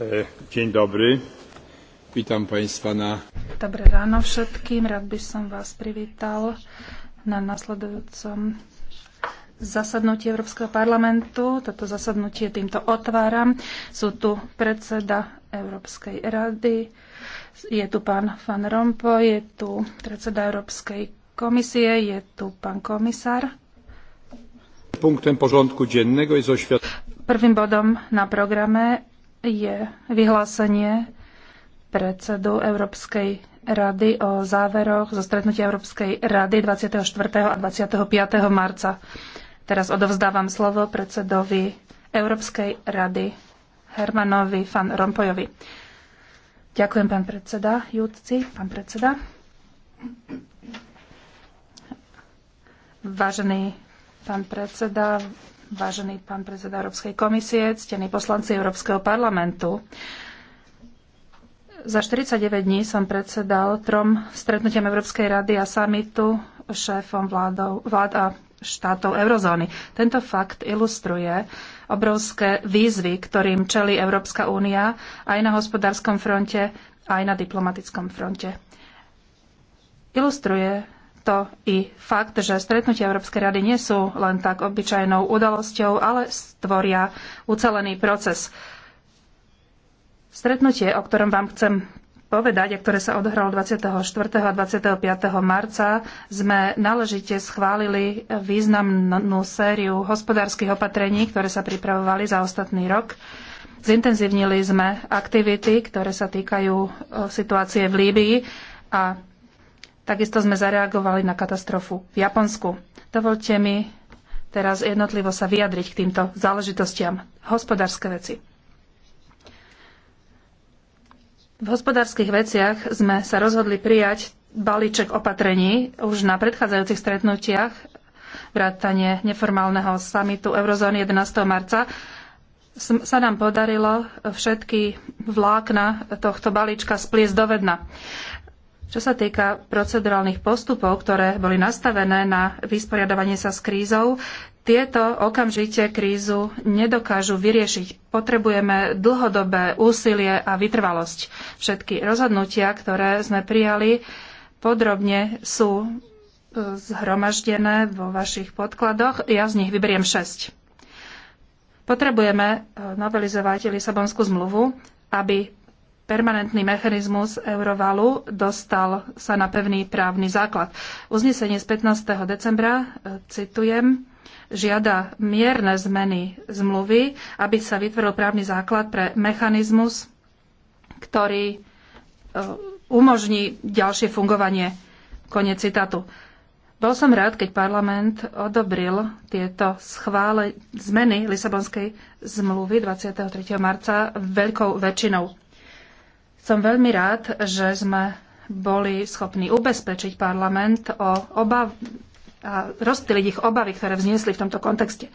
E, dzień dobry. Witam Państwa na... Dobré ráno všetkým. Rád by som vás privítal na nasledujúcom zasadnutie Európskeho parlamentu. Toto zasadnutie týmto otváram. Sú tu predseda Európskej rady, je tu pán Van Rompuy, je tu predseda Európskej komisie, je tu pán komisár Prvým bodom na programe je vyhlásenie predsedu Európskej rady o záveroch zo stretnutia Európskej rady 24. a 25. marca. Teraz odovzdávam slovo predsedovi Európskej rady Hermanovi van Rompojovi. Ďakujem, pán predseda. Júdci, pán predseda. Vážený Pán predseda, vážený pán predseda Európskej komisie, ctení poslanci Európskeho parlamentu. Za 49 dní som predsedal trom stretnutiam Európskej rady a samitu šéfom vládov, vlád a štátov eurozóny. Tento fakt ilustruje obrovské výzvy, ktorým čelí Európska únia aj na hospodárskom fronte, aj na diplomatickom fronte. Ilustruje takisto i fakt, že stretnutia Európskej rady nie sú len tak obyčajnou udalosťou, ale stvoria ucelený proces. Stretnutie, o ktorom vám chcem povedať, a ktoré sa odohralo 24. a 25. marca, sme náležite schválili významnú sériu hospodárskych opatrení, ktoré sa pripravovali za ostatný rok. Zintenzívnili sme aktivity, ktoré sa týkajú e, situácie v Líbii a Takisto sme zareagovali na katastrofu v Japonsku. Dovolte mi teraz jednotlivo sa vyjadriť k týmto záležitostiam. Hospodárske veci. V hospodárskych veciach sme sa rozhodli prijať balíček opatrení už na predchádzajúcich stretnutiach vrátane neformálneho samitu eurozóny 11. marca sa nám podarilo všetky vlákna tohto balíčka spliesť do vedna. Čo sa týka procedurálnych postupov, ktoré boli nastavené na vysporiadavanie sa s krízou, tieto okamžite krízu nedokážu vyriešiť. Potrebujeme dlhodobé úsilie a vytrvalosť. Všetky rozhodnutia, ktoré sme prijali, podrobne sú e, zhromaždené vo vašich podkladoch. Ja z nich vyberiem 6. Potrebujeme e, novelizovať Lisabonskú zmluvu, aby permanentný mechanizmus Eurovalu dostal sa na pevný právny základ. Uznesenie z 15. decembra, e, citujem, žiada mierne zmeny zmluvy, aby sa vytvoril právny základ pre mechanizmus, ktorý e, umožní ďalšie fungovanie. Konec citátu. Bol som rád, keď parlament odobril tieto schvále zmeny Lisabonskej zmluvy 23. marca veľkou väčšinou. Som veľmi rád, že sme boli schopní ubezpečiť parlament o obav a rozptýliť ich obavy, ktoré vzniesli v tomto kontexte.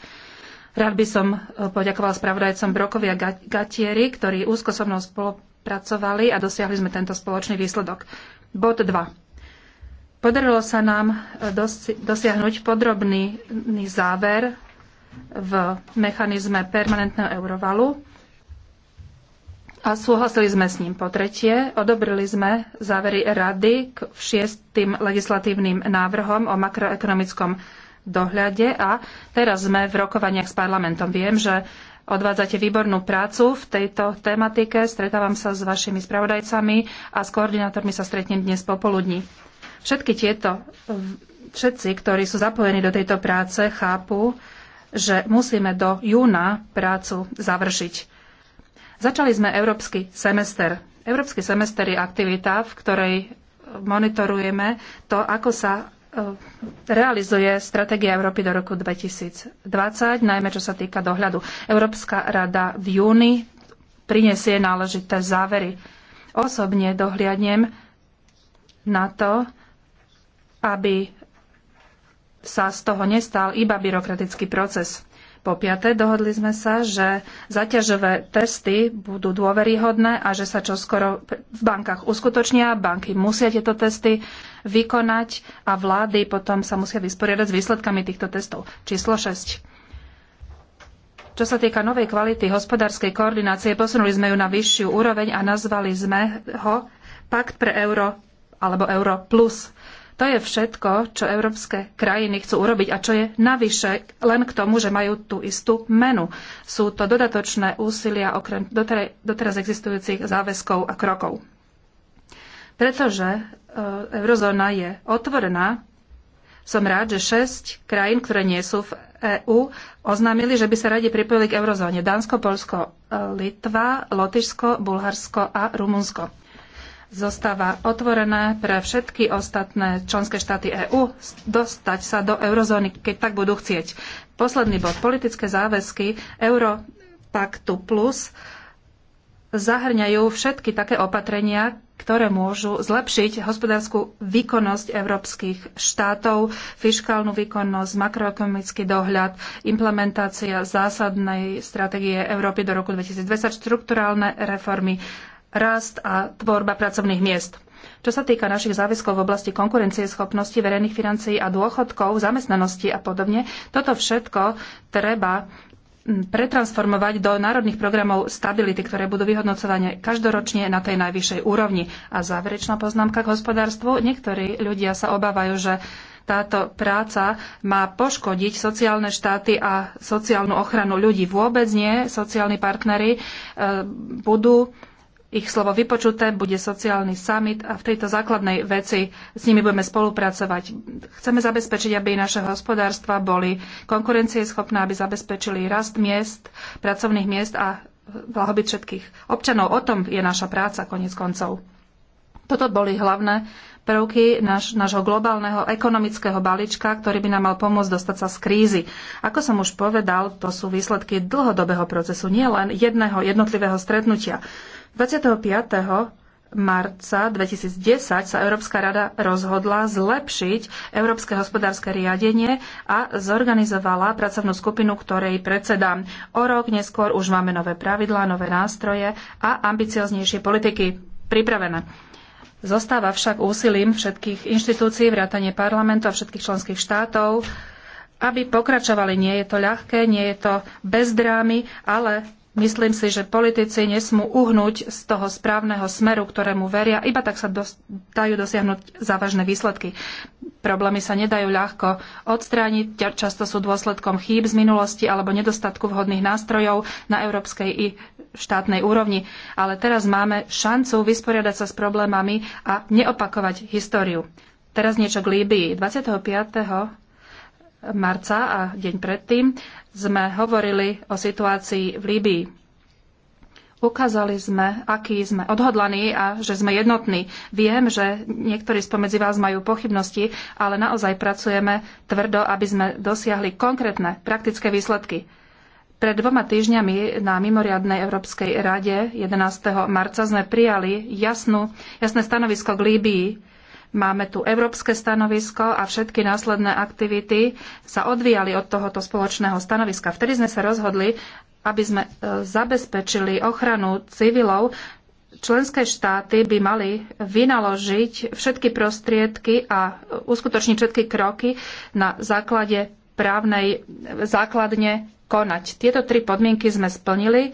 Rád by som e, poďakoval spravodajcom Brokovi a Gatieri, ktorí úzko so mnou spolupracovali a dosiahli sme tento spoločný výsledok. Bod 2. Podarilo sa nám e, dosi- dosiahnuť podrobný záver v mechanizme permanentného eurovalu a súhlasili sme s ním. Po tretie, odobrili sme závery rady k šiestým legislatívnym návrhom o makroekonomickom dohľade a teraz sme v rokovaniach s parlamentom. Viem, že odvádzate výbornú prácu v tejto tematike. Stretávam sa s vašimi spravodajcami a s koordinátormi sa stretnem dnes popoludní. Všetky tieto, všetci, ktorí sú zapojení do tejto práce, chápu, že musíme do júna prácu završiť Začali sme európsky semester. Európsky semester je aktivita, v ktorej monitorujeme to, ako sa e, realizuje stratégia Európy do roku 2020, najmä čo sa týka dohľadu. Európska rada v júni prinesie náležité závery. Osobne dohliadnem na to, aby sa z toho nestal iba byrokratický proces. Po piaté, dohodli sme sa, že zaťažové testy budú dôveryhodné a že sa čoskoro v bankách uskutočnia. Banky musia tieto testy vykonať a vlády potom sa musia vysporiadať s výsledkami týchto testov. Číslo 6. Čo sa týka novej kvality hospodárskej koordinácie, posunuli sme ju na vyššiu úroveň a nazvali sme ho Pakt pre euro alebo Euro plus. To je všetko, čo európske krajiny chcú urobiť a čo je navyše len k tomu, že majú tú istú menu. Sú to dodatočné úsilia okrem doteraz existujúcich záväzkov a krokov. Pretože e, eurozóna je otvorená, som rád, že 6 krajín, ktoré nie sú v EÚ, oznámili, že by sa radi pripojili k eurozóne. Dánsko, Polsko, Litva, Lotyšsko, Bulharsko a Rumunsko zostáva otvorené pre všetky ostatné členské štáty EÚ dostať sa do eurozóny, keď tak budú chcieť. Posledný bod. Politické záväzky Europaktu Plus zahrňajú všetky také opatrenia, ktoré môžu zlepšiť hospodárskú výkonnosť európskych štátov, fiškálnu výkonnosť, makroekonomický dohľad, implementácia zásadnej stratégie Európy do roku 2020, štrukturálne reformy, rast a tvorba pracovných miest. Čo sa týka našich záväzkov v oblasti konkurencieschopnosti, verejných financií a dôchodkov, zamestnanosti a podobne, toto všetko treba mm, pretransformovať do národných programov stability, ktoré budú vyhodnocované každoročne na tej najvyššej úrovni. A záverečná poznámka k hospodárstvu. Niektorí ľudia sa obávajú, že táto práca má poškodiť sociálne štáty a sociálnu ochranu ľudí. Vôbec nie. Sociálni partnery eh, budú ich slovo vypočuté, bude sociálny summit a v tejto základnej veci s nimi budeme spolupracovať. Chceme zabezpečiť, aby naše hospodárstva boli konkurencieschopné, aby zabezpečili rast miest, pracovných miest a blahobyt všetkých občanov. O tom je naša práca konec koncov. Toto boli hlavné prvky náš, nášho globálneho ekonomického balíčka, ktorý by nám mal pomôcť dostať sa z krízy. Ako som už povedal, to sú výsledky dlhodobého procesu, nielen jedného jednotlivého stretnutia. 25 marca 2010 sa Európska rada rozhodla zlepšiť európske hospodárske riadenie a zorganizovala pracovnú skupinu, ktorej predsedám. O rok neskôr už máme nové pravidlá, nové nástroje a ambicioznejšie politiky pripravené. Zostáva však úsilím všetkých inštitúcií, vrátane parlamentu a všetkých členských štátov, aby pokračovali. Nie je to ľahké, nie je to bez drámy, ale Myslím si, že politici nesmú uhnúť z toho správneho smeru, ktorému veria, iba tak sa dos- dajú dosiahnuť závažné výsledky. Problémy sa nedajú ľahko odstrániť, často sú dôsledkom chýb z minulosti alebo nedostatku vhodných nástrojov na európskej i štátnej úrovni. Ale teraz máme šancu vysporiadať sa s problémami a neopakovať históriu. Teraz niečo k Líbii. 25. marca a deň predtým sme hovorili o situácii v Líbii. Ukázali sme, aký sme odhodlaní a že sme jednotní. Viem, že niektorí spomedzi vás majú pochybnosti, ale naozaj pracujeme tvrdo, aby sme dosiahli konkrétne, praktické výsledky. Pred dvoma týždňami na mimoriadnej Európskej rade 11. marca sme prijali jasnú, jasné stanovisko k Líbii, Máme tu európske stanovisko a všetky následné aktivity sa odvíjali od tohoto spoločného stanoviska. Vtedy sme sa rozhodli, aby sme e, zabezpečili ochranu civilov. Členské štáty by mali vynaložiť všetky prostriedky a uskutočniť všetky kroky na základe právnej základne konať. Tieto tri podmienky sme splnili. E,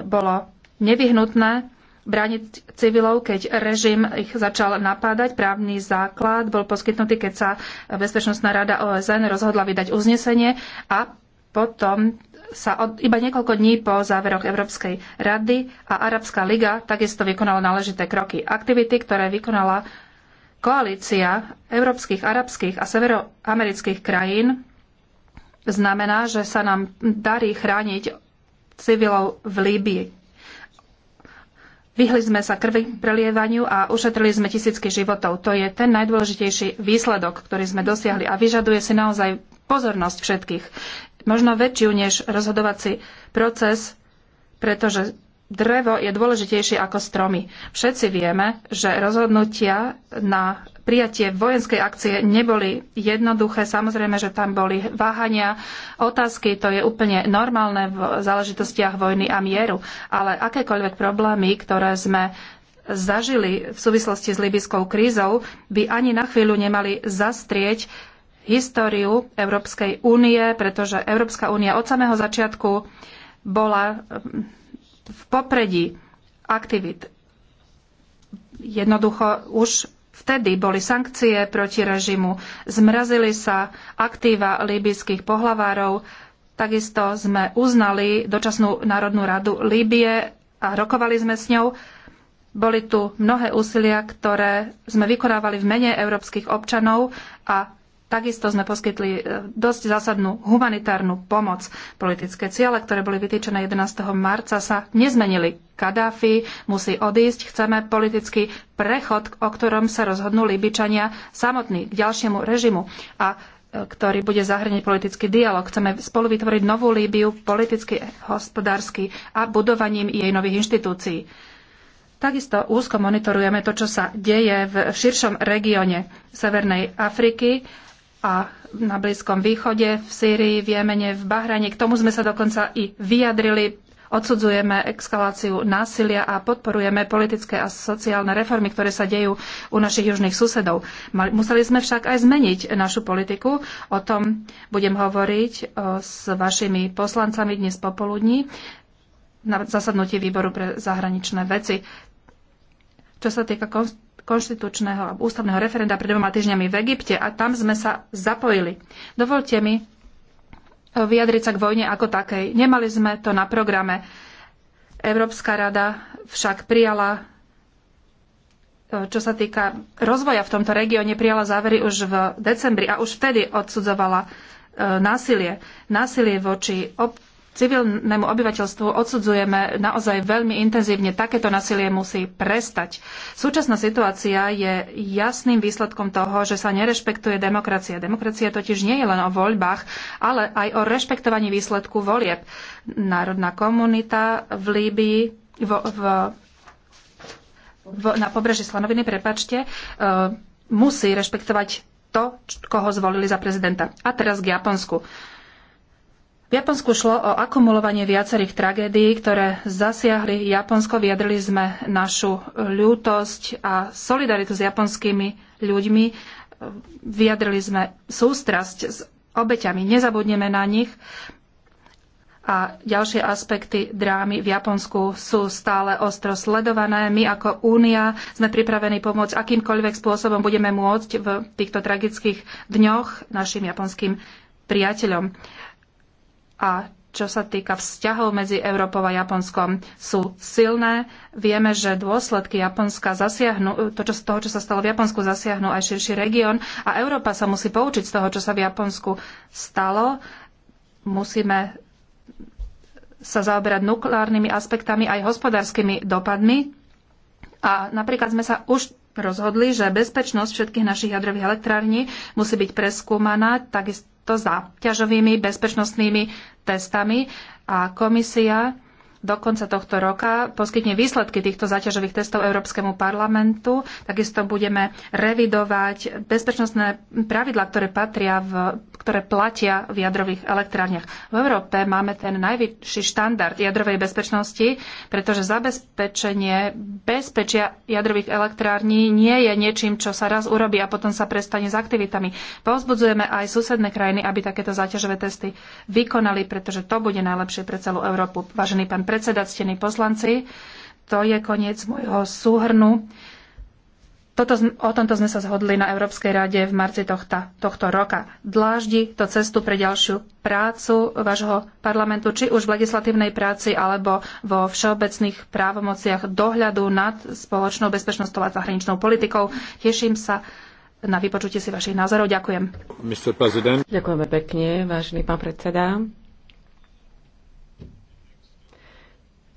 bolo nevyhnutné brániť civilov, keď režim ich začal napádať. Právny základ bol poskytnutý, keď sa Bezpečnostná rada OSN rozhodla vydať uznesenie a potom sa od, iba niekoľko dní po záveroch Európskej rady a Arabská liga takisto vykonala náležité kroky. Aktivity, ktoré vykonala koalícia európskych, arabských a severoamerických krajín, znamená, že sa nám darí chrániť civilov v Líbii. Vyhli sme sa krvi prelievaniu a ušetrili sme tisícky životov. To je ten najdôležitejší výsledok, ktorý sme dosiahli a vyžaduje si naozaj pozornosť všetkých. Možno väčšiu než rozhodovací proces, pretože drevo je dôležitejšie ako stromy. Všetci vieme, že rozhodnutia na prijatie vojenskej akcie neboli jednoduché. Samozrejme, že tam boli váhania, otázky, to je úplne normálne v záležitostiach vojny a mieru. Ale akékoľvek problémy, ktoré sme zažili v súvislosti s libyskou krízou, by ani na chvíľu nemali zastrieť históriu Európskej únie, pretože Európska únia od samého začiatku bola mm, v popredí aktivít. Jednoducho už Vtedy boli sankcie proti režimu, zmrazili sa aktíva líbyských pohlavárov, takisto sme uznali dočasnú Národnú radu Líbie a rokovali sme s ňou. Boli tu mnohé úsilia, ktoré sme vykonávali v mene európskych občanov a Takisto sme poskytli e, dosť zásadnú humanitárnu pomoc. Politické ciele, ktoré boli vytýčené 11. marca, sa nezmenili. Kadáfi musí odísť. Chceme politický prechod, o ktorom sa rozhodnú Libičania samotní k ďalšiemu režimu a e, ktorý bude zahrniť politický dialog. Chceme spolu vytvoriť novú Líbiu, politicky, hospodársky a budovaním jej nových inštitúcií. Takisto úzko monitorujeme to, čo sa deje v širšom regióne Severnej Afriky a na Blízkom východe, v Sýrii, v Jemene, v Bahrajne. K tomu sme sa dokonca i vyjadrili. Odsudzujeme eskaláciu násilia a podporujeme politické a sociálne reformy, ktoré sa dejú u našich južných susedov. Museli sme však aj zmeniť našu politiku. O tom budem hovoriť e, s vašimi poslancami dnes popoludní na zasadnutí výboru pre zahraničné veci. Čo sa týka konst- konštitučného a ústavného referenda pred dvoma týždňami v Egypte a tam sme sa zapojili. Dovolte mi eh, vyjadriť sa k vojne ako takej. Nemali sme to na programe. Európska rada však prijala eh, čo sa týka rozvoja v tomto regióne, prijala závery už v decembri a už vtedy odsudzovala eh, násilie. Násilie voči ob- civilnému obyvateľstvu odsudzujeme naozaj veľmi intenzívne. Takéto nasilie musí prestať. Súčasná situácia je jasným výsledkom toho, že sa nerešpektuje demokracia. Demokracia totiž nie je len o voľbách, ale aj o rešpektovaní výsledku volieb. Národná komunita v Líbii, v, v, v, na pobreží Slanoviny, prepačte, e, musí rešpektovať to, koho zvolili za prezidenta. A teraz k Japonsku. V Japonsku šlo o akumulovanie viacerých tragédií, ktoré zasiahli Japonsko. Vyjadrili sme našu ľútosť a solidaritu s japonskými ľuďmi. Vyjadrili sme sústrasť s obeťami. Nezabudneme na nich. A ďalšie aspekty drámy v Japonsku sú stále ostro sledované. My ako Únia sme pripravení pomôcť akýmkoľvek spôsobom budeme môcť v týchto tragických dňoch našim japonským priateľom a čo sa týka vzťahov medzi Európou a Japonskom, sú silné. Vieme, že dôsledky Japonska zasiahnu, to, čo, toho, čo sa stalo v Japonsku, zasiahnu aj širší región a Európa sa musí poučiť z toho, čo sa v Japonsku stalo. Musíme sa zaoberať nukleárnymi aspektami aj hospodárskymi dopadmi. A napríklad sme sa už rozhodli, že bezpečnosť všetkých našich jadrových elektrární musí byť preskúmaná, takisto to záťažovými bezpečnostnými testami a komisia do konca tohto roka poskytne výsledky týchto záťažových testov Európskemu parlamentu. Takisto budeme revidovať bezpečnostné pravidlá, ktoré, patria v, ktoré platia v jadrových elektrárniach. V Európe máme ten najvyšší štandard jadrovej bezpečnosti, pretože zabezpečenie bezpečia jadrových elektrární nie je niečím, čo sa raz urobí a potom sa prestane s aktivitami. Povzbudzujeme aj susedné krajiny, aby takéto záťažové testy vykonali, pretože to bude najlepšie pre celú Európu. Vážený pán predseda, ctení poslanci. To je koniec môjho súhrnu. Toto, o tomto sme sa zhodli na Európskej rade v marci tohta, tohto roka. Dláždi to cestu pre ďalšiu prácu vášho parlamentu, či už v legislatívnej práci, alebo vo všeobecných právomociach dohľadu nad spoločnou bezpečnosťou a zahraničnou politikou. Teším sa na vypočutie si vašich názorov. Ďakujem. Ďakujeme pekne, vážený pán predseda.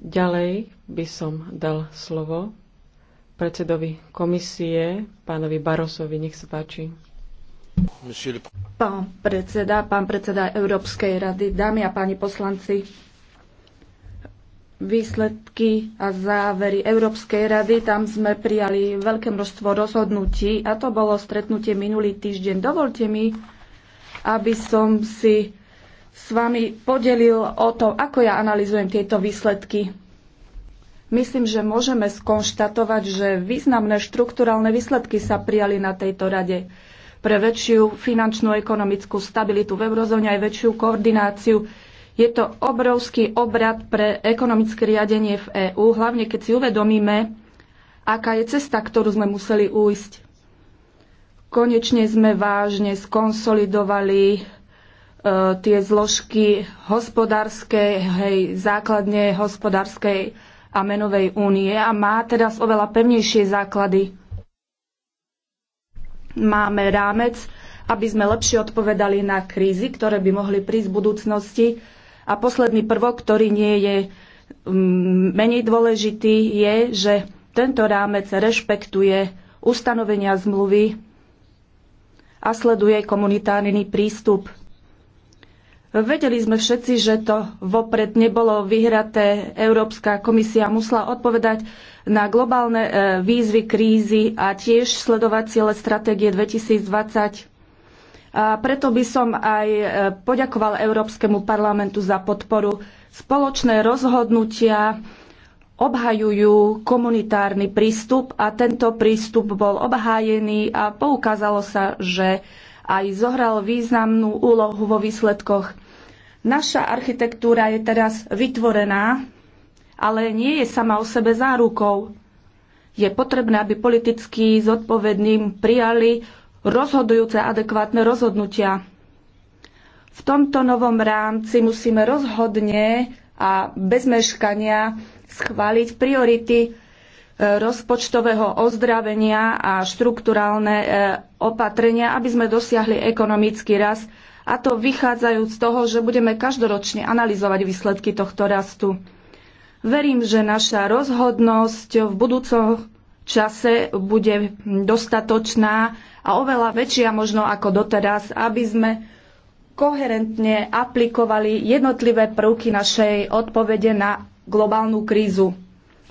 Ďalej by som dal slovo predsedovi komisie, pánovi Barosovi. Nech sa páči. Pán predseda, pán predseda Európskej rady, dámy a páni poslanci, výsledky a závery Európskej rady, tam sme prijali veľké množstvo rozhodnutí a to bolo stretnutie minulý týždeň. Dovolte mi, aby som si s vami podelil o to, ako ja analizujem tieto výsledky. Myslím, že môžeme skonštatovať, že významné štrukturálne výsledky sa prijali na tejto rade pre väčšiu finančnú ekonomickú stabilitu v eurozóne aj väčšiu koordináciu. Je to obrovský obrad pre ekonomické riadenie v EÚ, hlavne keď si uvedomíme, aká je cesta, ktorú sme museli újsť. Konečne sme vážne skonsolidovali E, tie zložky hospodárskej, hej, základne hospodárskej a menovej únie a má teraz oveľa pevnejšie základy. Máme rámec, aby sme lepšie odpovedali na krízy, ktoré by mohli prísť v budúcnosti. A posledný prvok, ktorý nie je mm, menej dôležitý, je, že tento rámec rešpektuje ustanovenia zmluvy a sleduje komunitárny prístup Vedeli sme všetci, že to vopred nebolo vyhraté. Európska komisia musela odpovedať na globálne e, výzvy krízy a tiež sledovať ciele stratégie 2020. A preto by som aj e, poďakoval Európskemu parlamentu za podporu. Spoločné rozhodnutia obhajujú komunitárny prístup a tento prístup bol obhájený a poukázalo sa, že aj zohral významnú úlohu vo výsledkoch. Naša architektúra je teraz vytvorená, ale nie je sama o sebe zárukou. Je potrebné, aby politicky zodpovedným prijali rozhodujúce adekvátne rozhodnutia. V tomto novom rámci musíme rozhodne a bez meškania schváliť priority rozpočtového ozdravenia a štrukturálne e, opatrenia, aby sme dosiahli ekonomický rast. A to vychádzajúc z toho, že budeme každoročne analyzovať výsledky tohto rastu. Verím, že naša rozhodnosť v budúcom čase bude dostatočná a oveľa väčšia možno ako doteraz, aby sme koherentne aplikovali jednotlivé prvky našej odpovede na globálnu krízu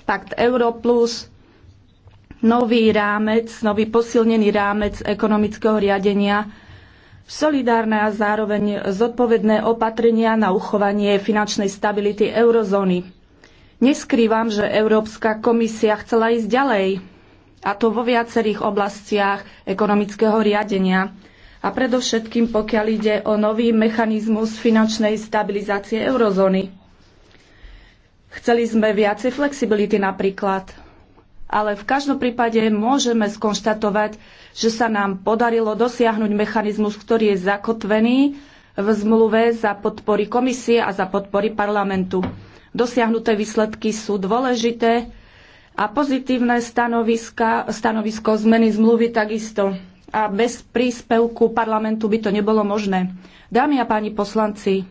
pakt Euro plus, nový rámec, nový posilnený rámec ekonomického riadenia, solidárne a zároveň zodpovedné opatrenia na uchovanie finančnej stability eurozóny. Neskrývam, že Európska komisia chcela ísť ďalej, a to vo viacerých oblastiach ekonomického riadenia a predovšetkým pokiaľ ide o nový mechanizmus finančnej stabilizácie eurozóny. Chceli sme viacej flexibility napríklad, ale v každom prípade môžeme skonštatovať, že sa nám podarilo dosiahnuť mechanizmus, ktorý je zakotvený v zmluve za podpory komisie a za podpory parlamentu. Dosiahnuté výsledky sú dôležité a pozitívne stanovisko zmeny zmluvy takisto. A bez príspevku parlamentu by to nebolo možné. Dámy a páni poslanci,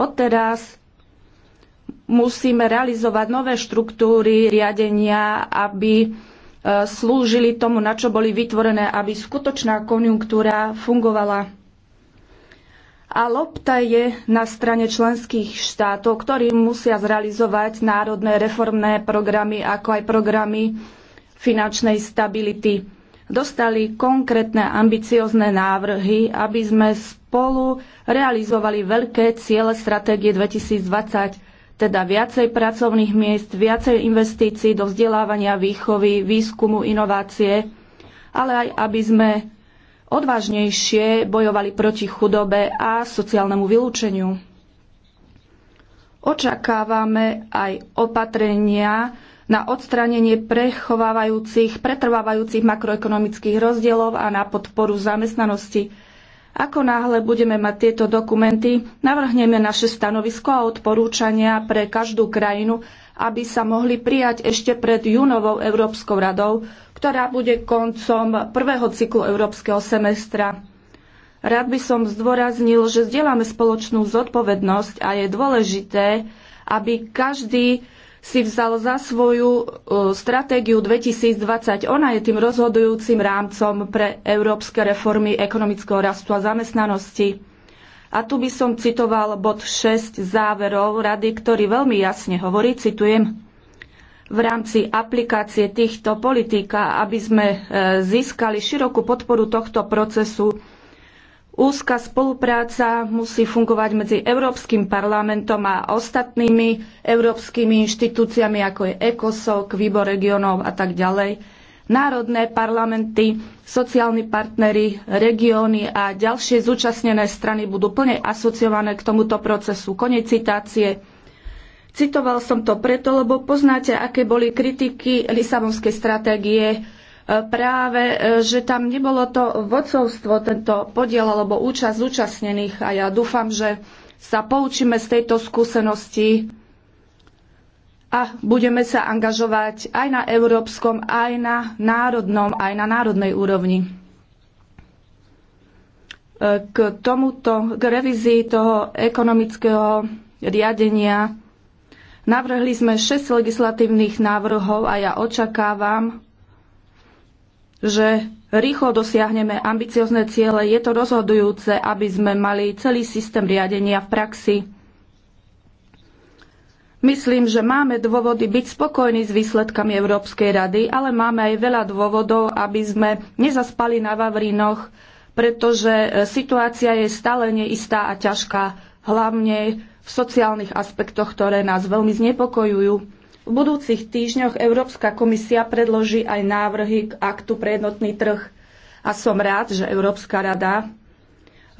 Odteraz musíme realizovať nové štruktúry riadenia, aby e, slúžili tomu, na čo boli vytvorené, aby skutočná konjunktúra fungovala. A lopta je na strane členských štátov, ktorí musia zrealizovať národné reformné programy, ako aj programy finančnej stability. Dostali konkrétne ambiciozne návrhy, aby sme spolu realizovali veľké ciele stratégie 2020, teda viacej pracovných miest, viacej investícií do vzdelávania, výchovy, výskumu, inovácie, ale aj aby sme odvážnejšie bojovali proti chudobe a sociálnemu vylúčeniu. Očakávame aj opatrenia, na odstránenie prechovávajúcich, pretrvávajúcich makroekonomických rozdielov a na podporu zamestnanosti. Ako náhle budeme mať tieto dokumenty, navrhneme naše stanovisko a odporúčania pre každú krajinu, aby sa mohli prijať ešte pred júnovou Európskou radou, ktorá bude koncom prvého cyklu Európskeho semestra. Rád by som zdôraznil, že zdieľame spoločnú zodpovednosť a je dôležité, aby každý si vzal za svoju e, stratégiu 2020. Ona je tým rozhodujúcim rámcom pre európske reformy ekonomického rastu a zamestnanosti. A tu by som citoval bod 6 záverov rady, ktorý veľmi jasne hovorí, citujem, v rámci aplikácie týchto politík, aby sme e, získali širokú podporu tohto procesu, Úzka spolupráca musí fungovať medzi Európskym parlamentom a ostatnými európskymi inštitúciami, ako je ECOSOC, Výbor regionov a tak ďalej. Národné parlamenty, sociálni partnery, regióny a ďalšie zúčastnené strany budú plne asociované k tomuto procesu. Konec citácie. Citoval som to preto, lebo poznáte, aké boli kritiky Lisabonskej stratégie E, práve, e, že tam nebolo to vodcovstvo, tento podiel alebo účasť zúčastnených a ja dúfam, že sa poučíme z tejto skúsenosti a budeme sa angažovať aj na európskom, aj na národnom, aj na národnej úrovni. E, k tomuto, k revízii toho ekonomického riadenia navrhli sme 6 legislatívnych návrhov a ja očakávam, že rýchlo dosiahneme ambiciozne ciele, je to rozhodujúce, aby sme mali celý systém riadenia v praxi. Myslím, že máme dôvody byť spokojní s výsledkami Európskej rady, ale máme aj veľa dôvodov, aby sme nezaspali na Vavrinoch, pretože e, situácia je stále neistá a ťažká, hlavne v sociálnych aspektoch, ktoré nás veľmi znepokojujú. V budúcich týždňoch Európska komisia predloží aj návrhy k aktu pre jednotný trh. A som rád, že Európska rada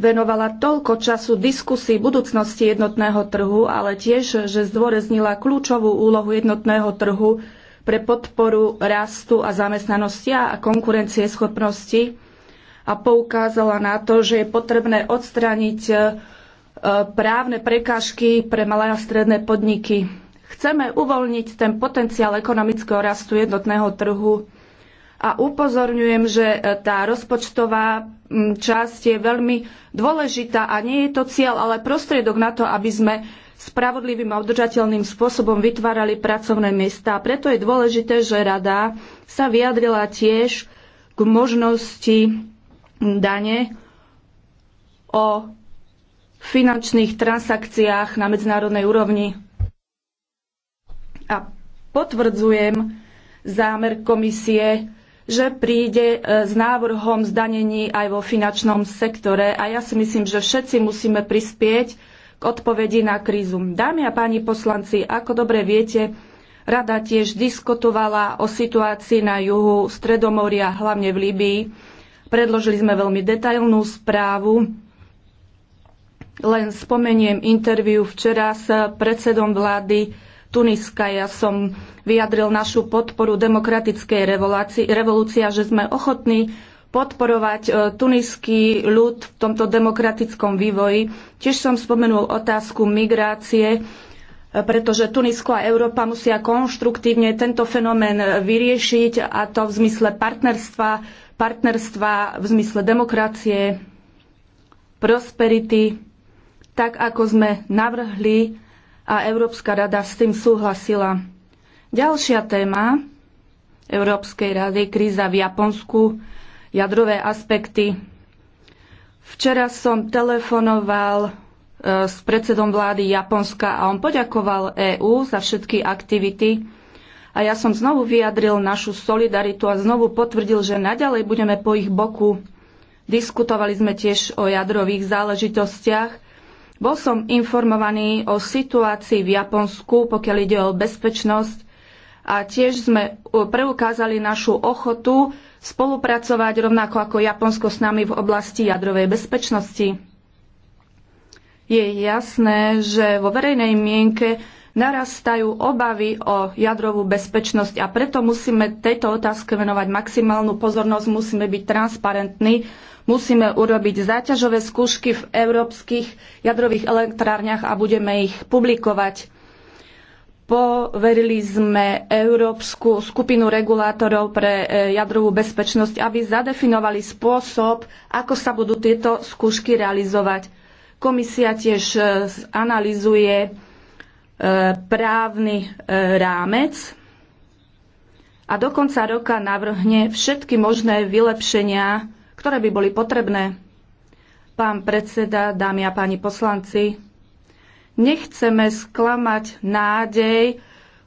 venovala toľko času diskusii budúcnosti jednotného trhu, ale tiež, že zdôreznila kľúčovú úlohu jednotného trhu pre podporu rastu a zamestnanosti a konkurencieschopnosti a poukázala na to, že je potrebné odstrániť eh, právne prekážky pre malé a stredné podniky. Chceme uvoľniť ten potenciál ekonomického rastu jednotného trhu a upozorňujem, že e, tá rozpočtová časť je veľmi dôležitá a nie je to cieľ, ale prostriedok na to, aby sme spravodlivým a udržateľným spôsobom vytvárali pracovné miesta. Preto je dôležité, že rada sa vyjadrila tiež k možnosti dane o finančných transakciách na medzinárodnej úrovni potvrdzujem zámer komisie, že príde e, s návrhom zdanení aj vo finančnom sektore a ja si myslím, že všetci musíme prispieť k odpovedi na krízu. Dámy a páni poslanci, ako dobre viete, Rada tiež diskutovala o situácii na juhu Stredomoria, hlavne v Líbii. Predložili sme veľmi detailnú správu. Len spomeniem interviu včera s predsedom vlády Tuniska. Ja som vyjadril našu podporu demokratickej revolúcii a že sme ochotní podporovať e, tuniský ľud v tomto demokratickom vývoji. Tiež som spomenul otázku migrácie, e, pretože Tunisko a Európa musia konštruktívne tento fenomén e, vyriešiť a to v zmysle partnerstva, partnerstva v zmysle demokracie, prosperity, tak ako sme navrhli a Európska rada s tým súhlasila. Ďalšia téma Európskej rady, kríza v Japonsku, jadrové aspekty. Včera som telefonoval e, s predsedom vlády Japonska a on poďakoval EÚ za všetky aktivity. A ja som znovu vyjadril našu solidaritu a znovu potvrdil, že naďalej budeme po ich boku. Diskutovali sme tiež o jadrových záležitostiach bol som informovaný o situácii v Japonsku, pokiaľ ide o bezpečnosť a tiež sme e, preukázali našu ochotu spolupracovať rovnako ako Japonsko s nami v oblasti jadrovej bezpečnosti. Je jasné, že vo verejnej mienke narastajú obavy o jadrovú bezpečnosť a preto musíme tejto otázke venovať maximálnu pozornosť, musíme byť transparentní, musíme urobiť záťažové skúšky v európskych jadrových elektrárniach a budeme ich publikovať. Poverili sme Európsku skupinu regulátorov pre e, jadrovú bezpečnosť, aby zadefinovali spôsob, ako sa budú tieto skúšky realizovať. Komisia tiež e, analizuje právny e, rámec a do konca roka navrhne všetky možné vylepšenia, ktoré by boli potrebné. Pán predseda, dámy a páni poslanci, nechceme sklamať nádej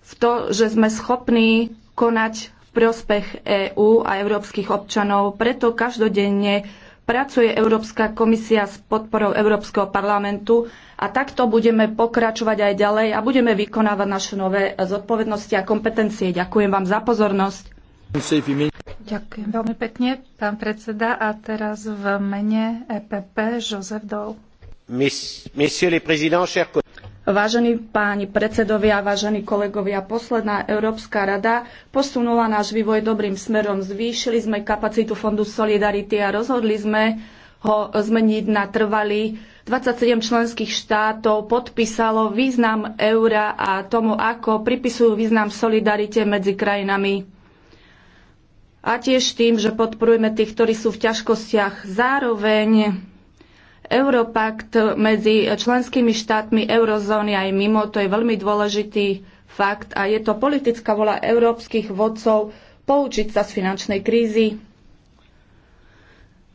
v to, že sme schopní konať v prospech EÚ a európskych občanov. Preto každodenne pracuje Európska komisia s podporou Európskeho parlamentu a takto budeme pokračovať aj ďalej a budeme vykonávať naše nové zodpovednosti a kompetencie. Ďakujem vám za pozornosť. Ďakujem veľmi pekne, pán predseda. A teraz v mene EPP Jozef Dol. Messieurs chers collègues. Vážení páni predsedovia, vážení kolegovia, posledná Európska rada posunula náš vývoj dobrým smerom. Zvýšili sme kapacitu Fondu Solidarity a rozhodli sme ho zmeniť na trvalý. 27 členských štátov podpísalo význam eura a tomu, ako pripisujú význam solidarite medzi krajinami. A tiež tým, že podporujeme tých, ktorí sú v ťažkostiach. Zároveň Europakt medzi členskými štátmi eurozóny aj mimo, to je veľmi dôležitý fakt a je to politická vola európskych vodcov poučiť sa z finančnej krízy.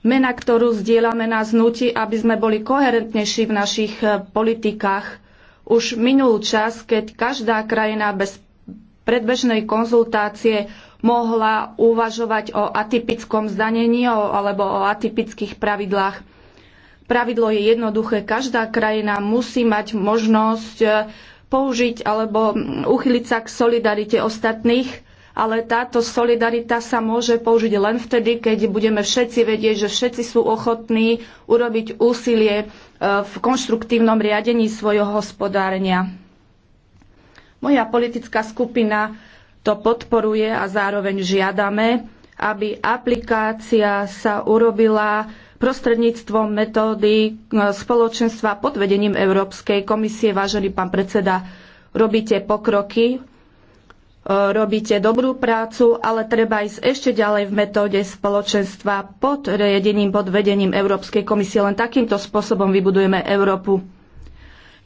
Mena, ktorú zdieľame, nás nutí, aby sme boli koherentnejší v našich e, politikách. Už minul čas, keď každá krajina bez predbežnej konzultácie mohla uvažovať o atypickom zdanení alebo o atypických pravidlách Pravidlo je jednoduché. Každá krajina musí mať možnosť e, použiť alebo uchyliť sa k solidarite ostatných ale táto solidarita sa môže použiť len vtedy, keď budeme všetci vedieť, že všetci sú ochotní urobiť úsilie e, v konštruktívnom riadení svojho hospodárenia. Moja politická skupina to podporuje a zároveň žiadame, aby aplikácia sa urobila prostredníctvom metódy e, spoločenstva pod vedením Európskej komisie. Vážený pán predseda, robíte pokroky, e, robíte dobrú prácu, ale treba ísť ešte ďalej v metóde spoločenstva pod riedením, pod vedením Európskej komisie. Len takýmto spôsobom vybudujeme Európu.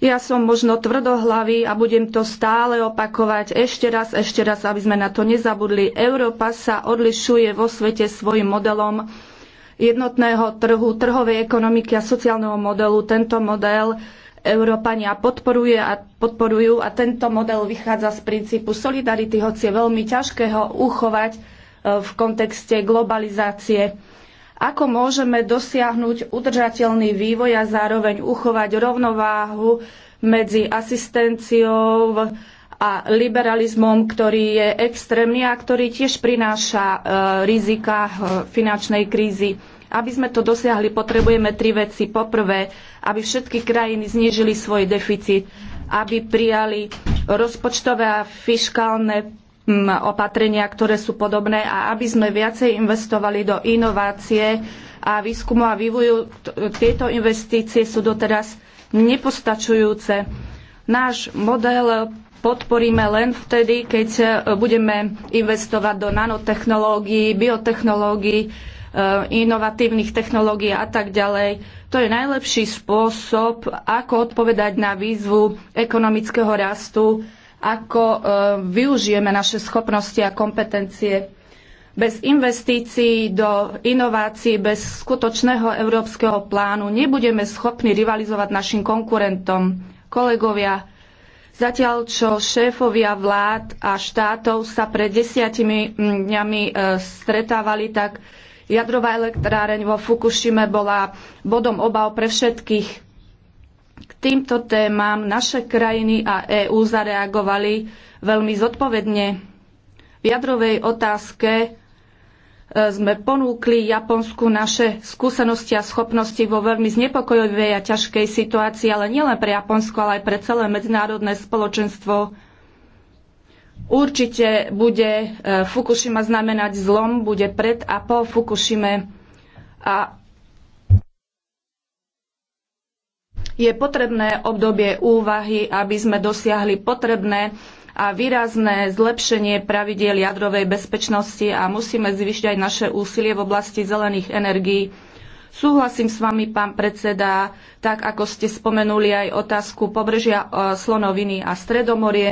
Ja som možno tvrdohlavý a budem to stále opakovať ešte raz, ešte raz, aby sme na to nezabudli. Európa sa odlišuje vo svete svojim modelom jednotného trhu, trhovej ekonomiky a sociálneho modelu. Tento model Európania podporuje a podporujú a tento model vychádza z princípu solidarity, hoci je veľmi ťažké ho uchovať e, v kontexte globalizácie. Ako môžeme dosiahnuť udržateľný vývoj a zároveň uchovať rovnováhu medzi asistenciou a liberalizmom, ktorý je extrémny a ktorý tiež prináša e, rizika e, finančnej krízy. Aby sme to dosiahli, potrebujeme tri veci. Poprvé, aby všetky krajiny znížili svoj deficit, aby prijali rozpočtové a fiškálne mm, opatrenia, ktoré sú podobné a aby sme viacej investovali do inovácie a výskumu a vývoju. Tieto investície sú doteraz nepostačujúce. Náš model podporíme len vtedy, keď e, budeme investovať do nanotechnológií, biotechnológií, Eh, inovatívnych technológií a tak ďalej. To je najlepší spôsob, ako odpovedať na výzvu ekonomického rastu, ako eh, využijeme naše schopnosti a kompetencie. Bez investícií do inovácií, bez skutočného európskeho plánu nebudeme schopní rivalizovať našim konkurentom. Kolegovia, zatiaľ čo šéfovia vlád a štátov sa pred desiatimi mm, dňami eh, stretávali, tak Jadrová elektráreň vo Fukushime bola bodom obav pre všetkých. K týmto témam naše krajiny a EÚ zareagovali veľmi zodpovedne. V jadrovej otázke e, sme ponúkli Japonsku naše skúsenosti a schopnosti vo veľmi znepokojovej a ťažkej situácii, ale nielen pre Japonsko, ale aj pre celé medzinárodné spoločenstvo. Určite bude e, Fukushima znamenať zlom, bude pred a po Fukushime a je potrebné obdobie úvahy, aby sme dosiahli potrebné a výrazné zlepšenie pravidiel jadrovej bezpečnosti a musíme zvyšiť aj naše úsilie v oblasti zelených energií. Súhlasím s vami, pán predseda, tak ako ste spomenuli aj otázku pobrežia e, Slonoviny a Stredomorie.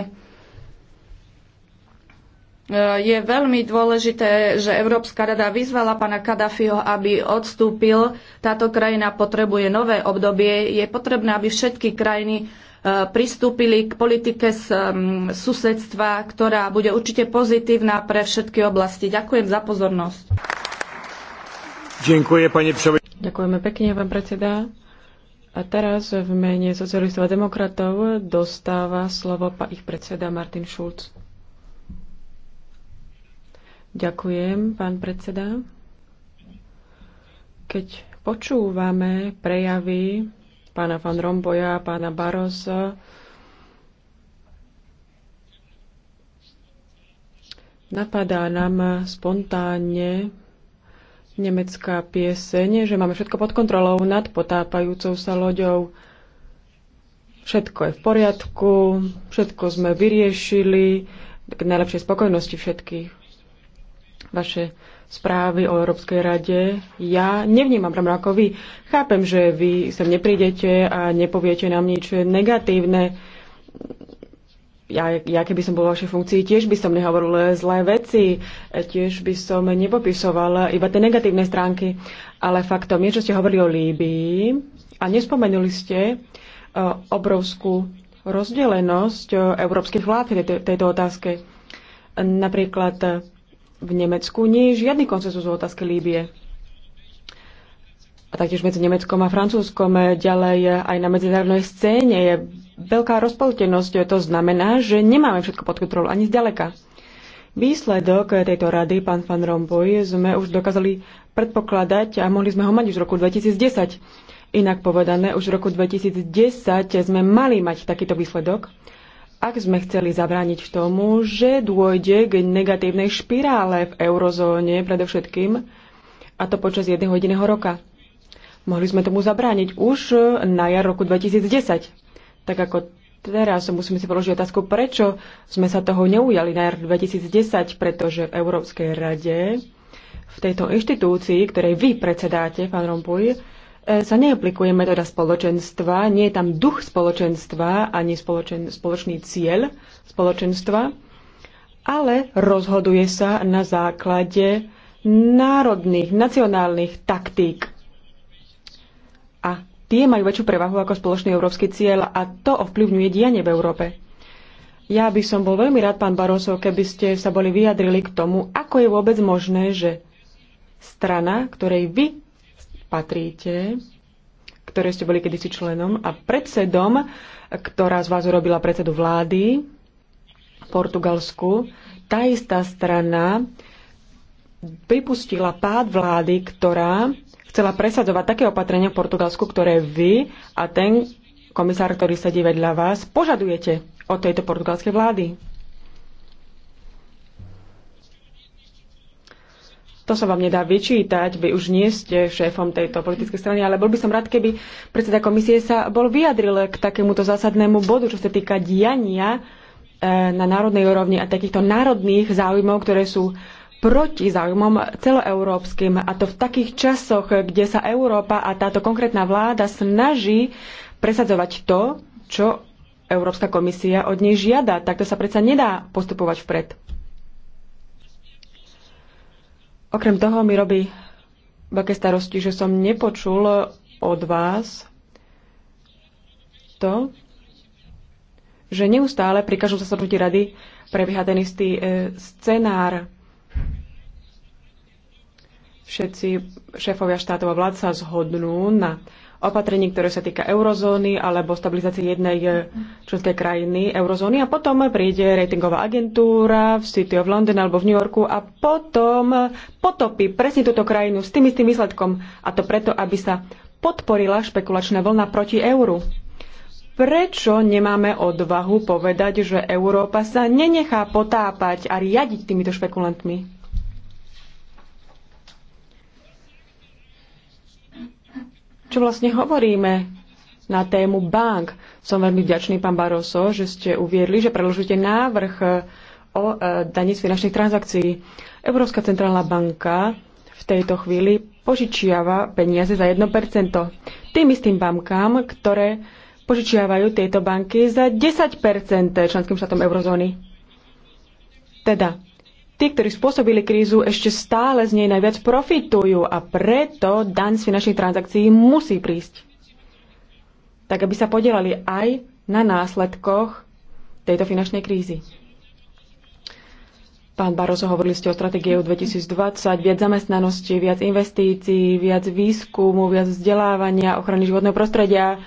Eh, je veľmi dôležité, že Európska rada vyzvala pána Kadafiho, aby odstúpil. Táto krajina potrebuje nové obdobie. Je potrebné, aby všetky krajiny eh, pristúpili k politike z mm, susedstva, ktorá bude určite pozitívna pre všetky oblasti. Ďakujem za pozornosť. Ďakujeme pekne, pán predseda. A teraz v mene socialistov a demokratov dostáva slovo ich predseda Martin Schulz. Ďakujem, pán predseda. Keď počúvame prejavy pána Van Romboja, a pána Barosa, napadá nám spontánne nemecká pieseň, že máme všetko pod kontrolou nad potápajúcou sa loďou. Všetko je v poriadku, všetko sme vyriešili, k najlepšej spokojnosti všetkých vaše správy o Európskej rade. Ja nevnímam tam ako vy. Chápem, že vy sem neprídete a nepoviete nám nič negatívne. Ja, ja keby som bol vo vašej funkcii, tiež by som nehovoril zlé veci, tiež by som nepopisoval iba tie negatívne stránky. Ale faktom je, že ste hovorili o Líbii a nespomenuli ste e, obrovskú rozdelenosť e, európskych vlád v tejto otázke. Napríklad v Nemecku nie je žiadny koncesus o otázke Líbie. A taktiež medzi Nemeckom a Francúzskom e, ďalej e, aj na medzinárodnej scéne je veľká rozpoltenosť. E, to znamená, že nemáme všetko pod kontrolou ani zďaleka. Výsledok tejto rady, pán Van Rompuy, sme už dokázali predpokladať a mohli sme ho mať už v roku 2010. Inak povedané, už v roku 2010 sme mali mať takýto výsledok ak sme chceli zabrániť tomu, že dôjde k negatívnej špirále v eurozóne predovšetkým, a to počas jedného jediného roka. Mohli sme tomu zabrániť už na jar roku 2010. Tak ako teraz musíme si položiť otázku, prečo sme sa toho neujali na jar 2010, pretože v Európskej rade, v tejto inštitúcii, ktorej vy predsedáte, pán Rompuj, E, sa neaplikuje metóda spoločenstva, nie je tam duch spoločenstva ani spoločen, spoločný cieľ spoločenstva, ale rozhoduje sa na základe národných, nacionálnych taktík. A tie majú väčšiu prevahu ako spoločný európsky cieľ a to ovplyvňuje dianie v Európe. Ja by som bol veľmi rád, pán Barroso, keby ste sa boli vyjadrili k tomu, ako je vôbec možné, že strana, ktorej vy patríte, ktoré ste boli kedysi členom a predsedom, ktorá z vás urobila predsedu vlády v Portugalsku, tá istá strana pripustila pád vlády, ktorá chcela presadzovať také opatrenia v Portugalsku, ktoré vy a ten komisár, ktorý sedí vedľa vás, požadujete od tejto portugalskej vlády. To sa vám nedá vyčítať, vy už nie ste šéfom tejto politickej strany, ale bol by som rád, keby predseda komisie sa bol vyjadril k takémuto zásadnému bodu, čo sa týka diania e, na národnej úrovni a takýchto národných záujmov, ktoré sú proti záujmom celoeurópskym a to v takých časoch, kde sa Európa a táto konkrétna vláda snaží presadzovať to, čo Európska komisia od nej žiada. Takto sa predsa nedá postupovať vpred. Okrem toho mi robí veľké starosti, že som nepočul od vás to, že neustále pri každom zasadnutí rady prebieha ten istý e, scenár. Všetci šéfovia štátov a vlád sa zhodnú na opatrení, ktoré sa týka eurozóny alebo stabilizácie jednej eh, členskej krajiny eurozóny a potom príde ratingová agentúra v City of London alebo v New Yorku a potom eh, potopí presne túto krajinu s tým istým výsledkom a to preto, aby sa podporila špekulačná vlna proti euru. Prečo nemáme odvahu povedať, že Európa sa nenechá potápať a riadiť týmito špekulantmi? čo vlastne hovoríme na tému bank. Som veľmi vďačný, pán Baroso, že ste uviedli, že predložíte návrh eh, o eh, daní z finančných transakcií. Európska centrálna banka v tejto chvíli požičiava peniaze za 1%. Tým istým bankám, ktoré požičiavajú tieto banky za 10% členským štátom eurozóny. Teda, tí, ktorí spôsobili krízu, ešte stále z nej najviac profitujú a preto daň z finančných transakcií musí prísť. Tak, aby sa podielali aj na následkoch tejto finančnej krízy. Pán Barroso, hovorili ste o stratégii 2020, viac zamestnanosti, viac investícií, viac výskumu, viac vzdelávania, ochrany životného prostredia.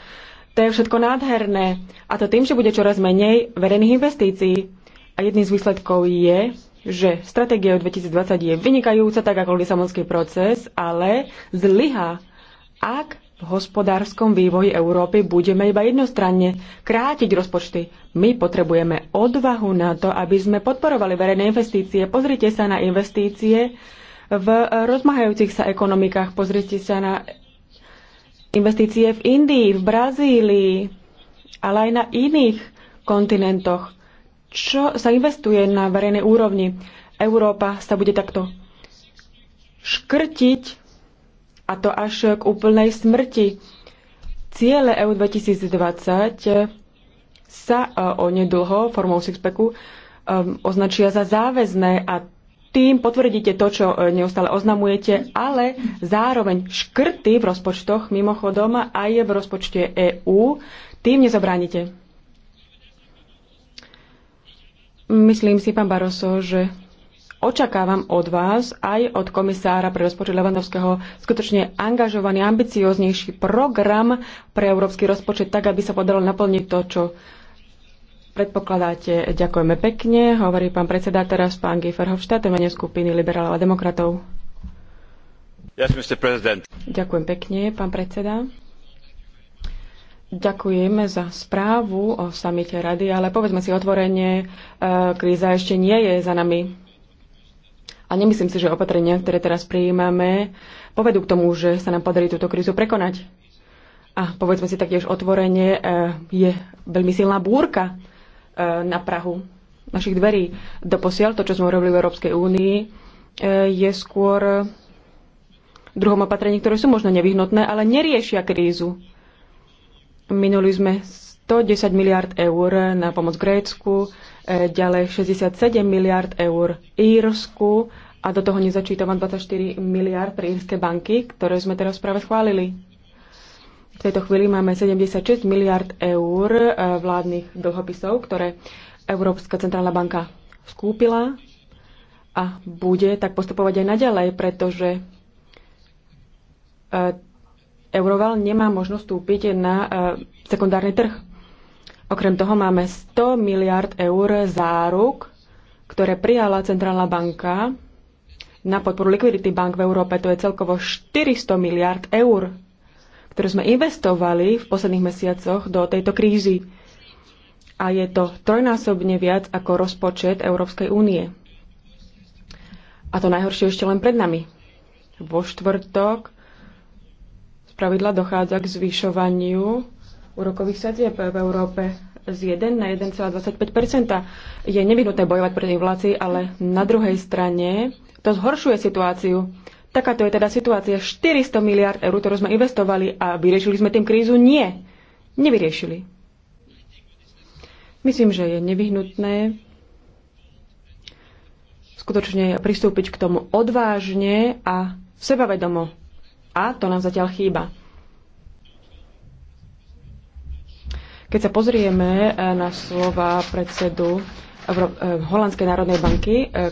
To je všetko nádherné. A to tým, že bude čoraz menej verejných investícií. A jedným z výsledkov je, že stratégia 2020 je vynikajúca, tak ako lisabonský proces, ale zlyha, ak v hospodárskom vývoji Európy budeme iba jednostranne krátiť rozpočty. My potrebujeme odvahu na to, aby sme podporovali verejné investície. Pozrite sa na investície v rozmahajúcich sa ekonomikách. Pozrite sa na investície v Indii, v Brazílii, ale aj na iných kontinentoch čo sa investuje na verejnej úrovni. Európa sa bude takto škrtiť a to až k úplnej smrti. Ciele EU 2020 sa e, nedlho, formou Sixpacku e, označia za záväzné a tým potvrdíte to, čo e, neustále oznamujete, ale zároveň škrty v rozpočtoch, mimochodom aj v rozpočte EÚ, tým nezobránite. Myslím si, pán Baroso, že očakávam od vás, aj od komisára pre rozpočet Levandovského, skutočne angažovaný, ambicioznejší program pre európsky rozpočet, tak aby sa podalo naplniť to, čo predpokladáte. Ďakujeme pekne, hovorí pán predseda teraz pán Gieferhofštát, mene skupiny liberálov a demokratov. Yes, Ďakujem pekne, pán predseda. Ďakujeme za správu o samite rady, ale povedzme si otvorenie, e, kríza ešte nie je za nami. A nemyslím si, že opatrenia, ktoré teraz prijímame, povedú k tomu, že sa nám podarí túto krízu prekonať. A povedzme si taktiež otvorenie e, je veľmi silná búrka e, na Prahu našich dverí. Doposiaľ to, čo sme urobili v Európskej únii, je skôr druhom opatrení, ktoré sú možno nevyhnutné, ale neriešia krízu Minuli sme 110 miliard eur na pomoc Grécku, e, ďalej 67 miliard eur Írsku a do toho nezačítavam 24 miliard pre írske banky, ktoré sme teraz práve schválili. V tejto chvíli máme 76 miliard eur e, vládnych dlhopisov, ktoré Európska centrálna banka skúpila a bude tak postupovať aj naďalej, pretože e, Euroval nemá možnosť vstúpiť na e, sekundárny trh. Okrem toho máme 100 miliard eur záruk, ktoré prijala Centrálna banka na podporu likvidity bank v Európe. To je celkovo 400 miliard eur, ktoré sme investovali v posledných mesiacoch do tejto krízy. A je to trojnásobne viac ako rozpočet Európskej únie. A to najhoršie ešte len pred nami. Vo štvrtok spravidla dochádza k zvyšovaniu úrokových sadzieb v Európe z 1 na 1,25 Je nevyhnuté bojovať proti inflácii, ale na druhej strane to zhoršuje situáciu. Takáto je teda situácia. 400 miliard eur, ktorú sme investovali a vyriešili sme tým krízu? Nie. Nevyriešili. Myslím, že je nevyhnutné skutočne pristúpiť k tomu odvážne a sebavedomo a to nám zatiaľ chýba. Keď sa pozrieme eh, na slova predsedu eh, Holandskej národnej banky, eh,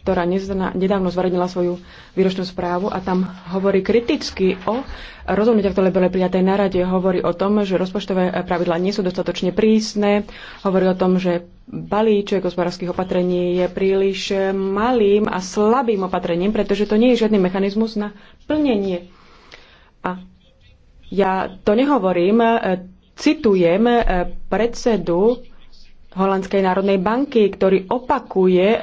ktorá nedávno zverejnila svoju výročnú správu a tam hovorí kriticky o rozhodnutiach, ktoré boli prijaté na rade. Hovorí o tom, že rozpočtové pravidlá nie sú dostatočne prísne. Hovorí o tom, že balíček hospodárskych opatrení je príliš eh, malým a slabým opatrením, pretože to nie je žiadny mechanizmus na plnenie. A ja to nehovorím, eh, citujem eh, predsedu Holandskej národnej banky, ktorý opakuje e,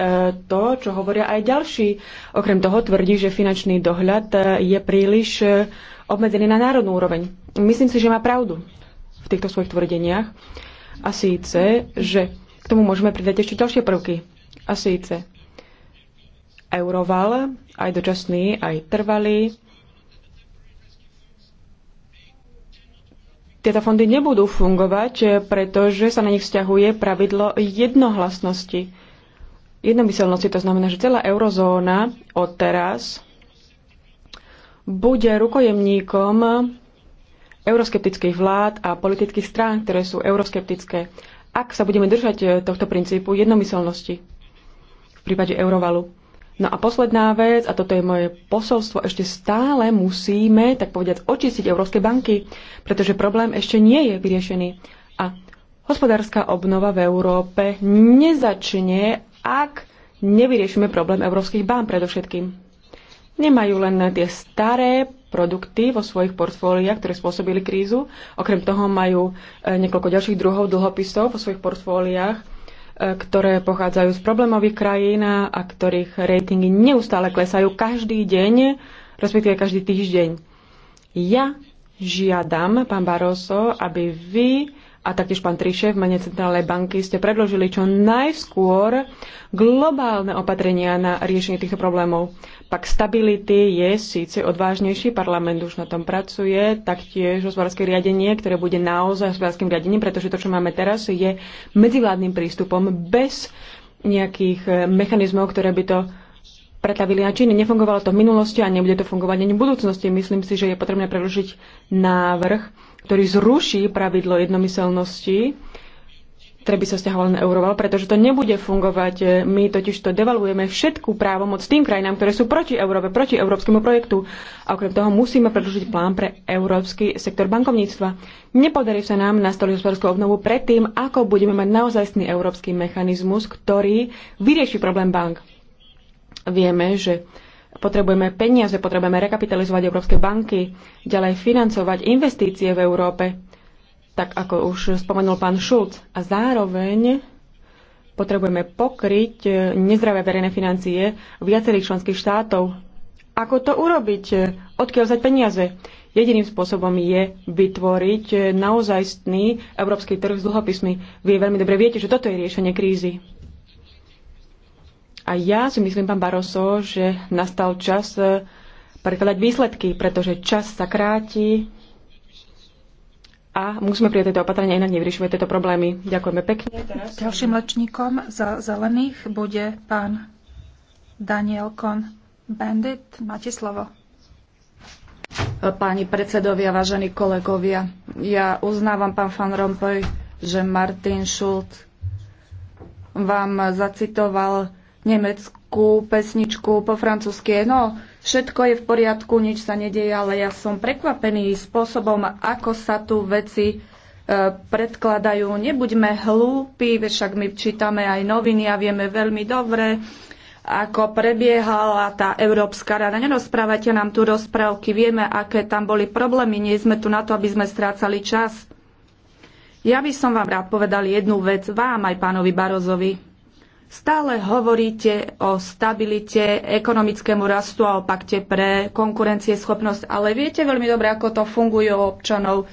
to, čo hovoria aj ďalší. Okrem toho tvrdí, že finančný dohľad e, je príliš e, obmedzený na národnú úroveň. Myslím si, že má pravdu v týchto svojich tvrdeniach. A síce, že k tomu môžeme pridať ešte ďalšie prvky. A síce Euroval, aj dočasný, aj trvalý, tieto fondy nebudú fungovať, e, pretože sa na nich vzťahuje pravidlo jednohlasnosti. Jednomyselnosti to znamená, že celá eurozóna od teraz bude rukojemníkom euroskeptických vlád a politických strán, ktoré sú euroskeptické, ak sa budeme držať e, tohto princípu jednomyselnosti v prípade eurovalu. No a posledná vec, a toto je moje posolstvo, ešte stále musíme, tak povediať, očistiť európske banky, pretože problém ešte nie je vyriešený. A hospodárska obnova v Európe nezačne, ak nevyriešime problém európskych bank predovšetkým. Nemajú len tie staré produkty vo svojich portfóliách, ktoré spôsobili krízu. Okrem toho majú eh, niekoľko ďalších druhov dlhopisov vo svojich portfóliách, ktoré pochádzajú z problémových krajín a ktorých ratingy neustále klesajú každý deň, respektíve každý týždeň. Ja žiadam, pán Baroso, aby vy a taktiež pán Triše v mene Centrálnej banky ste predložili čo najskôr globálne opatrenia na riešenie týchto problémov. Pak stability je síce odvážnejší, parlament už na tom pracuje, taktiež hospodárske riadenie, ktoré bude naozaj hospodárskym riadením, pretože to, čo máme teraz, je medzivládnym prístupom bez nejakých eh, mechanizmov, ktoré by to pretavili na činy. Nefungovalo to v minulosti a nebude to fungovať ani v budúcnosti. Myslím si, že je potrebné preložiť návrh ktorý zruší pravidlo jednomyselnosti, ktoré by sa stiahovalo na Euroval, pretože to nebude fungovať. My totiž to devalujeme všetkú právomoc tým krajinám, ktoré sú proti Európe, proti európskemu projektu. A okrem toho musíme predlžiť plán pre európsky sektor bankovníctva. Nepodarí sa nám nastoliť hospodárskú obnovu predtým, ako budeme mať naozajstný európsky mechanizmus, ktorý vyrieši problém bank. Vieme, že Potrebujeme peniaze, potrebujeme rekapitalizovať európske banky, ďalej financovať investície v Európe, tak ako už spomenul pán Šulc. A zároveň potrebujeme pokryť nezdravé verejné financie viacerých členských štátov. Ako to urobiť? Odkiaľ vzať peniaze? Jediným spôsobom je vytvoriť naozajstný európsky trh s dlhopismi. Vy veľmi dobre viete, že toto je riešenie krízy. A ja si myslím, pán Baroso, že nastal čas eh, prekladať výsledky, pretože čas sa kráti a musíme prijať tieto opatrenia, inak nevyriešime tieto problémy. Ďakujeme pekne. Teraz... Ďalším lečníkom za zelených bude pán Daniel Kon. Bandit, máte slovo. Eh, páni predsedovia, vážení kolegovia, ja uznávam, pán Fan Rompuy, že Martin Schultz vám zacitoval nemeckú pesničku po francúzsky. No, všetko je v poriadku, nič sa nedieje, ale ja som prekvapený spôsobom, ako sa tu veci e, predkladajú. Nebuďme hlúpi, však my čítame aj noviny a vieme veľmi dobre, ako prebiehala tá Európska rada. Nerozprávajte nám tu rozprávky, vieme, aké tam boli problémy, nie sme tu na to, aby sme strácali čas. Ja by som vám rád povedal jednu vec, vám aj pánovi Barozovi. Stále hovoríte o stabilite, ekonomickému rastu a o pakte pre konkurencieschopnosť, ale viete veľmi dobre, ako to funguje u občanov.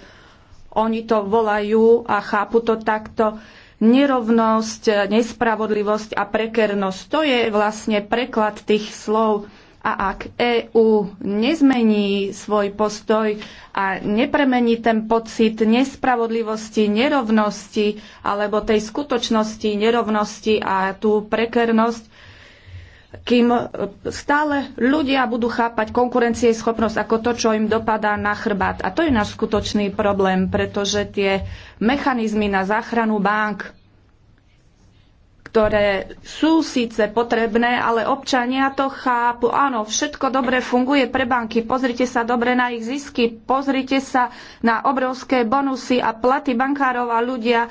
Oni to volajú a chápu to takto. Nerovnosť, nespravodlivosť a prekernosť, to je vlastne preklad tých slov. A ak EÚ nezmení svoj postoj a nepremení ten pocit nespravodlivosti, nerovnosti alebo tej skutočnosti nerovnosti a tú prekernosť, kým stále ľudia budú chápať konkurencieschopnosť ako to, čo im dopadá na chrbát. A to je náš skutočný problém, pretože tie mechanizmy na záchranu bank ktoré sú síce potrebné, ale občania to chápu. Áno, všetko dobre funguje pre banky. Pozrite sa dobre na ich zisky, pozrite sa na obrovské bonusy a platy bankárov a ľudia. E,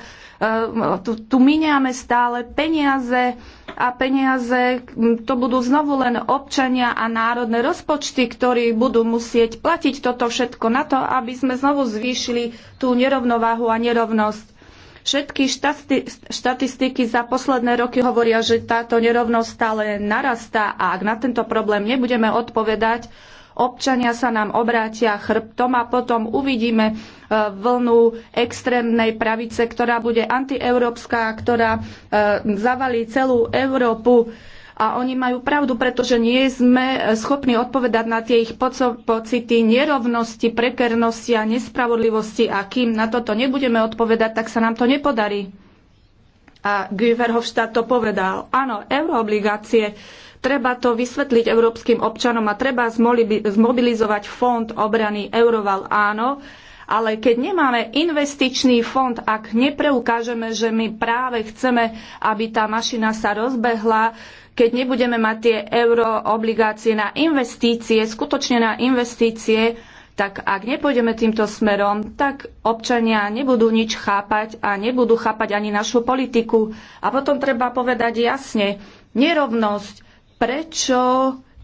tu, tu miniame stále peniaze a peniaze to budú znovu len občania a národné rozpočty, ktorí budú musieť platiť toto všetko na to, aby sme znovu zvýšili tú nerovnováhu a nerovnosť. Všetky štatistiky za posledné roky hovoria, že táto nerovnosť stále narastá a ak na tento problém nebudeme odpovedať, občania sa nám obrátia chrbtom a potom uvidíme e, vlnu extrémnej pravice, ktorá bude antieurópska, ktorá e, zavalí celú Európu. A oni majú pravdu, pretože nie sme e, schopní odpovedať na tie ich pocity nerovnosti, prekernosti a nespravodlivosti. A kým na toto nebudeme odpovedať, tak sa nám to nepodarí. A Guy Verhofstadt to povedal. Áno, euroobligácie treba to vysvetliť európskym občanom a treba zmobilizovať fond obrany Euroval áno, ale keď nemáme investičný fond, ak nepreukážeme, že my práve chceme, aby tá mašina sa rozbehla, keď nebudeme mať tie euroobligácie na investície, skutočne na investície, tak ak nepôjdeme týmto smerom, tak občania nebudú nič chápať a nebudú chápať ani našu politiku. A potom treba povedať jasne, nerovnosť, prečo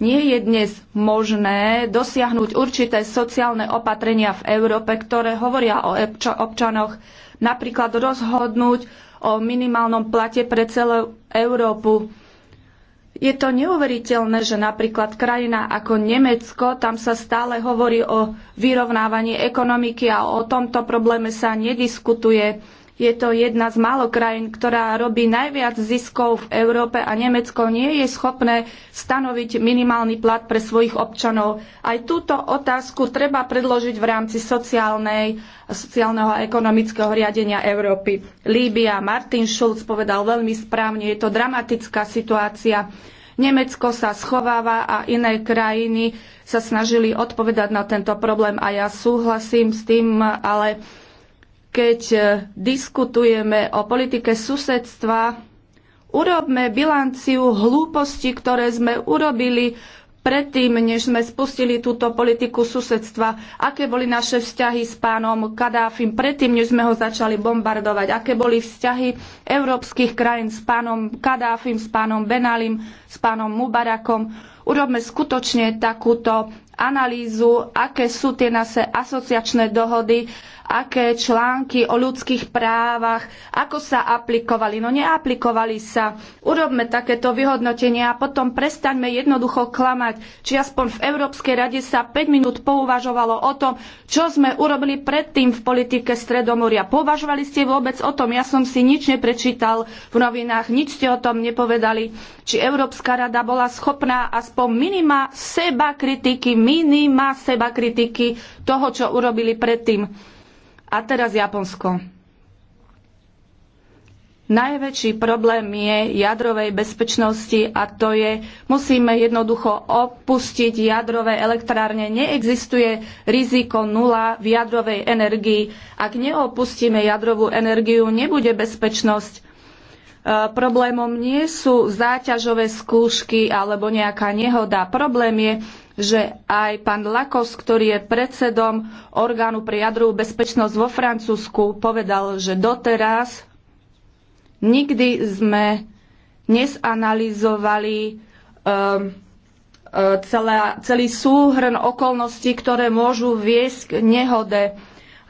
nie je dnes možné dosiahnuť určité sociálne opatrenia v Európe, ktoré hovoria o občanoch, napríklad rozhodnúť o minimálnom plate pre celú Európu. Je to neuveriteľné, že napríklad krajina ako Nemecko, tam sa stále hovorí o vyrovnávaní ekonomiky a o tomto probléme sa nediskutuje je to jedna z málo krajín, ktorá robí najviac ziskov v Európe a Nemecko nie je schopné stanoviť minimálny plat pre svojich občanov. Aj túto otázku treba predložiť v rámci sociálnej, sociálneho a ekonomického riadenia Európy. Líbia, Martin Schulz povedal veľmi správne, je to dramatická situácia. Nemecko sa schováva a iné krajiny sa snažili odpovedať na tento problém a ja súhlasím s tým, ale keď e, diskutujeme o politike susedstva, urobme bilanciu hlúposti, ktoré sme urobili predtým, než sme spustili túto politiku susedstva, aké boli naše vzťahy s pánom Kadáfim, predtým, než sme ho začali bombardovať, aké boli vzťahy európskych krajín s pánom Kadáfim, s pánom Benalim, s pánom Mubarakom. Urobme skutočne takúto analýzu, aké sú tie naše asociačné dohody aké články o ľudských právach, ako sa aplikovali. No neaplikovali sa. Urobme takéto vyhodnotenie a potom prestaňme jednoducho klamať. Či aspoň v Európskej rade sa 5 minút pouvažovalo o tom, čo sme urobili predtým v politike Stredomoria. Považovali ste vôbec o tom? Ja som si nič neprečítal v novinách, nič ste o tom nepovedali. Či Európska rada bola schopná aspoň minima seba kritiky, minima seba kritiky toho, čo urobili predtým. A teraz Japonsko. Najväčší problém je jadrovej bezpečnosti a to je, musíme jednoducho opustiť jadrové elektrárne. Neexistuje riziko nula v jadrovej energii. Ak neopustíme jadrovú energiu, nebude bezpečnosť. E, problémom nie sú záťažové skúšky alebo nejaká nehoda. Problém je, že aj pán Lakos, ktorý je predsedom orgánu pre jadrovú bezpečnosť vo Francúzsku, povedal, že doteraz nikdy sme nesanalizovali um, celá, celý súhrn okolností, ktoré môžu viesť k nehode,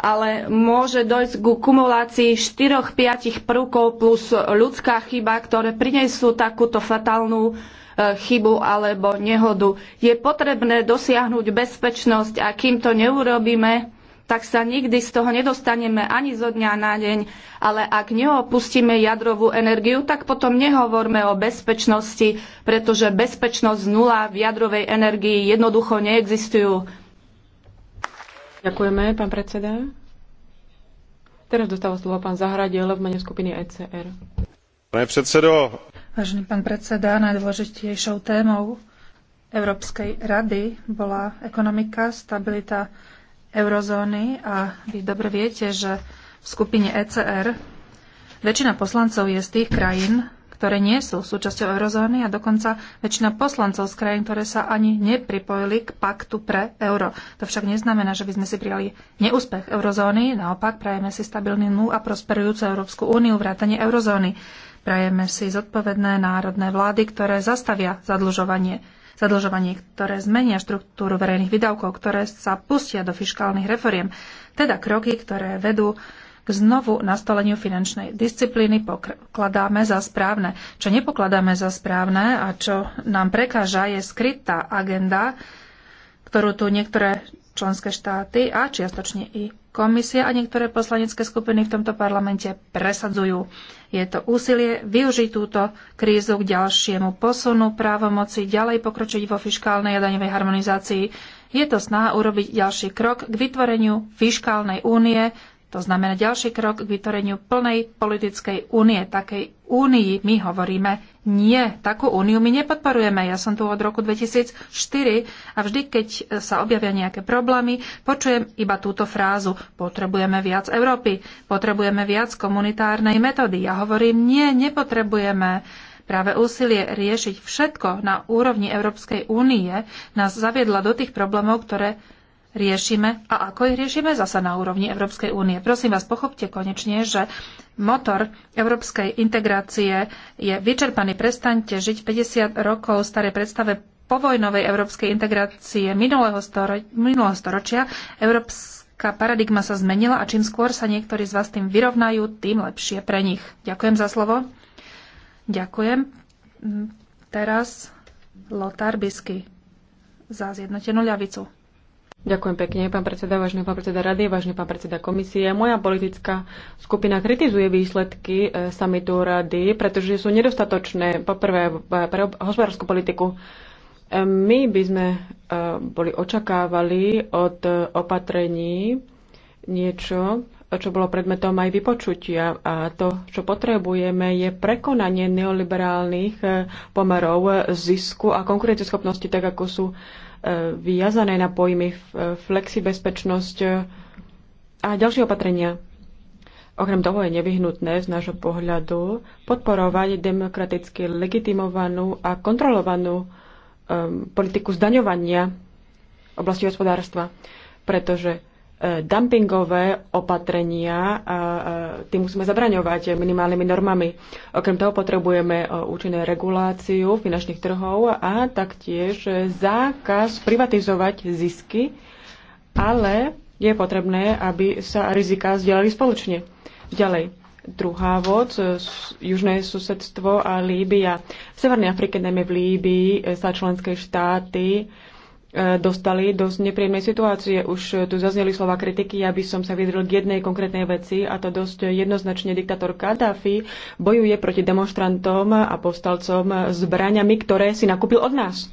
ale môže dojsť k kumulácii 4-5 prvkov plus ľudská chyba, ktoré prinesú takúto fatálnu E, chybu alebo nehodu. Je potrebné dosiahnuť bezpečnosť a kým to neurobíme, tak sa nikdy z toho nedostaneme ani zo dňa na deň. Ale ak neopustíme jadrovú energiu, tak potom nehovorme o bezpečnosti, pretože bezpečnosť nula v jadrovej energii jednoducho neexistujú. Ďakujeme, pán predseda. Teraz dostáva slovo pán Zahradiel v mene skupiny ECR. Pane predsedo, Vážený pán predseda, najdôležitejšou témou Európskej rady bola ekonomika, stabilita eurozóny a vy dobre viete, že v skupine ECR väčšina poslancov je z tých krajín, ktoré nie sú súčasťou eurozóny a dokonca väčšina poslancov z krajín, ktoré sa ani nepripojili k paktu pre euro. To však neznamená, že by sme si prijali neúspech eurozóny, naopak prajeme si stabilnú a prosperujúcu Európsku úniu, vrátanie eurozóny. Prajeme si zodpovedné národné vlády, ktoré zastavia zadlžovanie, zadlžovanie, ktoré zmenia štruktúru verejných výdavkov, ktoré sa pustia do fiskálnych reforiem, teda kroky, ktoré vedú k znovu nastoleniu finančnej disciplíny pokladáme za správne. Čo nepokladáme za správne a čo nám prekáža, je skrytá agenda, ktorú tu niektoré členské štáty a čiastočne i komisia a niektoré poslanecké skupiny v tomto parlamente presadzujú. Je to úsilie využiť túto krízu k ďalšiemu posunu právomoci, ďalej pokročiť vo fiskálnej a daňovej harmonizácii. Je to snaha urobiť ďalší krok k vytvoreniu fiškálnej únie to znamená ďalší krok k vytvoreniu plnej politickej únie. Takej únii my hovoríme nie. Takú úniu my nepodporujeme. Ja som tu od roku 2004 a vždy, keď sa objavia nejaké problémy, počujem iba túto frázu. Potrebujeme viac Európy, potrebujeme viac komunitárnej metódy. Ja hovorím nie, nepotrebujeme. Práve úsilie riešiť všetko na úrovni Európskej únie nás zaviedla do tých problémov, ktoré riešime a ako ich riešime zasa na úrovni Európskej únie. Prosím vás, pochopte konečne, že motor európskej integrácie je vyčerpaný. Prestaňte žiť 50 rokov staré predstave povojnovej európskej integrácie minulého, storo- minulého storočia. Európska paradigma sa zmenila a čím skôr sa niektorí z vás tým vyrovnajú, tým lepšie pre nich. Ďakujem za slovo. Ďakujem. Teraz Lotar Bisky za zjednotenú ľavicu. Ďakujem pekne, pán predseda, vážny pán predseda rady, vážny pán predseda komisie. Moja politická skupina kritizuje výsledky e, samitu rady, pretože sú nedostatočné poprvé e, pre hospodárskú politiku. E, my by sme boli očakávali od opatrení niečo, čo bolo predmetom aj vypočutia. A to, čo potrebujeme, je prekonanie neoliberálnych pomerov zisku a konkurencieschopnosti, tak ako sú E, viazané na pojmy e, flexibezpečnosť e, a ďalšie opatrenia. Okrem toho je nevyhnutné z nášho pohľadu podporovať demokraticky legitimovanú a kontrolovanú um, politiku zdaňovania oblasti hospodárstva, pretože dumpingové opatrenia, tým musíme zabraňovať minimálnymi normami. Okrem toho potrebujeme e, účinnú reguláciu finančných trhov a taktiež zákaz privatizovať zisky, ale je potrebné, aby sa rizika zdieľali spoločne. Ďalej, druhá vod, e, južné susedstvo a Líbia. V Severnej Afrike, najmä v Líbii, e, sa členské štáty E, dostali do nepríjemnej situácie. Už tu zazneli slova kritiky, aby som sa vyjadril k jednej konkrétnej veci a to dosť jednoznačne diktátor Kadáfi bojuje proti demonstrantom a povstalcom zbraňami, ktoré si nakúpil od nás.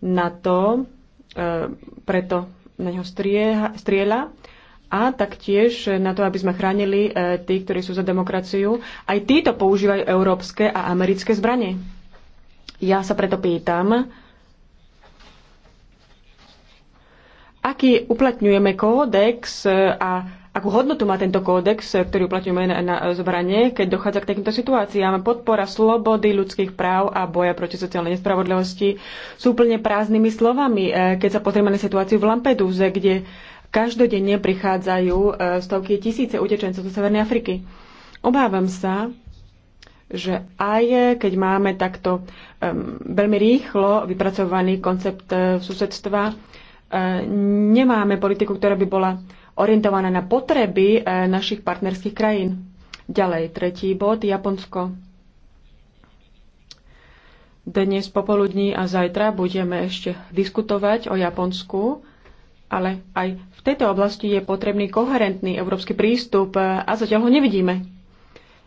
Na to e, preto na ňo strieha, strieľa a taktiež na to, aby sme chránili e, tých, ktorí sú za demokraciu. Aj títo používajú európske a americké zbranie. Ja sa preto pýtam, aký uplatňujeme kódex e, a akú hodnotu má tento kódex, e, ktorý uplatňujeme na, na zbranie, keď dochádza k takýmto situáciám. Podpora slobody, ľudských práv a boja proti sociálnej nespravodlivosti sú úplne prázdnymi slovami, e, keď sa pozrieme na situáciu v Lampedúze, kde každodenne prichádzajú stovky tisíce utečencov zo Severnej Afriky. Obávam sa, že aj keď máme takto um, veľmi rýchlo vypracovaný koncept uh, susedstva, E, nemáme politiku, ktorá by bola orientovaná na potreby e, našich partnerských krajín. Ďalej, tretí bod, Japonsko. Dnes popoludní a zajtra budeme ešte diskutovať o Japonsku, ale aj v tejto oblasti je potrebný koherentný európsky prístup e, a zatiaľ ho nevidíme.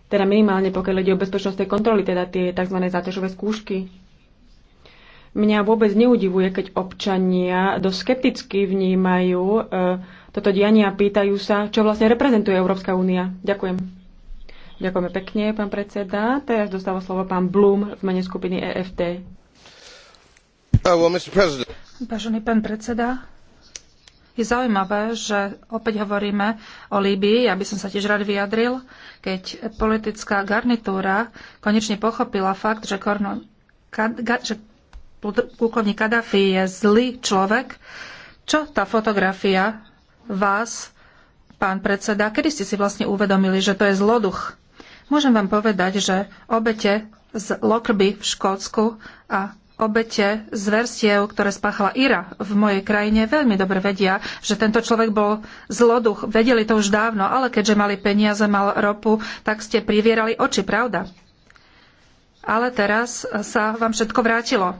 Teda minimálne pokiaľ ide o bezpečnostné kontroly, teda tie tzv. záťažové skúšky. Mňa vôbec neudivuje, keď občania dosť skepticky vnímajú e, toto dianie a pýtajú sa, čo vlastne reprezentuje Európska únia. Ďakujem. Ďakujeme pekne, pán predseda. Teraz dostáva slovo pán Blum v mene skupiny EFT. Oh, Vážený pán predseda, je zaujímavé, že opäť hovoríme o Líbii, ja by som sa tiež rád vyjadril, keď politická garnitúra konečne pochopila fakt, že, Korno, ka, ga, že plukovník Kadafi je zlý človek. Čo tá fotografia vás, pán predseda, kedy ste si vlastne uvedomili, že to je zloduch? Môžem vám povedať, že obete z Lockerby v Škótsku a obete z verstiev, ktoré spáchala Ira v mojej krajine, veľmi dobre vedia, že tento človek bol zloduch. Vedeli to už dávno, ale keďže mali peniaze, mal ropu, tak ste privierali oči, pravda? Ale teraz sa vám všetko vrátilo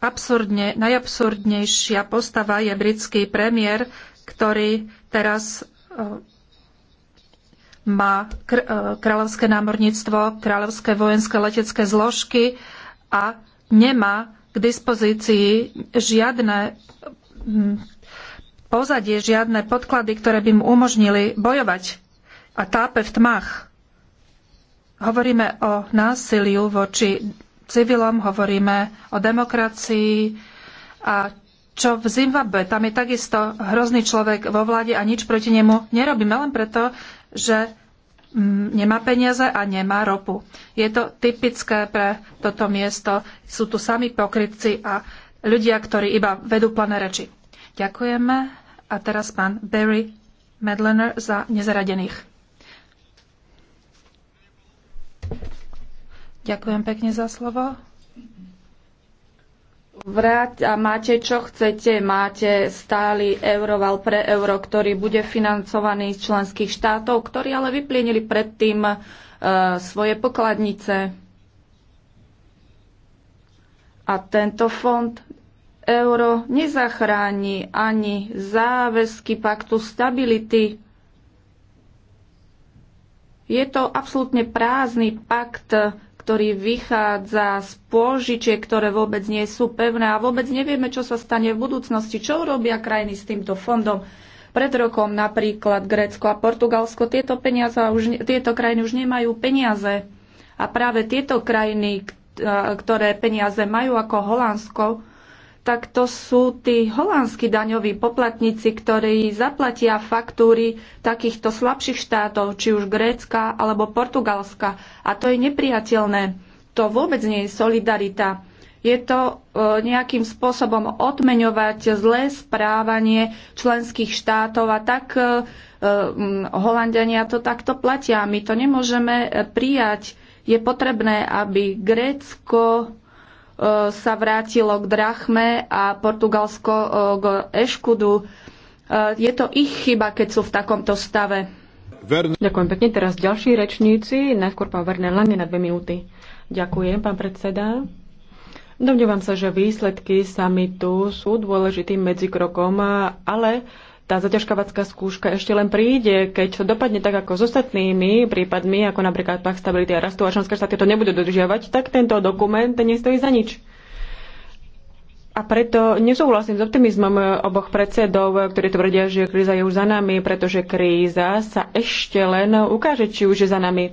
absurdne, najabsurdnejšia postava je britský premiér, ktorý teraz eh, má eh, kráľovské námorníctvo, kráľovské vojenské letecké zložky a nemá k dispozícii žiadne hm, pozadie, žiadne podklady, ktoré by mu umožnili bojovať a tápe v tmách. Hovoríme o násiliu voči civilom, hovoríme o demokracii a čo v Zimbabwe, tam je takisto hrozný človek vo vláde a nič proti nemu nerobíme len preto, že mm, nemá peniaze a nemá ropu. Je to typické pre toto miesto. Sú tu sami pokrytci a ľudia, ktorí iba vedú plné reči. Ďakujeme. A teraz pán Barry Medlener za nezaradených. Ďakujem pekne za slovo. Vráť a máte čo chcete, máte stály euroval pre euro, ktorý bude financovaný z členských štátov, ktorí ale vyplienili predtým e, svoje pokladnice. A tento fond euro nezachráni ani záväzky paktu stability. Je to absolútne prázdny pakt, ktorý vychádza z pôžičiek, ktoré vôbec nie sú pevné a vôbec nevieme, čo sa stane v budúcnosti, čo robia krajiny s týmto fondom. Pred rokom napríklad Grécko a Portugalsko tieto, peniaze už, tieto krajiny už nemajú peniaze. A práve tieto krajiny, ktoré peniaze majú ako Holandsko, tak to sú tí holandskí daňoví poplatníci, ktorí zaplatia faktúry takýchto slabších štátov, či už Grécka alebo Portugalska. A to je nepriateľné. To vôbec nie je solidarita. Je to e, nejakým spôsobom odmeňovať zlé správanie členských štátov a tak e, e, Holandiania to takto platia. My to nemôžeme prijať. Je potrebné, aby Grécko E, sa vrátilo k drachme a Portugalsko e, k eškudu. E, je to ich chyba, keď sú v takomto stave. Verne. Ďakujem pekne. Teraz ďalší rečníci. Najskôr pán Werner Lange na dve minúty. Ďakujem, pán predseda. Domnievam sa, že výsledky samitu sú dôležitým medzikrokom, ale tá zaťažkávacká skúška ešte len príde, keď to dopadne tak ako s ostatnými prípadmi, ako napríklad Pak stability a rastu a členské štáty to nebudú dodržiavať, tak tento dokument nestojí za nič. A preto nesúhlasím s optimizmom oboch predsedov, ktorí tvrdia, že kríza je už za nami, pretože kríza sa ešte len ukáže, či už je za nami. E,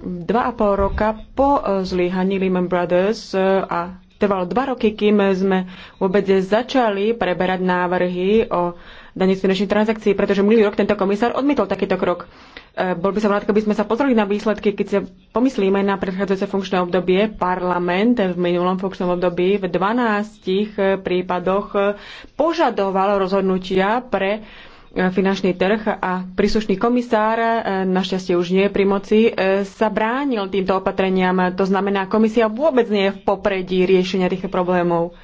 dva a pol roka po zlyhaní Lehman Brothers e, a Trvalo dva roky, kým sme vôbec začali preberať návrhy o daní z finančných transakcií, pretože minulý rok tento komisár odmietol takýto krok. E, bol by som rád, keby sme sa pozreli na výsledky, keď sa pomyslíme na predchádzajúce funkčné obdobie. Parlament v minulom funkčnom období v 12 prípadoch požadoval rozhodnutia pre finančný trh a príslušný komisár, e, našťastie už nie je pri moci, e, sa bránil týmto opatreniam. To znamená, komisia vôbec nie je v popredí riešenia týchto problémov.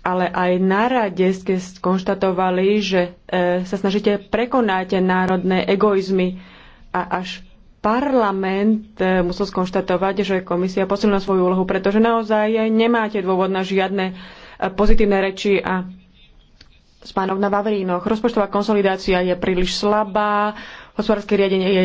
Ale aj na rade ste skonštatovali, že e, sa snažíte prekonať národné egoizmy a až parlament musel skonštatovať, že komisia posilnila svoju úlohu, pretože naozaj nemáte dôvod na žiadne pozitívne reči a s pánom na Vavrínoch. Rozpočtová konsolidácia je príliš slabá, hospodárske riadenie je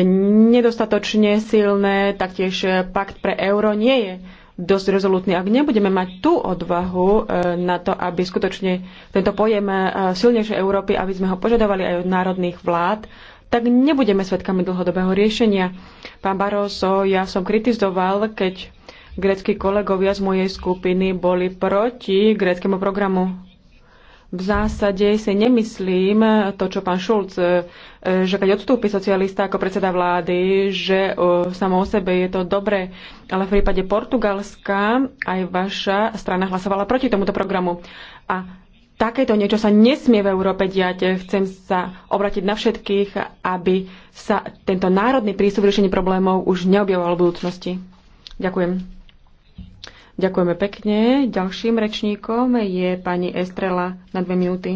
nedostatočne silné, taktiež pakt pre euro nie je dosť rezolutný. Ak nebudeme mať tú odvahu e, na to, aby skutočne tento pojem e, silnejšej Európy, aby sme ho požadovali aj od národných vlád, tak nebudeme svedkami dlhodobého riešenia. Pán Barroso, ja som kritizoval, keď greckí kolegovia z mojej skupiny boli proti greckému programu v zásade si nemyslím e, to, čo pán Šulc, e, e, že keď odstúpi socialista ako predseda vlády, že samo o sebe je to dobré. Ale v prípade Portugalska aj vaša strana hlasovala proti tomuto programu. A takéto niečo sa nesmie v Európe diať. Chcem sa obratiť na všetkých, aby sa tento národný prístup riešení problémov už neobjavoval v budúcnosti. Ďakujem. Ďakujeme pekne. Ďalším rečníkom je pani Estrela na dve minúty.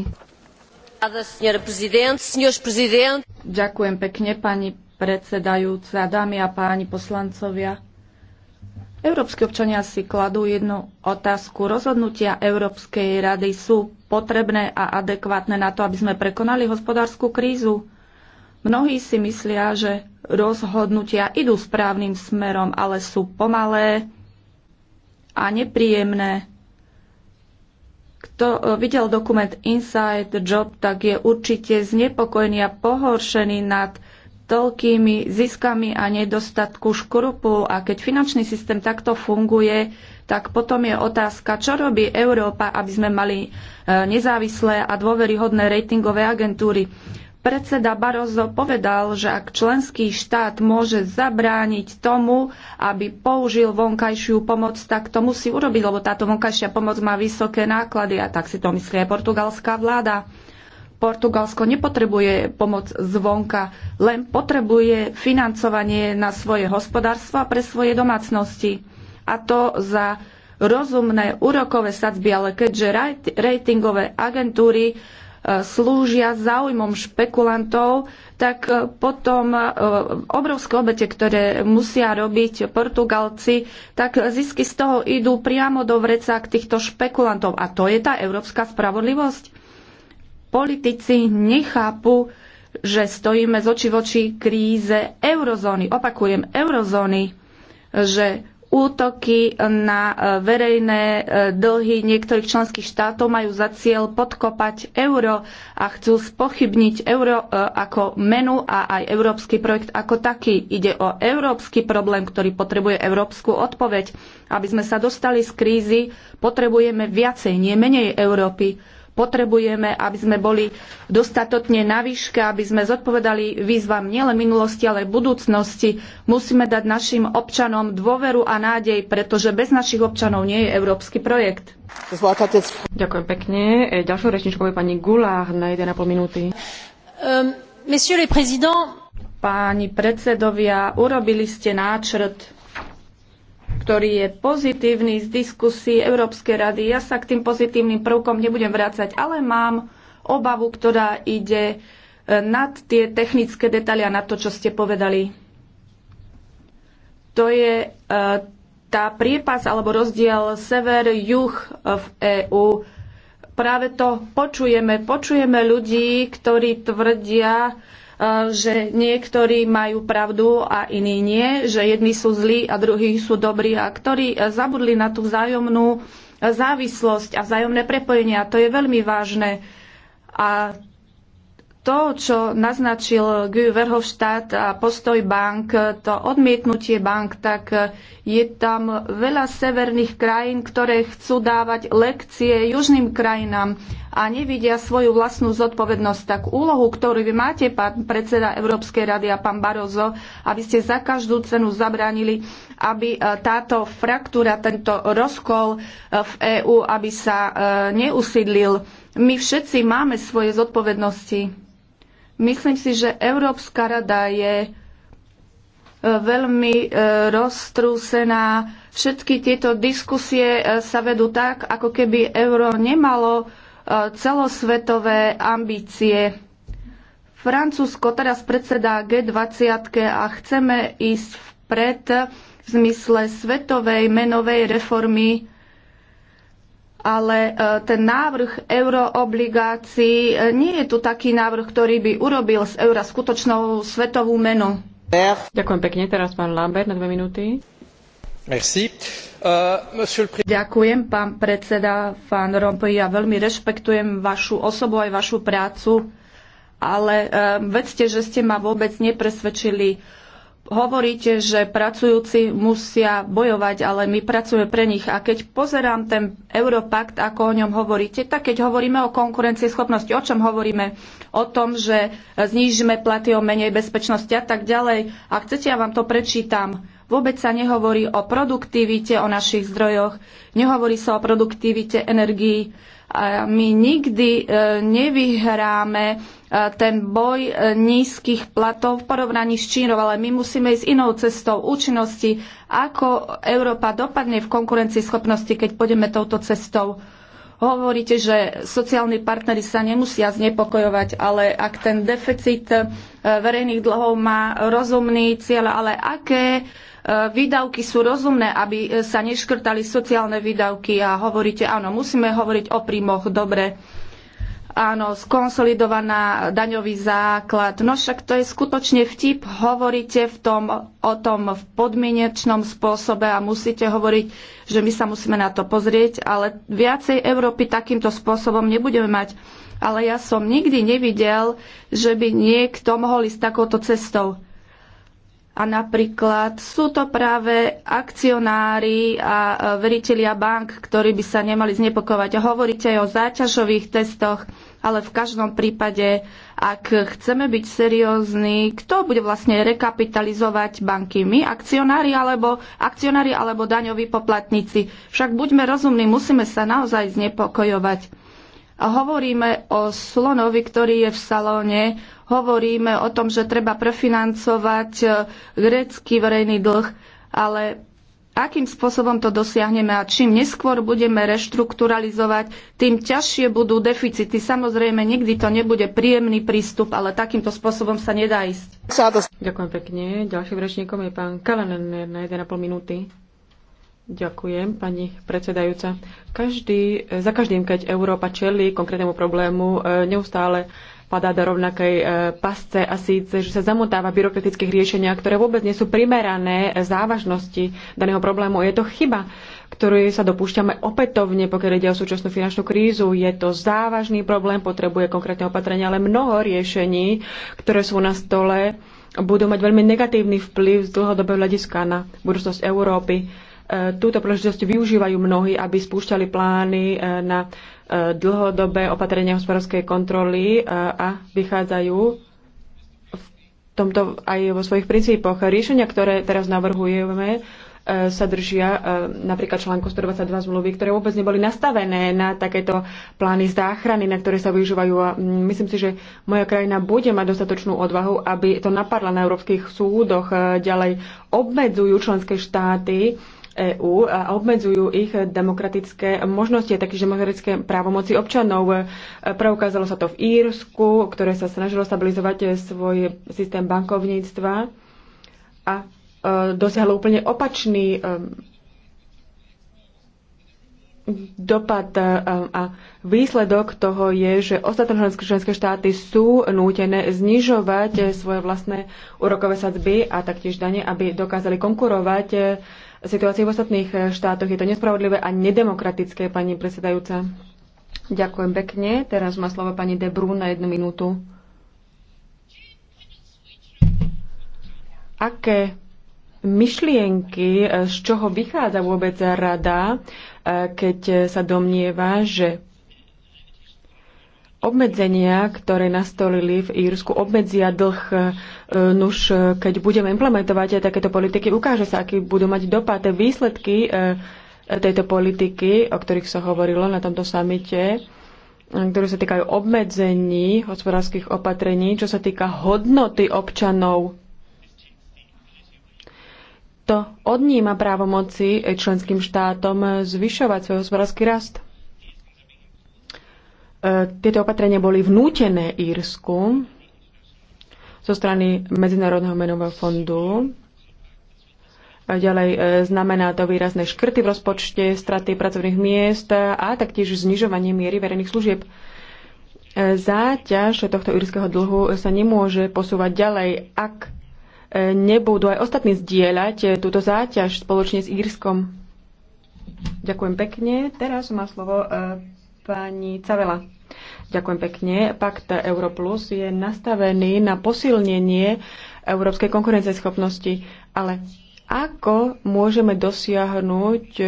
Ďakujem pekne, pani predsedajúca, dámy a páni poslancovia. Európsky občania si kladú jednu otázku. Rozhodnutia Európskej rady sú potrebné a adekvátne na to, aby sme prekonali hospodárskú krízu. Mnohí si myslia, že rozhodnutia idú správnym smerom, ale sú pomalé, a nepríjemné. Kto e, videl dokument Inside Job, tak je určite znepokojený a pohoršený nad toľkými ziskami a nedostatku škrupu. a keď finančný systém takto funguje, tak potom je otázka, čo robí Európa, aby sme mali e, nezávislé a dôveryhodné ratingové agentúry. Predseda Barroso povedal, že ak členský štát môže zabrániť tomu, aby použil vonkajšiu pomoc, tak to musí urobiť, lebo táto vonkajšia pomoc má vysoké náklady a tak si to myslí aj portugalská vláda. Portugalsko nepotrebuje pomoc zvonka, len potrebuje financovanie na svoje hospodárstvo a pre svoje domácnosti. A to za rozumné úrokové sadzby, ale keďže ratingové agentúry slúžia záujmom špekulantov, tak e, potom e, obrovské obete, ktoré musia robiť Portugalci, tak zisky z toho idú priamo do k týchto špekulantov. A to je tá európska spravodlivosť. Politici nechápu, že stojíme z oči oči kríze eurozóny. Opakujem, eurozóny, že Útoky na e, verejné e, dlhy niektorých členských štátov majú za cieľ podkopať euro a chcú spochybniť euro e, ako menu a aj európsky projekt ako taký. Ide o európsky problém, ktorý potrebuje európsku odpoveď. Aby sme sa dostali z krízy, potrebujeme viacej, nie menej Európy potrebujeme, aby sme boli dostatočne na výške, aby sme zodpovedali výzvam nielen minulosti, ale aj budúcnosti. Musíme dať našim občanom dôveru a nádej, pretože bez našich občanov nie je európsky projekt. Ďakujem pekne. E, ďalšou rečničkou je pani Gulár na 1,5 minúty. Um, Páni predsedovia, urobili ste náčrt ktorý je pozitívny z diskusí Európskej rady. Ja sa k tým pozitívnym prvkom nebudem vrácať, ale mám obavu, ktorá ide e, nad tie technické detaily a nad to, čo ste povedali. To je e, tá priepas alebo rozdiel sever-juh e, v EÚ. Práve to počujeme. Počujeme ľudí, ktorí tvrdia, že niektorí majú pravdu a iní nie, že jedni sú zlí a druhí sú dobrí a ktorí e, zabudli na tú vzájomnú závislosť a vzájomné prepojenie. A to je veľmi vážne. A to, čo naznačil Guy Verhofstadt a postoj bank, to odmietnutie bank, tak je tam veľa severných krajín, ktoré chcú dávať lekcie južným krajinám a nevidia svoju vlastnú zodpovednosť, tak úlohu, ktorú vy máte, pán predseda Európskej rady a pán Barozo, aby ste za každú cenu zabránili, aby e, táto fraktúra, tento rozkol e, v EÚ, aby sa e, neusídlil. My všetci máme svoje zodpovednosti. Myslím si, že Európska rada je veľmi roztrúsená. Všetky tieto diskusie sa vedú tak, ako keby euro nemalo celosvetové ambície. Francúzsko teraz predsedá G20 a chceme ísť vpred v zmysle svetovej menovej reformy, ale e, ten návrh euroobligácií e, nie je tu taký návrh, ktorý by urobil z eura skutočnou svetovú menu. Ďakujem pekne. Teraz pán Lambert na dve minúty. Euh, Ďakujem, pán predseda Van Rompuy. Ja veľmi rešpektujem vašu osobu aj vašu prácu, ale eh, vedzte, že ste ma vôbec nepresvedčili. Hovoríte, že pracujúci musia bojovať, ale my pracujeme pre nich. A keď pozerám ten Europakt, ako o ňom hovoríte, tak keď hovoríme o konkurencieschopnosti, o čom hovoríme? O tom, že znížime platy o menej bezpečnosti a tak ďalej. A chcete, ja vám to prečítam Vôbec sa nehovorí o produktivite, o našich zdrojoch, nehovorí sa o produktivite energii. My nikdy e, nevyhráme e, ten boj e, nízkych platov v porovnaní s Čínou, ale my musíme ísť inou cestou účinnosti, ako Európa dopadne v konkurencii schopnosti, keď pôjdeme touto cestou hovoríte, že sociálni partnery sa nemusia znepokojovať, ale ak ten deficit verejných dlhov má rozumný cieľ, ale aké výdavky sú rozumné, aby e, sa neškrtali sociálne výdavky a hovoríte, áno, musíme hovoriť o príjmoch, dobre, áno, skonsolidovaná daňový základ. No však to je skutočne vtip, hovoríte v tom, o tom v podmienečnom spôsobe a musíte hovoriť, že my sa musíme na to pozrieť, ale viacej Európy takýmto spôsobom nebudeme mať. Ale ja som nikdy nevidel, že by niekto mohol ísť takouto cestou a napríklad sú to práve akcionári a e, veritelia bank, ktorí by sa nemali znepokovať. Hovoríte aj o záťažových testoch, ale v každom prípade, ak chceme byť seriózni, kto bude vlastne rekapitalizovať banky? My, akcionári alebo, akcionári alebo daňoví poplatníci? Však buďme rozumní, musíme sa naozaj znepokojovať a hovoríme o slonovi, ktorý je v salóne, hovoríme o tom, že treba prefinancovať e, grécky verejný dlh, ale akým spôsobom to dosiahneme a čím neskôr budeme reštrukturalizovať, tým ťažšie budú deficity. Samozrejme, nikdy to nebude príjemný prístup, ale takýmto spôsobom sa nedá ísť. Ďakujem pekne. Ďalším rečníkom je pán Kalanen na 1,5 minúty. Ďakujem, pani predsedajúca. Každý, za každým, keď Európa čelí konkrétnemu problému, e, neustále padá do rovnakej e, pasce a síce, že sa zamotáva v byrokratických riešeniach, ktoré vôbec nie sú primerané závažnosti daného problému. Je to chyba, ktorú sa dopúšťame opätovne, pokiaľ ide o súčasnú finančnú krízu. Je to závažný problém, potrebuje konkrétne opatrenia, ale mnoho riešení, ktoré sú na stole, budú mať veľmi negatívny vplyv z dlhodobého hľadiska na budúcnosť Európy Túto príležitosť využívajú mnohí, aby spúšťali plány e, na e, dlhodobé opatrenia hospodárskej kontroly e, a vychádzajú v tomto aj vo svojich princípoch. Riešenia, ktoré teraz navrhujeme, sa držia napríklad článku 122 zmluvy, ktoré vôbec neboli nastavené na takéto plány záchrany, na ktoré sa využívajú. A myslím si, že moja krajina bude mať dostatočnú odvahu, aby to napadla na európskych súdoch. Ďalej obmedzujú členské štáty EÚ a obmedzujú ich demokratické možnosti, takže demokratické právomoci občanov. E, preukázalo sa to v Írsku, ktoré sa snažilo stabilizovať e, svoj systém bankovníctva a e, dosiahlo úplne opačný dopad a výsledok toho je, že ostatné členské štáty sú nútené znižovať svoje vlastné úrokové sadzby a taktiež dane, aby dokázali konkurovať situácii v ostatných eh, štátoch. Je to nespravodlivé a nedemokratické, pani predsedajúca. Ďakujem pekne. Teraz má slovo pani De Brun na jednu minútu. Aké myšlienky, eh, z čoho vychádza vôbec rada, eh, keď sa domnieva, že obmedzenia, ktoré nastolili v Írsku, obmedzia dlh. E, nuž, e, keď budeme implementovať aj takéto politiky, ukáže sa, aký budú mať dopad výsledky e, tejto politiky, o ktorých sa hovorilo na tomto samite, ktoré sa týkajú obmedzení hospodárskych opatrení, čo sa týka hodnoty občanov. To odníma právomoci členským štátom zvyšovať svoj hospodársky rast. E, tieto opatrenia boli vnútené Írsku zo strany Medzinárodného menového fondu. Ďalej e, znamená to výrazné škrty v rozpočte, straty pracovných miest a taktiež znižovanie miery verejných služieb. E, záťaž tohto írskeho dlhu sa nemôže posúvať ďalej, ak nebudú aj ostatní zdieľať túto záťaž spoločne s Írskom. Ďakujem pekne. Teraz má slovo Pani Cavela. Ďakujem pekne. Pakt Europlus je nastavený na posilnenie európskej konkurenceschopnosti, ale ako môžeme dosiahnuť e,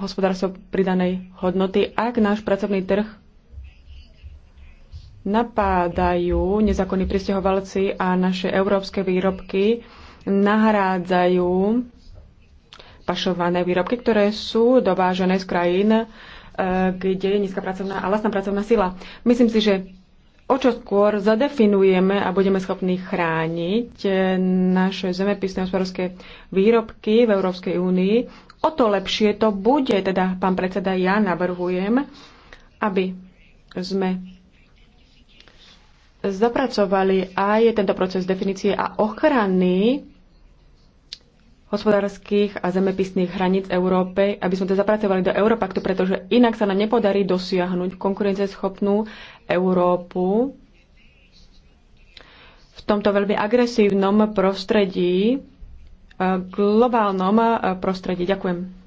hospodárstvo pridanej hodnoty, ak náš pracovný trh napádajú nezákonní pristahovalci a naše európske výrobky nahrádzajú pašované výrobky, ktoré sú dovážené z krajín, Eh, kde je nízka pracovná a vlastná pracovná sila. Myslím si, že o čo skôr zadefinujeme a budeme schopní chrániť eh, naše zemepisné hospodárske výrobky v Európskej únii, o to lepšie to bude. Teda, pán predseda, ja navrhujem, aby sme zapracovali aj tento proces definície a ochrany hospodárskych a zemepisných hraníc Európe, aby sme to zapracovali do Európaktu, pretože inak sa nám nepodarí dosiahnuť konkurenceschopnú Európu v tomto veľmi agresívnom prostredí, eh, globálnom eh, prostredí. Ďakujem.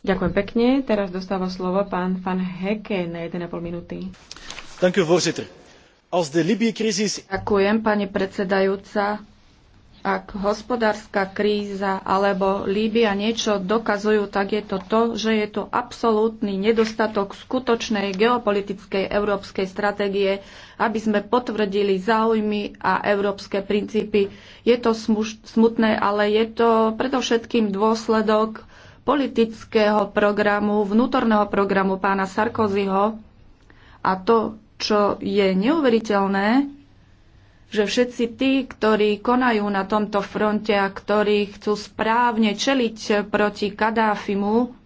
Ďakujem pekne. Teraz dostáva slovo pán Van Heke na 1,5 minúty. Ďakujem, pani predsedajúca ak hospodárska kríza alebo Líbia niečo dokazujú, tak je to to, že je to absolútny nedostatok skutočnej geopolitickej európskej stratégie, aby sme potvrdili záujmy a európske princípy. Je to smutné, ale je to predovšetkým dôsledok politického programu, vnútorného programu pána Sarkozyho. A to, čo je neuveriteľné, že všetci tí, ktorí konajú na tomto fronte a ktorí chcú správne čeliť proti Kadáfimu,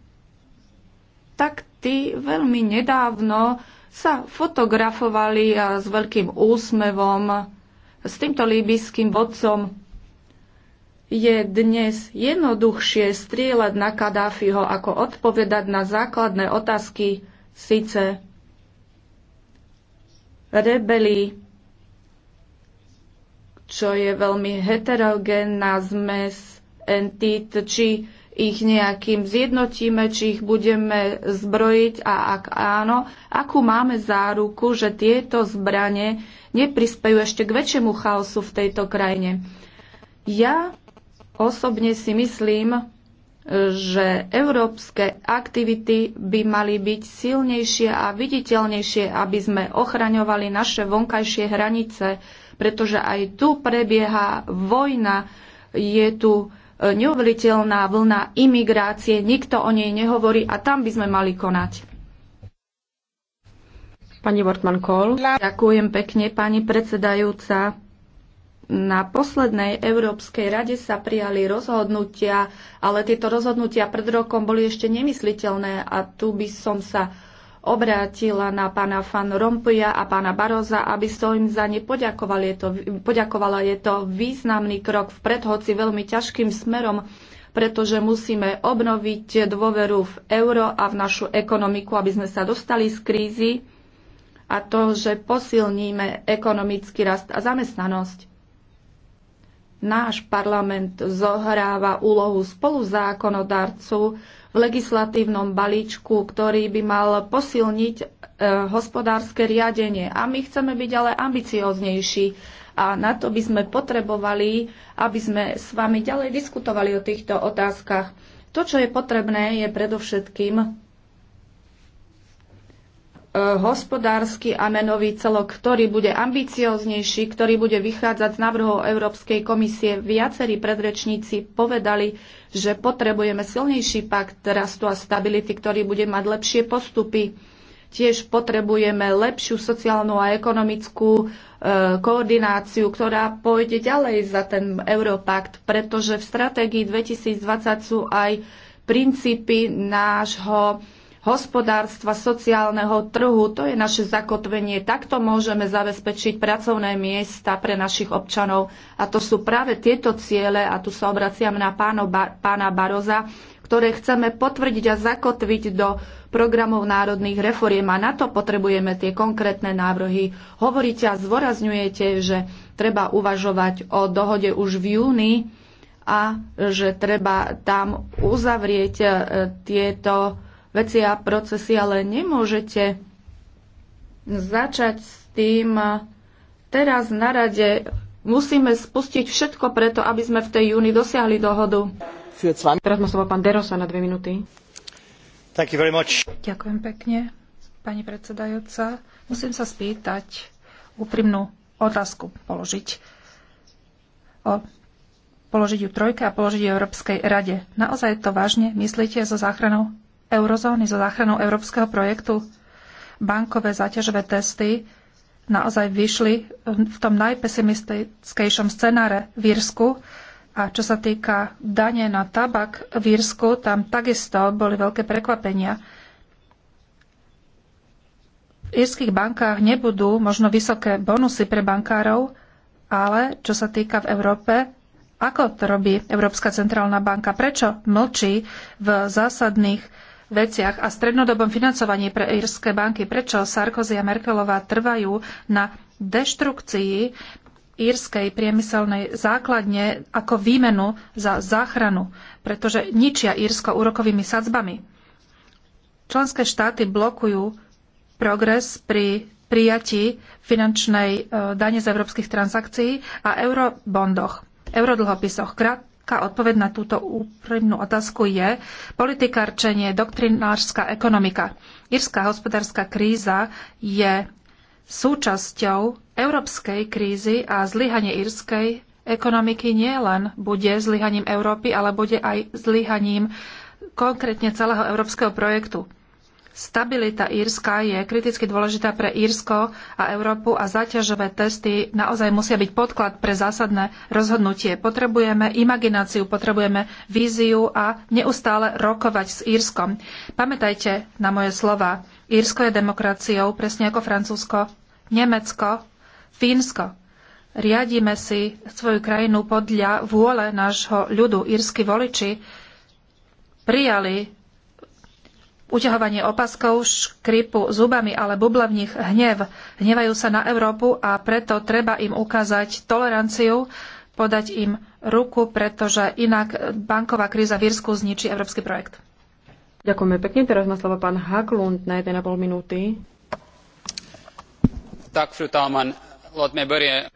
tak tí veľmi nedávno sa fotografovali a s veľkým úsmevom s týmto líbyským vodcom. Je dnes jednoduchšie strieľať na Kadáfiho, ako odpovedať na základné otázky, síce rebeli čo je veľmi heterogénna zmes entít, či ich nejakým zjednotíme, či ich budeme zbrojiť a ak áno, akú máme záruku, že tieto zbranie neprispejú ešte k väčšiemu chaosu v tejto krajine. Ja osobne si myslím, že európske aktivity by mali byť silnejšie a viditeľnejšie, aby sme ochraňovali naše vonkajšie hranice, pretože aj tu prebieha vojna, je tu e, neuveriteľná vlna imigrácie, nikto o nej nehovorí a tam by sme mali konať. Pani Wortman Kohl. Ďakujem pekne, pani predsedajúca. Na poslednej Európskej rade sa prijali rozhodnutia, ale tieto rozhodnutia pred rokom boli ešte nemysliteľné a tu by som sa obrátila na pána Fan Rompuja a pána Baroza, aby som im za ne poďakovala. Je to, poďakovala. Je to významný krok v predhoci veľmi ťažkým smerom, pretože musíme obnoviť dôveru v euro a v našu ekonomiku, aby sme sa dostali z krízy a to, že posilníme ekonomický rast a zamestnanosť náš parlament zohráva úlohu spoluzákonodarcu v legislatívnom balíčku, ktorý by mal posilniť e, hospodárske riadenie. A my chceme byť ale ambicioznejší. A na to by sme potrebovali, aby sme s vami ďalej diskutovali o týchto otázkach. To, čo je potrebné, je predovšetkým E, hospodársky a menový celok, ktorý bude ambicioznejší, ktorý bude vychádzať z návrhov Európskej komisie. Viacerí predrečníci povedali, že potrebujeme silnejší pakt rastu a stability, ktorý bude mať lepšie postupy. Tiež potrebujeme lepšiu sociálnu a ekonomickú e, koordináciu, ktorá pôjde ďalej za ten Europakt, pretože v stratégii 2020 sú aj princípy nášho hospodárstva, sociálneho trhu. To je naše zakotvenie. Takto môžeme zabezpečiť pracovné miesta pre našich občanov. A to sú práve tieto ciele, a tu sa obraciam na páno, pána Baroza, ktoré chceme potvrdiť a zakotviť do programov národných reforiem. A na to potrebujeme tie konkrétne návrhy. Hovoríte a zvorazňujete, že treba uvažovať o dohode už v júni a že treba tam uzavrieť e, tieto veci a procesy, ale nemôžete začať s tým teraz na rade. Musíme spustiť všetko preto, aby sme v tej júni dosiahli dohodu. Teraz má slovo pán Derosa na dve minúty. Thank you very much. Ďakujem pekne, pani predsedajúca. Musím sa spýtať úprimnú otázku položiť. O, položiť ju trojke a položiť ju Európskej rade. Naozaj to vážne myslíte so záchranou eurozóny zo záchranou európskeho projektu. Bankové záťažové testy naozaj vyšli v tom najpesimistickejšom scenáre v Írsku. A čo sa týka dane na tabak v Írsku, tam takisto boli veľké prekvapenia. V írskych bankách nebudú možno vysoké bonusy pre bankárov, ale čo sa týka v Európe, ako to robí Európska centrálna banka? Prečo mlčí v zásadných veciach a strednodobom financovaní pre írske banky. Prečo Sarkozy a Merkelová trvajú na deštrukcii írskej priemyselnej základne ako výmenu za záchranu, pretože ničia Írsko úrokovými sadzbami. Členské štáty blokujú progres pri prijatí finančnej e, dane z európskych transakcií a eurobondoch, eurodlhopisoch. Krátka odpoveď na túto úprimnú otázku je politikárčenie, doktrinárska ekonomika. Írska hospodárska kríza je súčasťou európskej krízy a zlyhanie írskej ekonomiky nie len bude zlyhaním Európy, ale bude aj zlyhaním konkrétne celého európskeho projektu. Stabilita Írska je kriticky dôležitá pre Írsko a Európu a záťažové testy naozaj musia byť podklad pre zásadné rozhodnutie. Potrebujeme imagináciu, potrebujeme víziu a neustále rokovať s Írskom. Pamätajte na moje slova. Írsko je demokraciou, presne ako Francúzsko, Nemecko, Fínsko. Riadíme si svoju krajinu podľa vôle nášho ľudu. Írsky voliči prijali uťahovanie opaskov, škripu zubami, alebo v nich hnev. Hnevajú sa na Európu a preto treba im ukázať toleranciu, podať im ruku, pretože inak banková kríza v Írsku zničí európsky projekt. Ďakujeme pekne. Teraz má slovo pán Haklund na 1,5 minúty. Tak, fru Talman, låt berie.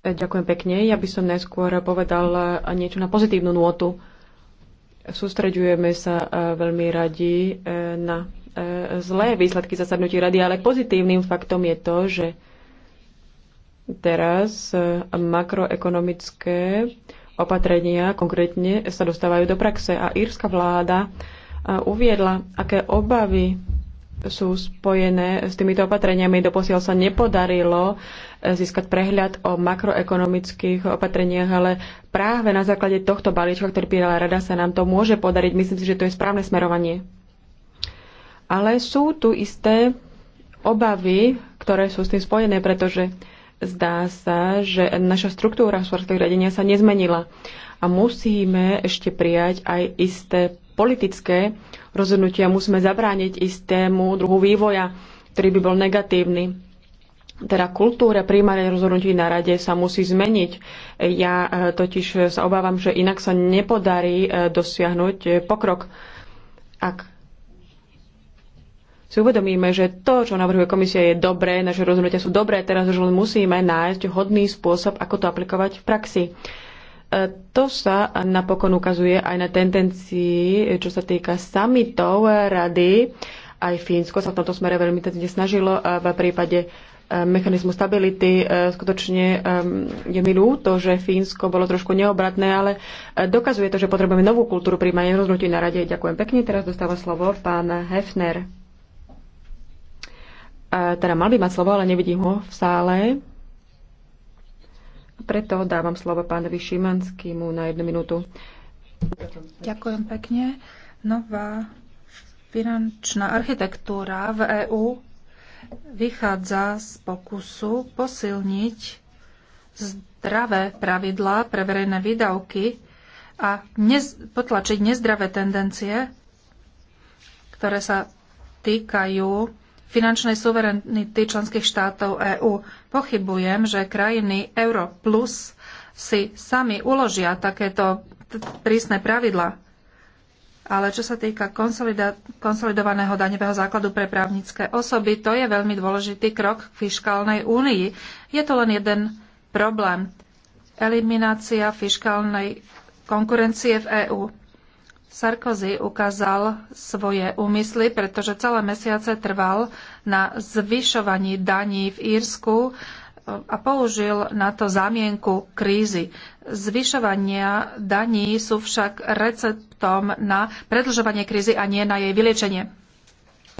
Ďakujem pekne. Ja by som najskôr povedal niečo na pozitívnu nôtu. Sústreďujeme sa e, veľmi radi e, na e, zlé výsledky zasadnutí rady, ale pozitívnym faktom je to, že teraz makroekonomické opatrenia konkrétne sa dostávajú do praxe a írska vláda uviedla, aké obavy sú spojené s týmito opatreniami. Doposiaľ sa nepodarilo získať prehľad o makroekonomických opatreniach, ale práve na základe tohto balíčka, ktorý prijala rada, sa nám to môže podariť. Myslím si, že to je správne smerovanie. Ale sú tu isté obavy, ktoré sú s tým spojené, pretože zdá sa, že naša štruktúra hospodárskeho riadenia sa nezmenila a musíme ešte prijať aj isté politické rozhodnutia, musíme zabrániť istému druhu vývoja, ktorý by bol negatívny teda kultúra príjmania rozhodnutí na rade sa musí zmeniť. Ja e, totiž e, sa obávam, že inak sa nepodarí e, dosiahnuť pokrok. Ak si uvedomíme, že to, čo navrhuje komisia, je dobré, naše rozhodnutia sú dobré, teraz už len musíme nájsť hodný spôsob, ako to aplikovať v praxi. To sa napokon ukazuje aj na tendencii, čo sa týka samitov rady. Aj Fínsko sa v tomto smere veľmi tenzne snažilo v prípade mechanizmu stability. E, skutočne e, je mi ľúto, že Fínsko bolo trošku neobratné, ale e, dokazuje to, že potrebujeme novú kultúru príjmania rozhodnutí na rade. Ďakujem pekne. Teraz dostáva slovo pán Hefner. Teda mal by mať slovo, ale nevidím ho v sále. Preto dávam slovo pánovi Šimanskému na jednu minútu. Ďakujem pekne. Nová finančná architektúra v EÚ vychádza z pokusu posilniť zdravé pravidlá pre verejné výdavky a nez, potlačiť nezdravé tendencie, ktoré sa týkajú finančnej suverenity členských štátov EÚ. Pochybujem, že krajiny Euro plus si sami uložia takéto prísne pravidlá. Ale čo sa týka konsolidovaného daňového základu pre právnické osoby, to je veľmi dôležitý krok k fiskálnej únii. Je to len jeden problém. Eliminácia fiskálnej konkurencie v EÚ. Sarkozy ukázal svoje úmysly, pretože celé mesiace trval na zvyšovaní daní v Írsku a použil na to zamienku krízy. Zvyšovania daní sú však receptom na predlžovanie krízy a nie na jej vyliečenie.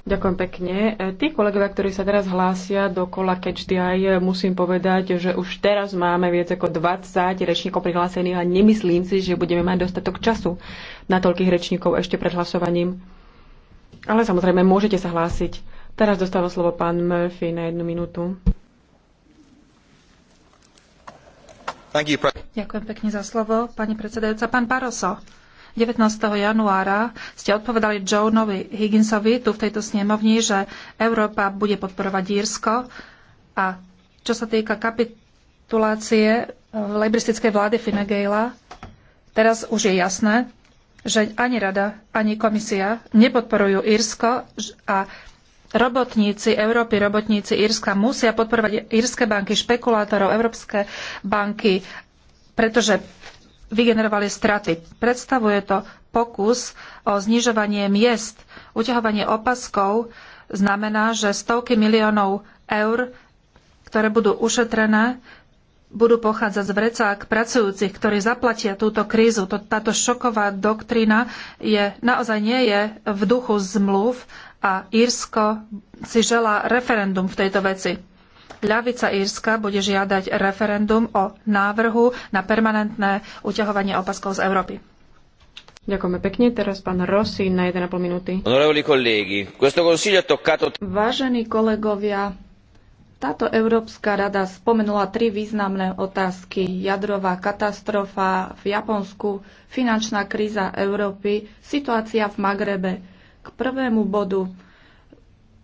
Ďakujem pekne. E, tí kolegovia, ktorí sa teraz hlásia do kola Catch the Eye, e, musím povedať, že už teraz máme viac ako 20 rečníkov prihlásených a nemyslím si, že budeme mať dostatok času na toľkých rečníkov ešte pred hlasovaním. Ale samozrejme, môžete sa hlásiť. Teraz dostáva slovo pán Murphy na jednu minútu. Ďakujem pekne za slovo, pani predsedajúca. Pán Paroso, 19. januára ste odpovedali Joanovi Higginsovi tu v tejto snemovni, že Európa bude podporovať Írsko a čo sa týka kapitulácie eh, lejbristickej vlády Finegela, teraz už je jasné, že ani rada, ani komisia nepodporujú Írsko a Robotníci Európy, robotníci Írska musia podporovať írske banky, špekulátorov, európske banky, pretože vygenerovali straty. Predstavuje to pokus o znižovanie miest. Uťahovanie opaskov znamená, že stovky miliónov eur, ktoré budú ušetrené, budú pochádzať z vrecák pracujúcich, ktorí zaplatia túto krízu. Táto šoková doktrína je, naozaj nie je v duchu zmluv a Írsko si želá referendum v tejto veci. Ľavica Írska bude žiadať referendum o návrhu na permanentné uťahovanie opaskov z Európy. Ďakujeme pekne. Teraz pán Rossi na 1,5 minúty. Vážení kolegovia, táto Európska rada spomenula tri významné otázky. Jadrová katastrofa v Japonsku, finančná kríza Európy, situácia v Magrebe. K prvému bodu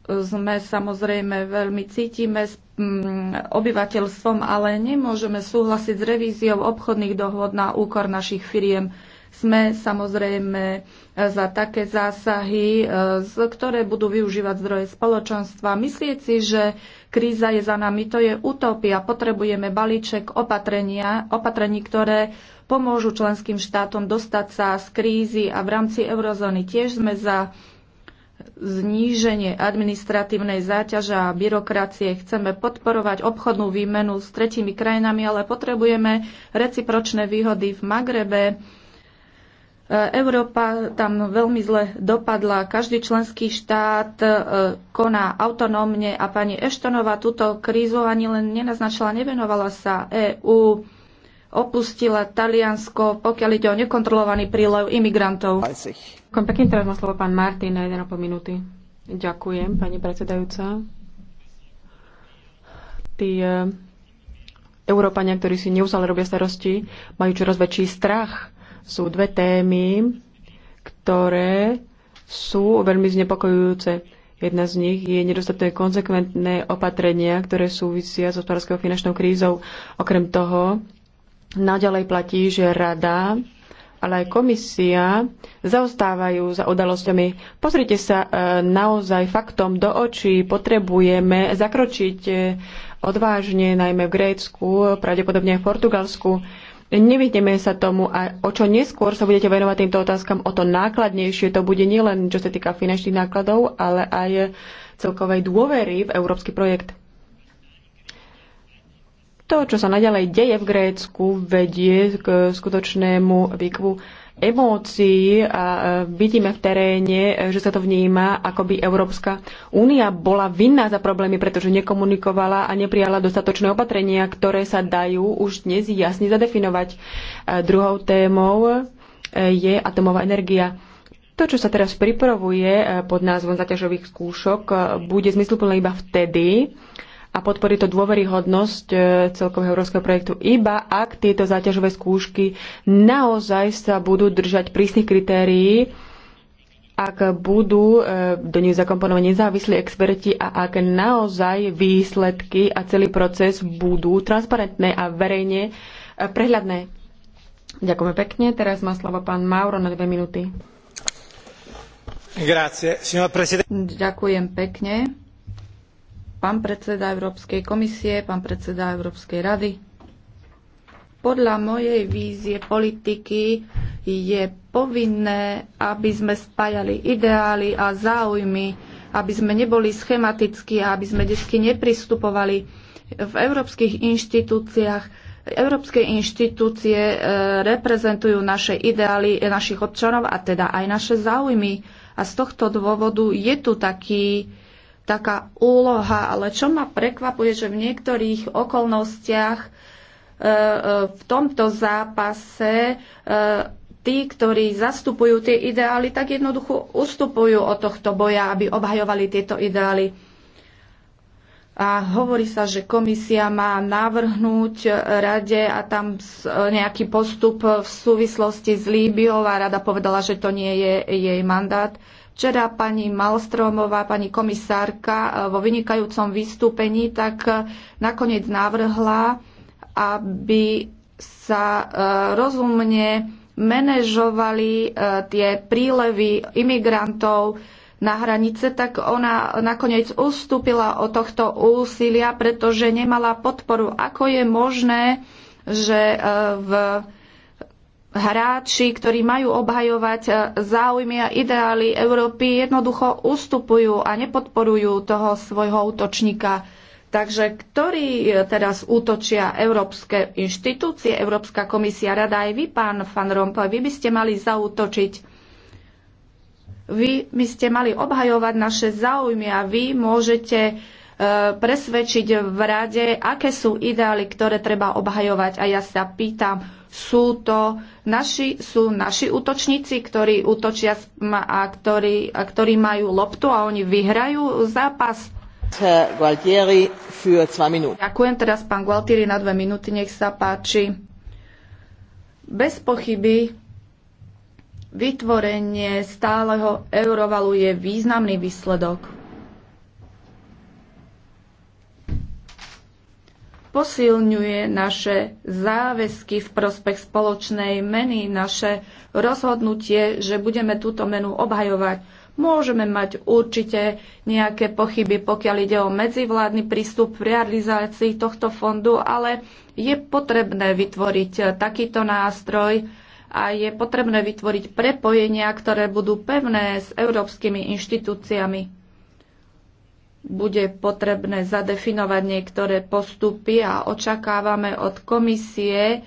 sme samozrejme veľmi cítime s mm, obyvateľstvom, ale nemôžeme súhlasiť s revíziou obchodných dohod na úkor našich firiem. Sme samozrejme e, za také zásahy, e, ktoré budú využívať zdroje spoločenstva. Myslieť si, že kríza je za nami, to je utopia. Potrebujeme balíček opatrenia, opatrení, ktoré pomôžu členským štátom dostať sa z krízy a v rámci eurozóny tiež sme za zníženie administratívnej záťaže a byrokracie. Chceme podporovať obchodnú výmenu s tretimi krajinami, ale potrebujeme recipročné výhody v Magrebe. E, Európa tam veľmi zle dopadla. Každý členský štát e, koná autonómne a pani Eštonová túto krízu ani len nenaznačila, nevenovala sa EÚ opustila Taliansko, pokiaľ ide o nekontrolovaný prílev imigrantov. Ďakujem pekne, teraz má slovo pán Martin na 1,5 minúty. Ďakujem, pani predsedajúca. Tí e, Európania, ktorí si neustále robia starosti, majú čoraz väčší strach. Sú dve témy, ktoré sú veľmi znepokojujúce. Jedna z nich je nedostatné konsekventné opatrenia, ktoré súvisia s hospodárskou finančnou krízou. Okrem toho, Naďalej platí, že rada, ale aj komisia zaostávajú za udalosťami. Pozrite sa e, naozaj faktom do očí. Potrebujeme zakročiť e, odvážne, najmä v Grécku, pravdepodobne aj v Portugalsku. Nevyhneme sa tomu a o čo neskôr sa budete venovať týmto otázkam, o to nákladnejšie to bude nielen čo sa týka finančných nákladov, ale aj celkovej dôvery v európsky projekt. To, čo sa naďalej deje v Grécku, vedie k skutočnému výkvu emócií a e, vidíme v teréne, e, že sa to vníma, ako by Európska únia bola vinná za problémy, pretože nekomunikovala a neprijala dostatočné opatrenia, ktoré sa dajú už dnes jasne zadefinovať. E, druhou témou je atomová energia. To, čo sa teraz pripravuje pod názvom zaťažových skúšok, bude zmysluplné iba vtedy, a podporí to dôveryhodnosť e, celkového európskeho projektu, iba ak tieto záťažové skúšky naozaj sa budú držať prísnych kritérií, ak budú e, do nich zakomponovaní nezávislí experti a ak naozaj výsledky a celý proces budú transparentné a verejne e, prehľadné. Ďakujeme pekne. Teraz má slovo pán Mauro na dve minúty. Ďakujem pekne pán predseda Európskej komisie, pán predseda Európskej rady. Podľa mojej vízie politiky je povinné, aby sme spájali ideály a záujmy, aby sme neboli schematickí a aby sme desky nepristupovali. V európskych inštitúciách Európske inštitúcie e, reprezentujú naše ideály našich občanov a teda aj naše záujmy. A z tohto dôvodu je tu taký taká úloha, ale čo ma prekvapuje, že v niektorých okolnostiach e, e, v tomto zápase e, tí, ktorí zastupujú tie ideály, tak jednoducho ustupujú od tohto boja, aby obhajovali tieto ideály. A hovorí sa, že komisia má navrhnúť rade a tam nejaký postup v súvislosti s Líbiou a rada povedala, že to nie je jej mandát. Včera pani Malstromová, pani komisárka e, vo vynikajúcom vystúpení tak e, nakoniec navrhla, aby sa e, rozumne manažovali tie prílevy imigrantov na hranice, tak ona nakoniec ustúpila od tohto úsilia, pretože nemala podporu. Ako je možné, že v hráči, ktorí majú obhajovať e, záujmy a ideály Európy, jednoducho ustupujú a nepodporujú toho svojho útočníka. Takže ktorí e, teraz útočia európske inštitúcie, Európska komisia, rada aj vy, pán Van Rompuy, vy by ste mali zautočiť. Vy by ste mali obhajovať naše záujmy a vy môžete e, presvedčiť v rade, aké sú ideály, ktoré treba obhajovať. A ja sa pýtam, sú to naši, sú naši útočníci, ktorí útočia a ktorí, a ktorí majú loptu a oni vyhrajú zápas. Gualtieri für Ďakujem teraz pán Gualtieri na dve minúty, nech sa páči. Bez pochyby vytvorenie stáleho eurovalu je významný výsledok posilňuje naše záväzky v prospech spoločnej meny, naše rozhodnutie, že budeme túto menu obhajovať. Môžeme mať určite nejaké pochyby, pokiaľ ide o medzivládny prístup v realizácii tohto fondu, ale je potrebné vytvoriť takýto nástroj a je potrebné vytvoriť prepojenia, ktoré budú pevné s európskymi inštitúciami bude potrebné zadefinovať niektoré postupy a očakávame od komisie e,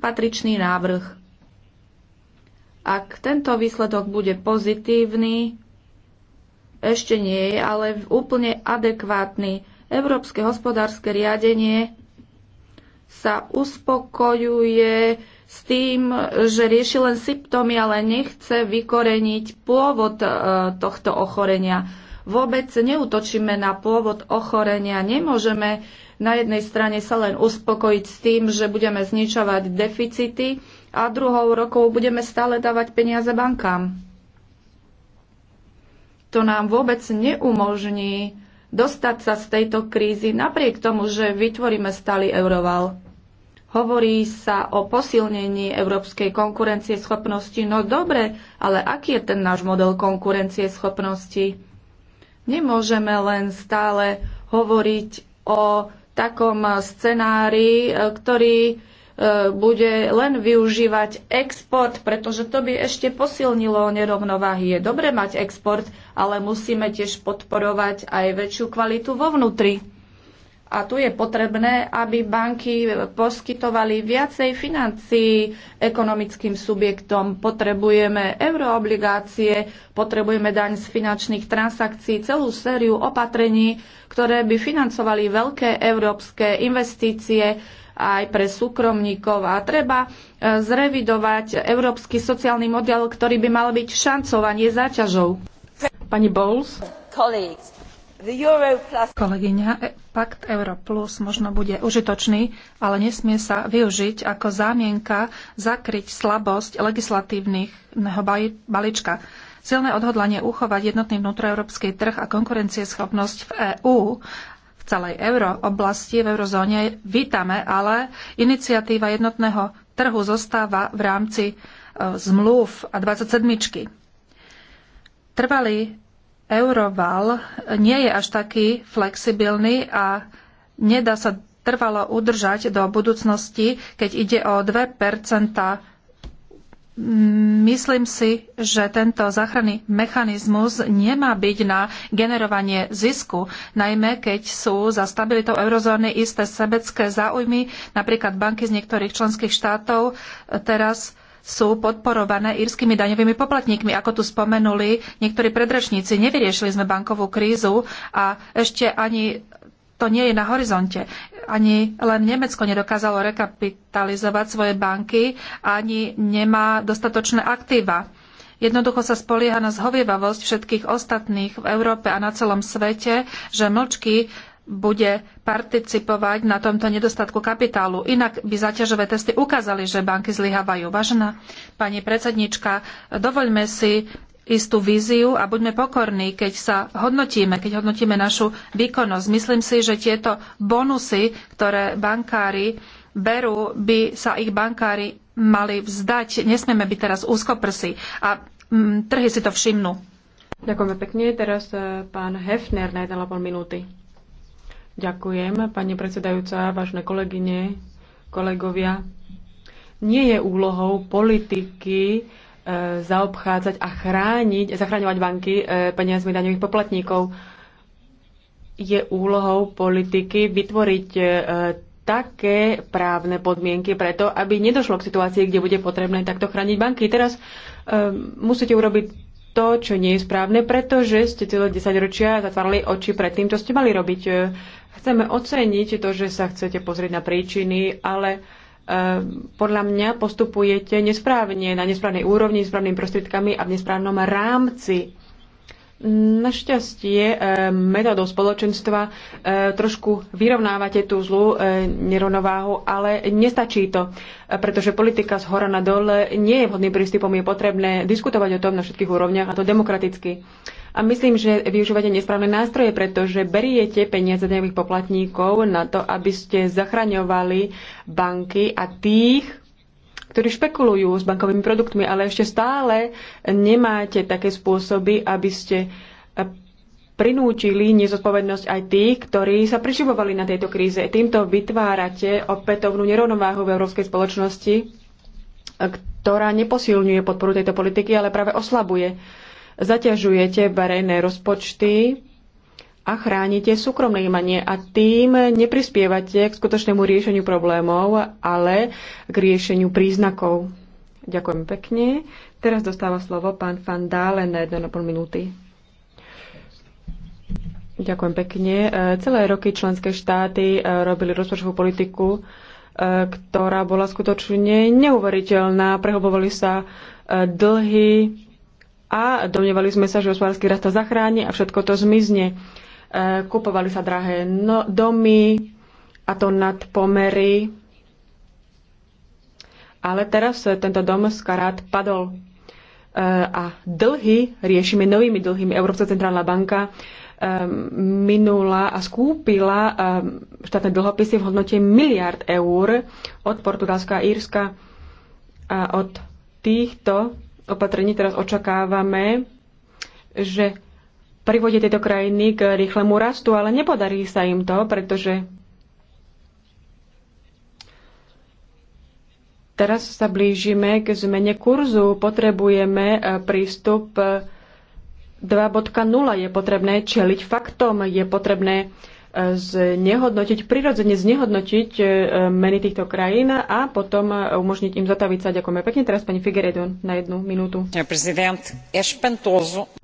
patričný návrh. Ak tento výsledok bude pozitívny, ešte nie je, ale úplne adekvátny. Európske hospodárske riadenie sa uspokojuje s tým, že rieši len symptómy, ale nechce vykoreniť pôvod e, tohto ochorenia vôbec neutočíme na pôvod ochorenia. Nemôžeme na jednej strane sa len uspokojiť s tým, že budeme zničovať deficity a druhou rokou budeme stále dávať peniaze bankám. To nám vôbec neumožní dostať sa z tejto krízy napriek tomu, že vytvoríme stály euroval. Hovorí sa o posilnení európskej schopnosti. No dobre, ale aký je ten náš model konkurencie schopnosti? Nemôžeme len stále hovoriť o takom scenári, e, ktorý e, bude len využívať export, pretože to by ešte posilnilo nerovnováhy. Je dobre mať export, ale musíme tiež podporovať aj väčšiu kvalitu vo vnútri. A tu je potrebné, aby banky poskytovali viacej financií ekonomickým subjektom. Potrebujeme euroobligácie, potrebujeme daň z finančných transakcií, celú sériu opatrení, ktoré by financovali veľké európske investície aj pre súkromníkov. A treba e, zrevidovať európsky sociálny model, ktorý by mal byť šancovanie záťažou. Pani Bowles. Kolegyňa, e, pakt Euro Plus možno bude užitočný, ale nesmie sa využiť ako zámienka zakryť slabosť legislatívnych balíčka. Silné odhodlanie uchovať jednotný vnútroeurópsky trh a konkurencieschopnosť v EÚ v celej euro oblasti, v eurozóne vítame, ale iniciatíva jednotného trhu zostáva v rámci e, zmluv a 27. -čky. Trvalý Euroval nie je až taký flexibilný a nedá sa trvalo udržať do budúcnosti, keď ide o 2 Myslím si, že tento záchranný mechanizmus nemá byť na generovanie zisku, najmä keď sú za stabilitou eurozóny isté sebecké záujmy. Napríklad banky z niektorých členských štátov teraz sú podporované írskymi daňovými poplatníkmi. Ako tu spomenuli niektorí predrečníci, nevyriešili sme bankovú krízu a ešte ani to nie je na horizonte. Ani len Nemecko nedokázalo rekapitalizovať svoje banky, ani nemá dostatočné aktíva. Jednoducho sa spolieha na zhovievavosť všetkých ostatných v Európe a na celom svete, že mlčky bude participovať na tomto nedostatku kapitálu. Inak by zaťažové testy ukázali, že banky zlyhávajú. Vážená pani predsednička, dovoľme si istú víziu a buďme pokorní, keď sa hodnotíme, keď hodnotíme našu výkonnosť. Myslím si, že tieto bonusy, ktoré bankári berú, by sa ich bankári mali vzdať. Nesmieme byť teraz úzkoprsí a mm, trhy si to všimnú. Ďakujeme pekne. Teraz e, pán Hefner na 1,5 minúty. Ďakujem, pani predsedajúca, vážne kolegyne, kolegovia. Nie je úlohou politiky e, zaobchádzať a chrániť, zachráňovať banky e, peniazmi daňových poplatníkov. Je úlohou politiky vytvoriť e, také právne podmienky preto, aby nedošlo k situácii, kde bude potrebné takto chrániť banky. Teraz musíte urobiť to, čo nie je správne, pretože ste celé 10 ročia zatvárali oči pred tým, čo ste mali robiť. Chceme oceniť to, že sa chcete pozrieť na príčiny, ale e, podľa mňa postupujete nesprávne, na nesprávnej úrovni, nesprávnymi prostriedkami a v nesprávnom rámci. Našťastie e, metodou spoločenstva e, trošku vyrovnávate tú zlú e, nerovnováhu, ale nestačí to, pretože politika z hora na dole nie je vhodným prístupom. Je potrebné diskutovať o tom na všetkých úrovniach a to demokraticky. A myslím, že využívate nesprávne nástroje, pretože beriete peniaze daňových poplatníkov na to, aby ste zachraňovali banky a tých, ktorí špekulujú s bankovými produktmi, ale ešte stále nemáte také spôsoby, aby ste eh, prinútili nezodpovednosť aj tých, ktorí sa priživovali na tejto kríze. Týmto vytvárate opätovnú nerovnováhu v európskej spoločnosti, eh, ktorá neposilňuje podporu tejto politiky, ale práve oslabuje. Zaťažujete verejné rozpočty, a chránite súkromné imanie a tým neprispievate k skutočnému riešeniu problémov, ale k riešeniu príznakov. Ďakujem pekne. Teraz dostáva slovo pán Van Dále na 1,5 minúty. Ďakujem pekne. E, celé roky členské štáty e, robili rozpočtovú politiku, e, ktorá bola skutočne neuveriteľná. Prehobovali sa dlhy a domnievali sme sa, že hospodársky rast to zachráni a všetko to zmizne. Eh, kupovali sa drahé no, domy a to nad pomery. Ale teraz eh, tento dom z karát padol eh, a dlhy riešime novými dlhými. Európska centrálna banka minula a skúpila štátne dlhopisy v hodnote miliard eur od Portugalska a Írska. A od týchto opatrení teraz očakávame, že privode tieto krajiny k rýchlemu rastu, ale nepodarí sa im to, pretože teraz sa blížime k zmene kurzu. Potrebujeme eh, prístup 2.0. Eh, je potrebné čeliť faktom, je potrebné znehodnotiť, prirodzene znehodnotiť e, meny týchto krajín a potom e, umožniť im zotaviť sa. Ďakujeme pekne. Teraz pani Figueredo na jednu minútu.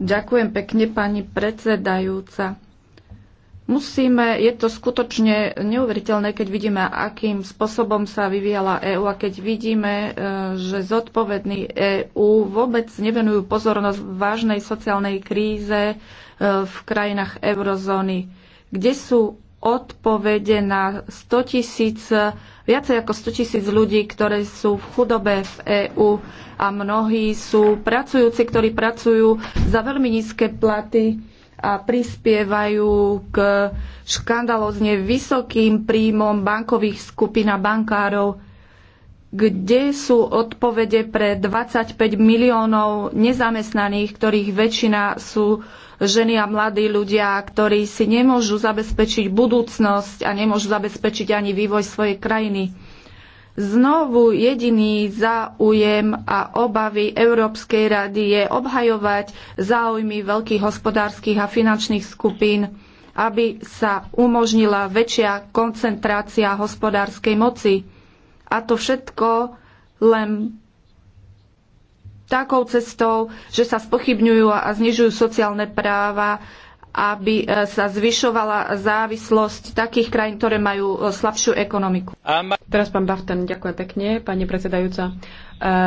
Ďakujem pekne, pani predsedajúca. Musíme, je to skutočne neuveriteľné, keď vidíme, akým spôsobom sa vyvíjala EÚ a keď vidíme, e, že zodpovední EÚ vôbec nevenujú pozornosť vážnej sociálnej kríze v krajinách eurozóny kde sú odpovede na 100 tisíc, viacej ako 100 tisíc ľudí, ktoré sú v chudobe v EÚ a mnohí sú pracujúci, ktorí pracujú za veľmi nízke platy a prispievajú k škandalozne vysokým príjmom bankových skupín a bankárov. Kde sú odpovede pre 25 miliónov nezamestnaných, ktorých väčšina sú ženy a mladí ľudia, ktorí si nemôžu zabezpečiť budúcnosť a nemôžu zabezpečiť ani vývoj svojej krajiny. Znovu jediný záujem a obavy Európskej rady je obhajovať záujmy veľkých hospodárskych a finančných skupín, aby sa umožnila väčšia koncentrácia hospodárskej moci. A to všetko len takou cestou, že sa spochybňujú a znižujú sociálne práva, aby e, sa zvyšovala závislosť takých krajín, ktoré majú e, slabšiu ekonomiku. Teraz pán Baften, ďakujem pekne, pani predsedajúca. E,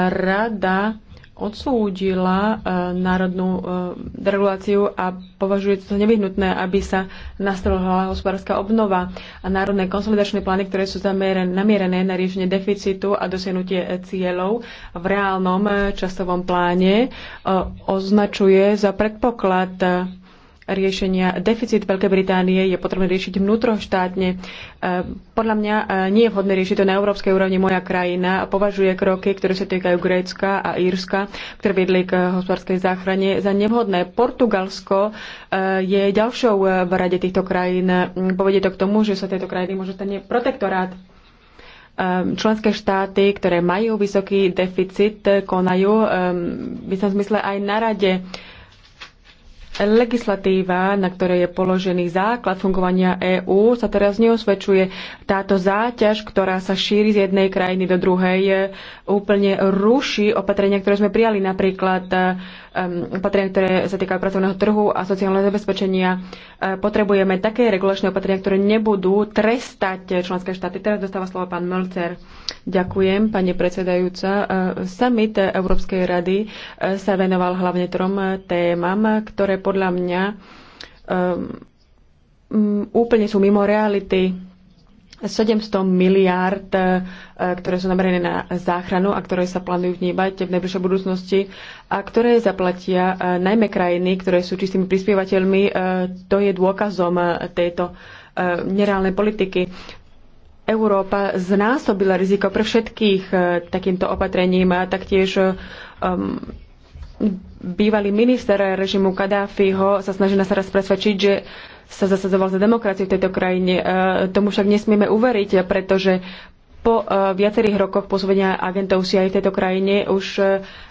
rada odsúdila e, národnú dereguláciu a považuje to nevyhnutné, aby sa nastrojila hospodárska obnova a národné konsolidačné plány, ktoré sú zamierené, namierené na riešenie deficitu a dosiahnutie e, cieľov v reálnom e, časovom pláne, označuje za predpoklad riešenia. Deficit Veľkej Británie je potrebné riešiť vnútroštátne. E, podľa mňa e, nie je vhodné riešiť to na európskej úrovni. Moja krajina považuje kroky, ktoré sa týkajú Grécka a Írska, ktoré viedli k hospodárskej záchrane, za nevhodné. Portugalsko e, je ďalšou v rade týchto krajín. Povedie to k tomu, že sa tejto krajiny môžu stane protektorát členské štáty, ktoré majú vysoký deficit, konajú v istom zmysle aj na rade. Legislatíva, na ktorej je položený základ fungovania EÚ, sa teraz neosvedčuje. Táto záťaž, ktorá sa šíri z jednej krajiny do druhej, úplne ruší opatrenia, ktoré sme prijali. Napríklad Um, opatrenia, ktoré sa týkajú pracovného trhu a sociálneho zabezpečenia. Uh, potrebujeme také regulačné opatrenia, ktoré nebudú trestať členské štáty. Teraz dostáva slovo pán Mölcer. Ďakujem, pani predsedajúca. Uh, summit Európskej rady uh, sa venoval hlavne trom témam, ktoré podľa mňa um, úplne sú mimo reality 700 miliárd, e, ktoré sú namerené na záchranu a ktoré sa plánujú vnímať v najbližšej budúcnosti a ktoré zaplatia e, najmä krajiny, ktoré sú čistými prispievateľmi. E, to je dôkazom tejto nereálnej politiky. Európa znásobila riziko pre všetkých takýmto opatrením a taktiež um, bývalý minister režimu Kadáfiho sa snaží nás teraz presvedčiť, že sa zasadzoval za demokraciu v tejto krajine. E, tomu však nesmieme uveriť, pretože po e, viacerých rokoch posúvenia agentov si aj v tejto krajine už e,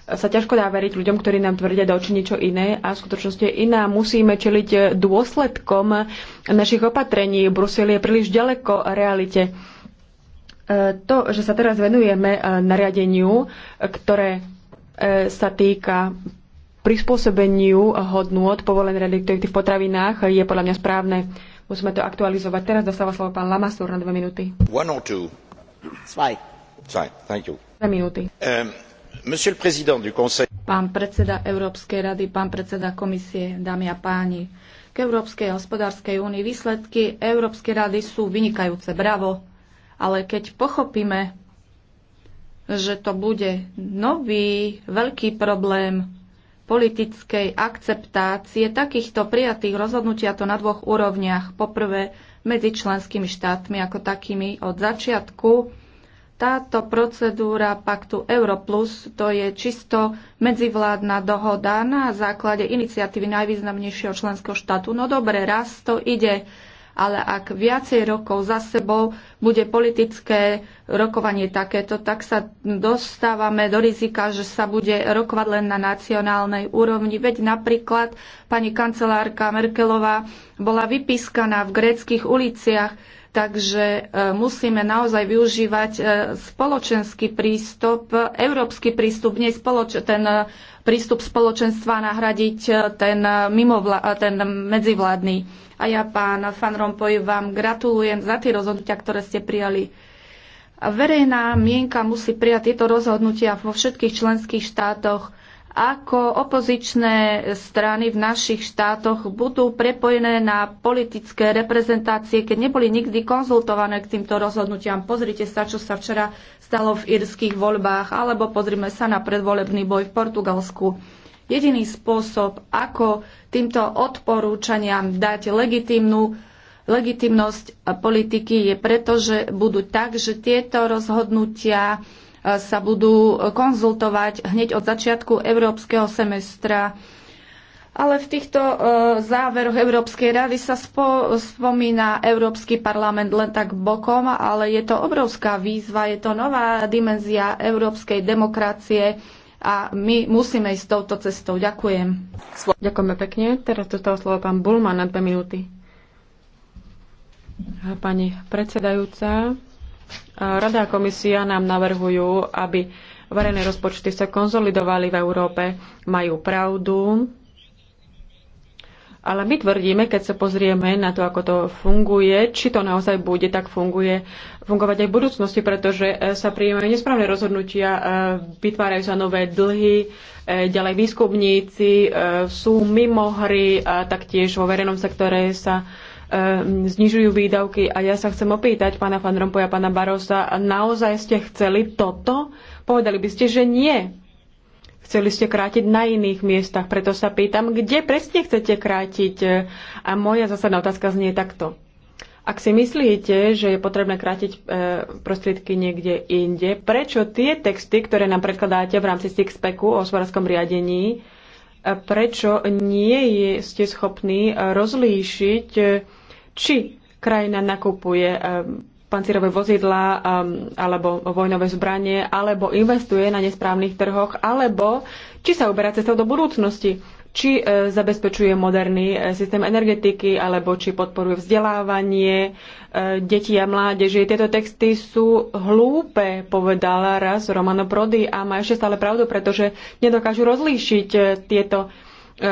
sa ťažko dá veriť ľuďom, ktorí nám tvrdia do očí niečo iné a v skutočnosti je iná. Musíme čeliť dôsledkom našich opatrení. Brusel je príliš ďaleko realite. To, že sa teraz venujeme nariadeniu, ktoré sa týka prispôsobeniu hodnôt povolené radioaktivity v potravinách je podľa mňa správne. Musíme to aktualizovať. Teraz dostáva slovo pán Lamasur na dve minúty. One or two. Zwei. Zwei. Thank you. Dve minúty. Um... Monsieur le Président du Conseil. Pán predseda Európskej rady, pán predseda komisie, dámy a páni. K Európskej hospodárskej únii výsledky Európskej rady sú vynikajúce, bravo. Ale keď pochopíme, že to bude nový veľký problém politickej akceptácie takýchto prijatých rozhodnutí a to na dvoch úrovniach. Poprvé medzi členskými štátmi ako takými od začiatku. Táto procedúra paktu Europlus to je čisto medzivládna dohoda na základe iniciatívy najvýznamnejšieho členského štátu. No dobre, raz to ide ale ak viacej rokov za sebou bude politické rokovanie takéto, tak sa dostávame do rizika, že sa bude rokovať len na nacionálnej úrovni. Veď napríklad pani kancelárka Merkelová bola vypískaná v gréckých uliciach, Takže e, musíme naozaj využívať e, spoločenský prístup, európsky prístup, nie spoloč- ten e, prístup spoločenstva nahradiť ten, mimovla- ten medzivládny. A ja, pán Fan Rompuy, vám gratulujem za tie rozhodnutia, ktoré ste prijali. Verejná mienka musí prijať tieto rozhodnutia vo všetkých členských štátoch ako opozičné strany v našich štátoch budú prepojené na politické reprezentácie, keď neboli nikdy konzultované k týmto rozhodnutiam. Pozrite sa, čo sa včera stalo v írskych voľbách, alebo pozrime sa na predvolebný boj v Portugalsku. Jediný spôsob, ako týmto odporúčaniam dať legitimnú legitimnosť politiky je preto, že budú tak, že tieto rozhodnutia E, sa budú konzultovať hneď od začiatku európskeho semestra. Ale v týchto e, záveroch Európskej rady sa spo, spomína Európsky parlament len tak bokom, ale je to obrovská výzva, je to nová dimenzia európskej demokracie a my musíme ísť touto cestou. Ďakujem. Ďakujeme pekne. Teraz dostal slovo pán Bulman na dve minúty. Pani predsedajúca, Rada a komisia nám navrhujú, aby verejné rozpočty sa konzolidovali v Európe. Majú pravdu, ale my tvrdíme, keď sa pozrieme na to, ako to funguje, či to naozaj bude tak funguje, fungovať aj v budúcnosti, pretože e, sa prijímajú nesprávne rozhodnutia, e, vytvárajú sa nové dlhy, e, ďalej výskumníci sú mimo hry a taktiež vo verejnom sektore sa Ehm, znižujú výdavky. A ja sa chcem opýtať pána Van a pána Barosa, naozaj ste chceli toto? Povedali by ste, že nie. Chceli ste krátiť na iných miestach, preto sa pýtam, kde presne chcete krátiť. A moja zásadná otázka znie takto. Ak si myslíte, že je potrebné krátiť e, prostriedky niekde inde, prečo tie texty, ktoré nám predkladáte v rámci Sixpacku o hospodárskom riadení, e, prečo nie je, ste schopní rozlíšiť e, či krajina nakupuje eh, pancirové vozidla eh, alebo vojnové zbranie, alebo investuje na nesprávnych trhoch, alebo či sa uberá cestou do budúcnosti, či eh, zabezpečuje moderný systém energetiky, alebo či podporuje vzdelávanie detí a mládeže. Tieto texty sú hlúpe, povedala raz Romano Prody a má ešte stále pravdu, pretože nedokážu rozlíšiť tieto E,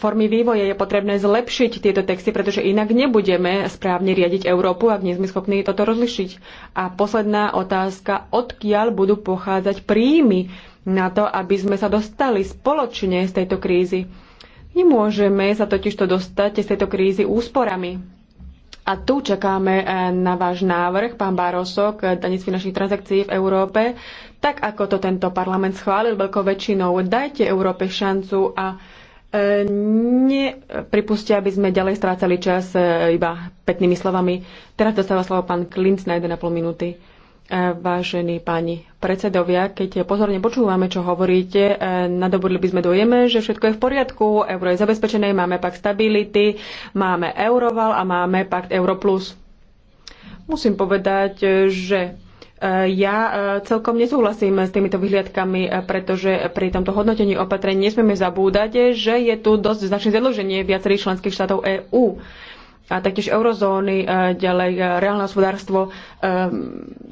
formy vývoja je potrebné zlepšiť tieto texty, pretože inak nebudeme správne riadiť Európu, ak nie sme schopní toto rozlišiť. A posledná otázka, odkiaľ budú pochádzať príjmy na to, aby sme sa dostali spoločne z tejto krízy. Nemôžeme sa totižto dostať z tejto krízy úsporami. A tu čakáme e, na váš návrh, pán barosok, k daní z finančných transakcií v Európe, tak ako to tento parlament schválil veľkou väčšinou. Dajte Európe šancu a nepripustia, aby sme ďalej strácali čas e, iba petnými slovami. Teraz dostáva slovo pán Klinc na 1,5 minúty. E, vážení páni predsedovia, keď pozorne počúvame, čo hovoríte, e, nadobudli by sme dojeme, že všetko je v poriadku, euro je zabezpečené, máme pak stability, máme euroval a máme pakt euro plus. Musím povedať, že E, ja e, celkom nesúhlasím s týmito vyhliadkami, e, pretože pri tomto hodnotení opatrení nesmieme zabúdať, že je tu dosť značné zadlženie viacerých členských štátov EÚ a taktiež eurozóny, ďalej reálne hospodárstvo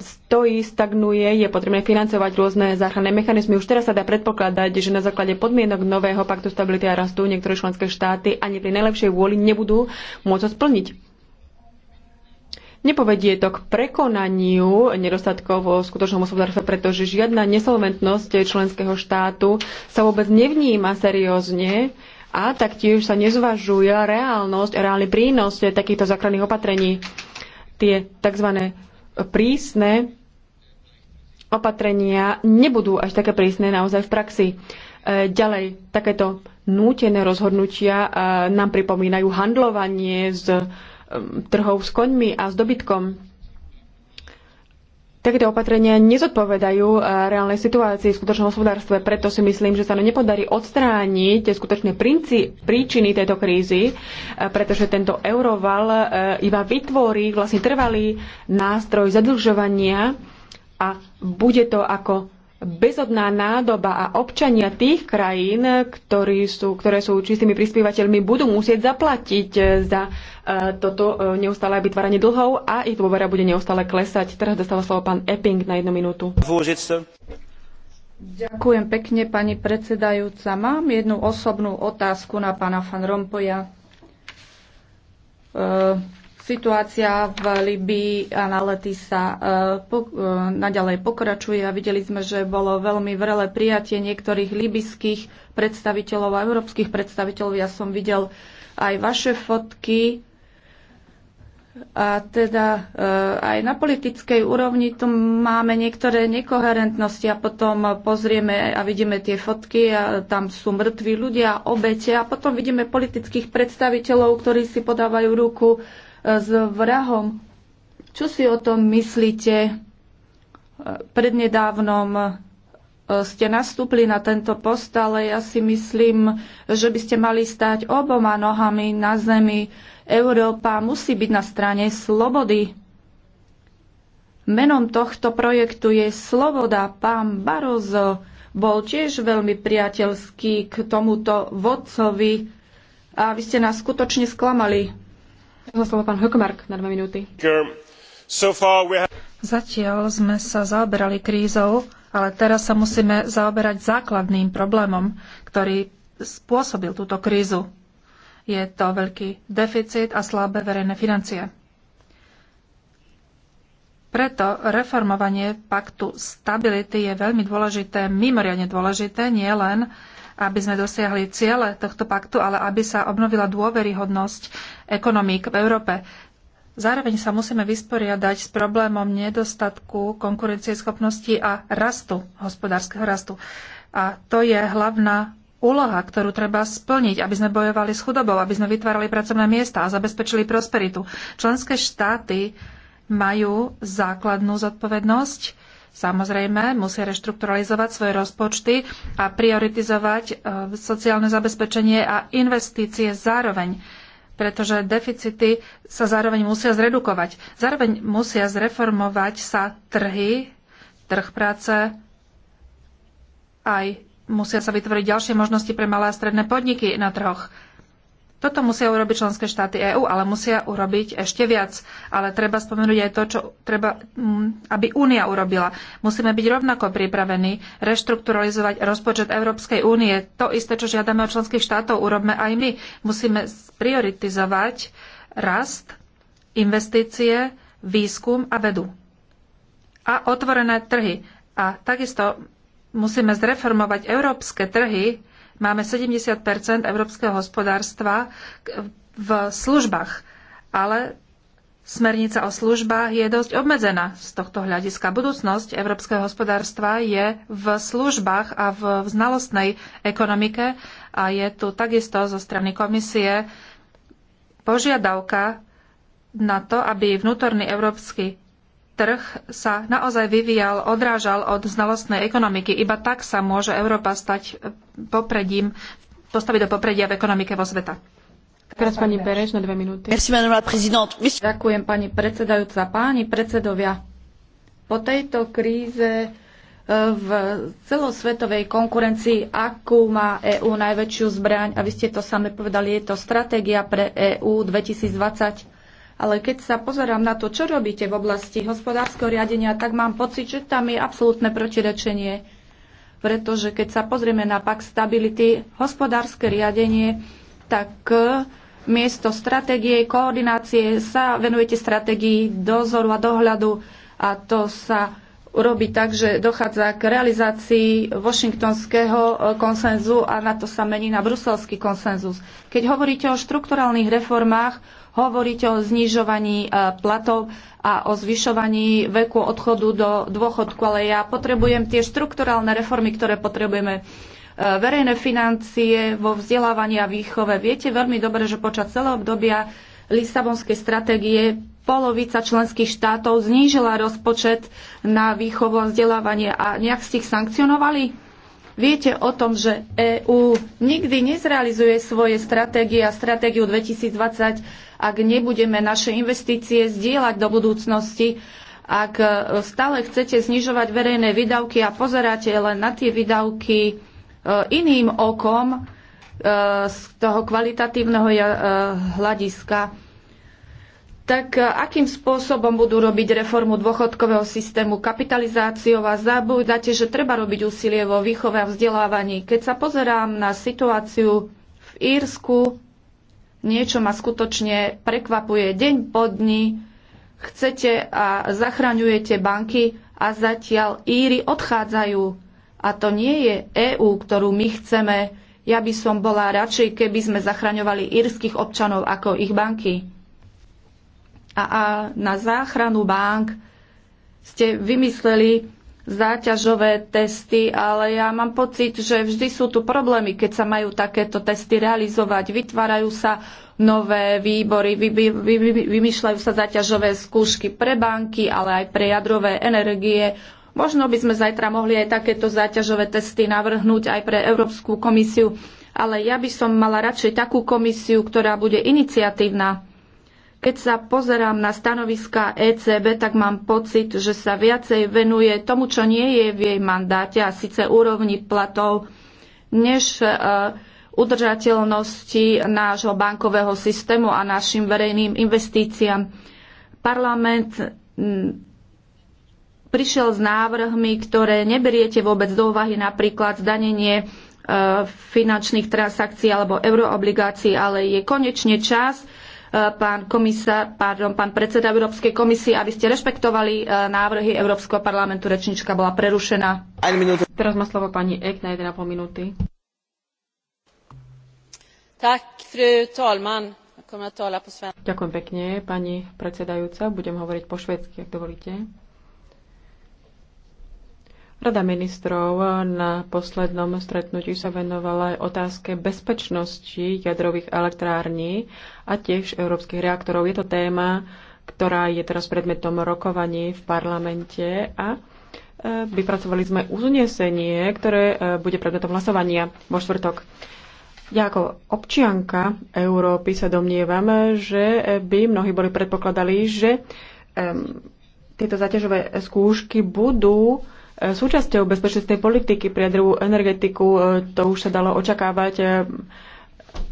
stojí, stagnuje, je potrebné financovať rôzne záchranné mechanizmy. Už teraz sa dá predpokladať, že na základe podmienok nového paktu stability a rastu niektoré členské štáty ani pri najlepšej vôli nebudú môcť splniť. Nepovedie to k prekonaniu nedostatkov vo skutočnom hospodárstve, pretože žiadna nesolventnosť členského štátu sa vôbec nevníma seriózne a taktiež sa nezvažuje reálnosť, a reálny prínos takýchto základných opatrení. Tie tzv. prísne opatrenia nebudú až také prísne naozaj v praxi. E, ďalej, takéto nútené rozhodnutia e, nám pripomínajú handlovanie s trhov s koňmi a s dobytkom. Takéto opatrenia nezodpovedajú eh, reálnej situácii v skutočnom hospodárstve, preto si myslím, že sa nám nepodarí odstrániť skutočné princí, príčiny tejto krízy, eh, pretože tento euroval eh, iba vytvorí vlastne trvalý nástroj zadlžovania a bude to ako bezodná nádoba a občania tých krajín, ktorí sú, ktoré sú čistými prispievateľmi, budú musieť zaplatiť eh, za eh, toto eh, neustále vytváranie dlhov a ich dôvera bude neustále klesať. Teraz dostáva slovo pán Epping na jednu minútu. Ďakujem pekne, pani predsedajúca. Mám jednu osobnú otázku na pána Fan Rompoja. E Situácia v Libii a na lety sa e, po, e, naďalej pokračuje a videli sme, že bolo veľmi vrele prijatie niektorých libyských predstaviteľov a európskych predstaviteľov. Ja som videl aj vaše fotky a teda e, aj na politickej úrovni tu máme niektoré nekoherentnosti a potom pozrieme a vidíme tie fotky a tam sú mŕtvi ľudia, obete a potom vidíme politických predstaviteľov, ktorí si podávajú ruku s vrahom. Čo si o tom myslíte? Prednedávnom e, ste nastúpli na tento post, ale ja si myslím, že by ste mali stať oboma nohami na zemi. Európa musí byť na strane slobody. Menom tohto projektu je Sloboda. Pán Barozo bol tiež veľmi priateľský k tomuto vodcovi a vy ste nás skutočne sklamali. Zatiaľ sme sa zaoberali krízou, ale teraz sa musíme zaoberať základným problémom, ktorý spôsobil túto krízu. Je to veľký deficit a slabé verejné financie. Preto reformovanie paktu stability je veľmi dôležité, mimoriadne dôležité, nie len aby sme dosiahli ciele tohto paktu, ale aby sa obnovila dôveryhodnosť ekonomík v Európe. Zároveň sa musíme vysporiadať s problémom nedostatku konkurencieschopnosti a rastu, hospodárskeho rastu. A to je hlavná úloha, ktorú treba splniť, aby sme bojovali s chudobou, aby sme vytvárali pracovné miesta a zabezpečili prosperitu. Členské štáty majú základnú zodpovednosť Samozrejme, musia reštrukturalizovať svoje rozpočty a prioritizovať e, sociálne zabezpečenie a investície zároveň pretože deficity sa zároveň musia zredukovať. Zároveň musia zreformovať sa trhy, trh práce, aj musia sa vytvoriť ďalšie možnosti pre malé a stredné podniky na trhoch. Toto musia urobiť členské štáty EÚ, ale musia urobiť ešte viac. Ale treba spomenúť aj to, čo treba, mm, aby Únia urobila. Musíme byť rovnako pripravení reštrukturalizovať rozpočet Európskej únie. To isté, čo žiadame od členských štátov, urobme aj my. Musíme prioritizovať rast, investície, výskum a vedu. A otvorené trhy. A takisto musíme zreformovať európske trhy, Máme 70 európskeho hospodárstva v službách, ale smernica o službách je dosť obmedzená z tohto hľadiska. Budúcnosť európskeho hospodárstva je v službách a v znalostnej ekonomike a je tu takisto zo strany komisie požiadavka na to, aby vnútorný európsky trh sa naozaj vyvíjal, odrážal od znalostnej ekonomiky. Iba tak sa môže Európa stať popredím, postaviť do popredia v ekonomike vo sveta. Teraz pani Bereš na dve minúty. Ďakujem pani predsedajúca. Páni predsedovia, po tejto kríze e, v celosvetovej konkurencii, akú má EÚ najväčšiu zbraň, a vy ste to sami povedali, je to stratégia pre EÚ 2020 ale keď sa pozerám na to, čo robíte v oblasti hospodárskeho riadenia, tak mám pocit, že tam je absolútne protirečenie. Pretože keď sa pozrieme na pak stability, hospodárske riadenie, tak e, miesto stratégie, koordinácie sa venujete stratégii dozoru a dohľadu a to sa urobiť tak, že dochádza k realizácii washingtonského e, konsenzu a na to sa mení na bruselský konsenzus. Keď hovoríte o štrukturálnych reformách, Hovoríte o znižovaní e, platov a o zvyšovaní veku odchodu do dôchodku, ale ja potrebujem tie štrukturálne reformy, ktoré potrebujeme e, verejné financie vo vzdelávaní a výchove. Viete veľmi dobre, že počas celého obdobia Lisabonskej stratégie polovica členských štátov znížila rozpočet na výchovu a vzdelávanie a nejak ste ich sankcionovali? Viete o tom, že EÚ nikdy nezrealizuje svoje stratégie a stratégiu 2020, ak nebudeme naše investície zdieľať do budúcnosti, ak e, stále chcete znižovať verejné výdavky a pozeráte len na tie výdavky e, iným okom e, z toho kvalitatívneho hľadiska, tak e, akým spôsobom budú robiť reformu dôchodkového systému kapitalizáciou a zabúdate, že treba robiť úsilie vo výchove a vzdelávaní. Keď sa pozerám na situáciu v Írsku, niečo ma skutočne prekvapuje. Deň po dni chcete a zachraňujete banky a zatiaľ Íry odchádzajú. A to nie je EÚ, ktorú my chceme. Ja by som bola radšej, keby sme zachraňovali írskych občanov ako ich banky a, a na záchranu bank ste vymysleli záťažové testy, ale ja mám pocit, že vždy sú tu problémy, keď sa majú takéto testy realizovať. Vytvárajú sa nové výbory, vy, vy, vy, vymýšľajú sa záťažové skúšky pre banky, ale aj pre jadrové energie. Možno by sme zajtra mohli aj takéto záťažové testy navrhnúť aj pre Európsku komisiu, ale ja by som mala radšej takú komisiu, ktorá bude iniciatívna keď sa pozerám na stanoviska ECB, tak mám pocit, že sa viacej venuje tomu, čo nie je v jej mandáte, a síce úrovni platov, než e, udržateľnosti nášho bankového systému a našim verejným investíciám. Parlament prišiel s návrhmi, ktoré neberiete vôbec do úvahy, napríklad zdanenie e, finančných transakcií alebo euroobligácií, ale je konečne čas, Eh, pán komisár, pardon, pán predseda Európskej komisie, aby ste rešpektovali eh, návrhy Európskeho parlamentu. Rečnička bola prerušená. Teraz má slovo pani Ek na 1,5 minúty. Tak, fru talman. Ďakujem pekne, pani predsedajúca. Budem hovoriť po švedsky, ak dovolíte. Rada ministrov na poslednom stretnutí sa venovala aj otázke bezpečnosti jadrových elektrární a tiež európskych reaktorov. Je to téma, ktorá je teraz predmetom rokovaní v parlamente a e, vypracovali sme uznesenie, ktoré e, bude predmetom hlasovania vo štvrtok. Ja ako občianka Európy sa domnievam, že e, by mnohí boli predpokladali, že um, tieto zaťažové skúšky budú súčasťou bezpečnostnej politiky Pri jadrovú energetiku. To už sa dalo očakávať. Um,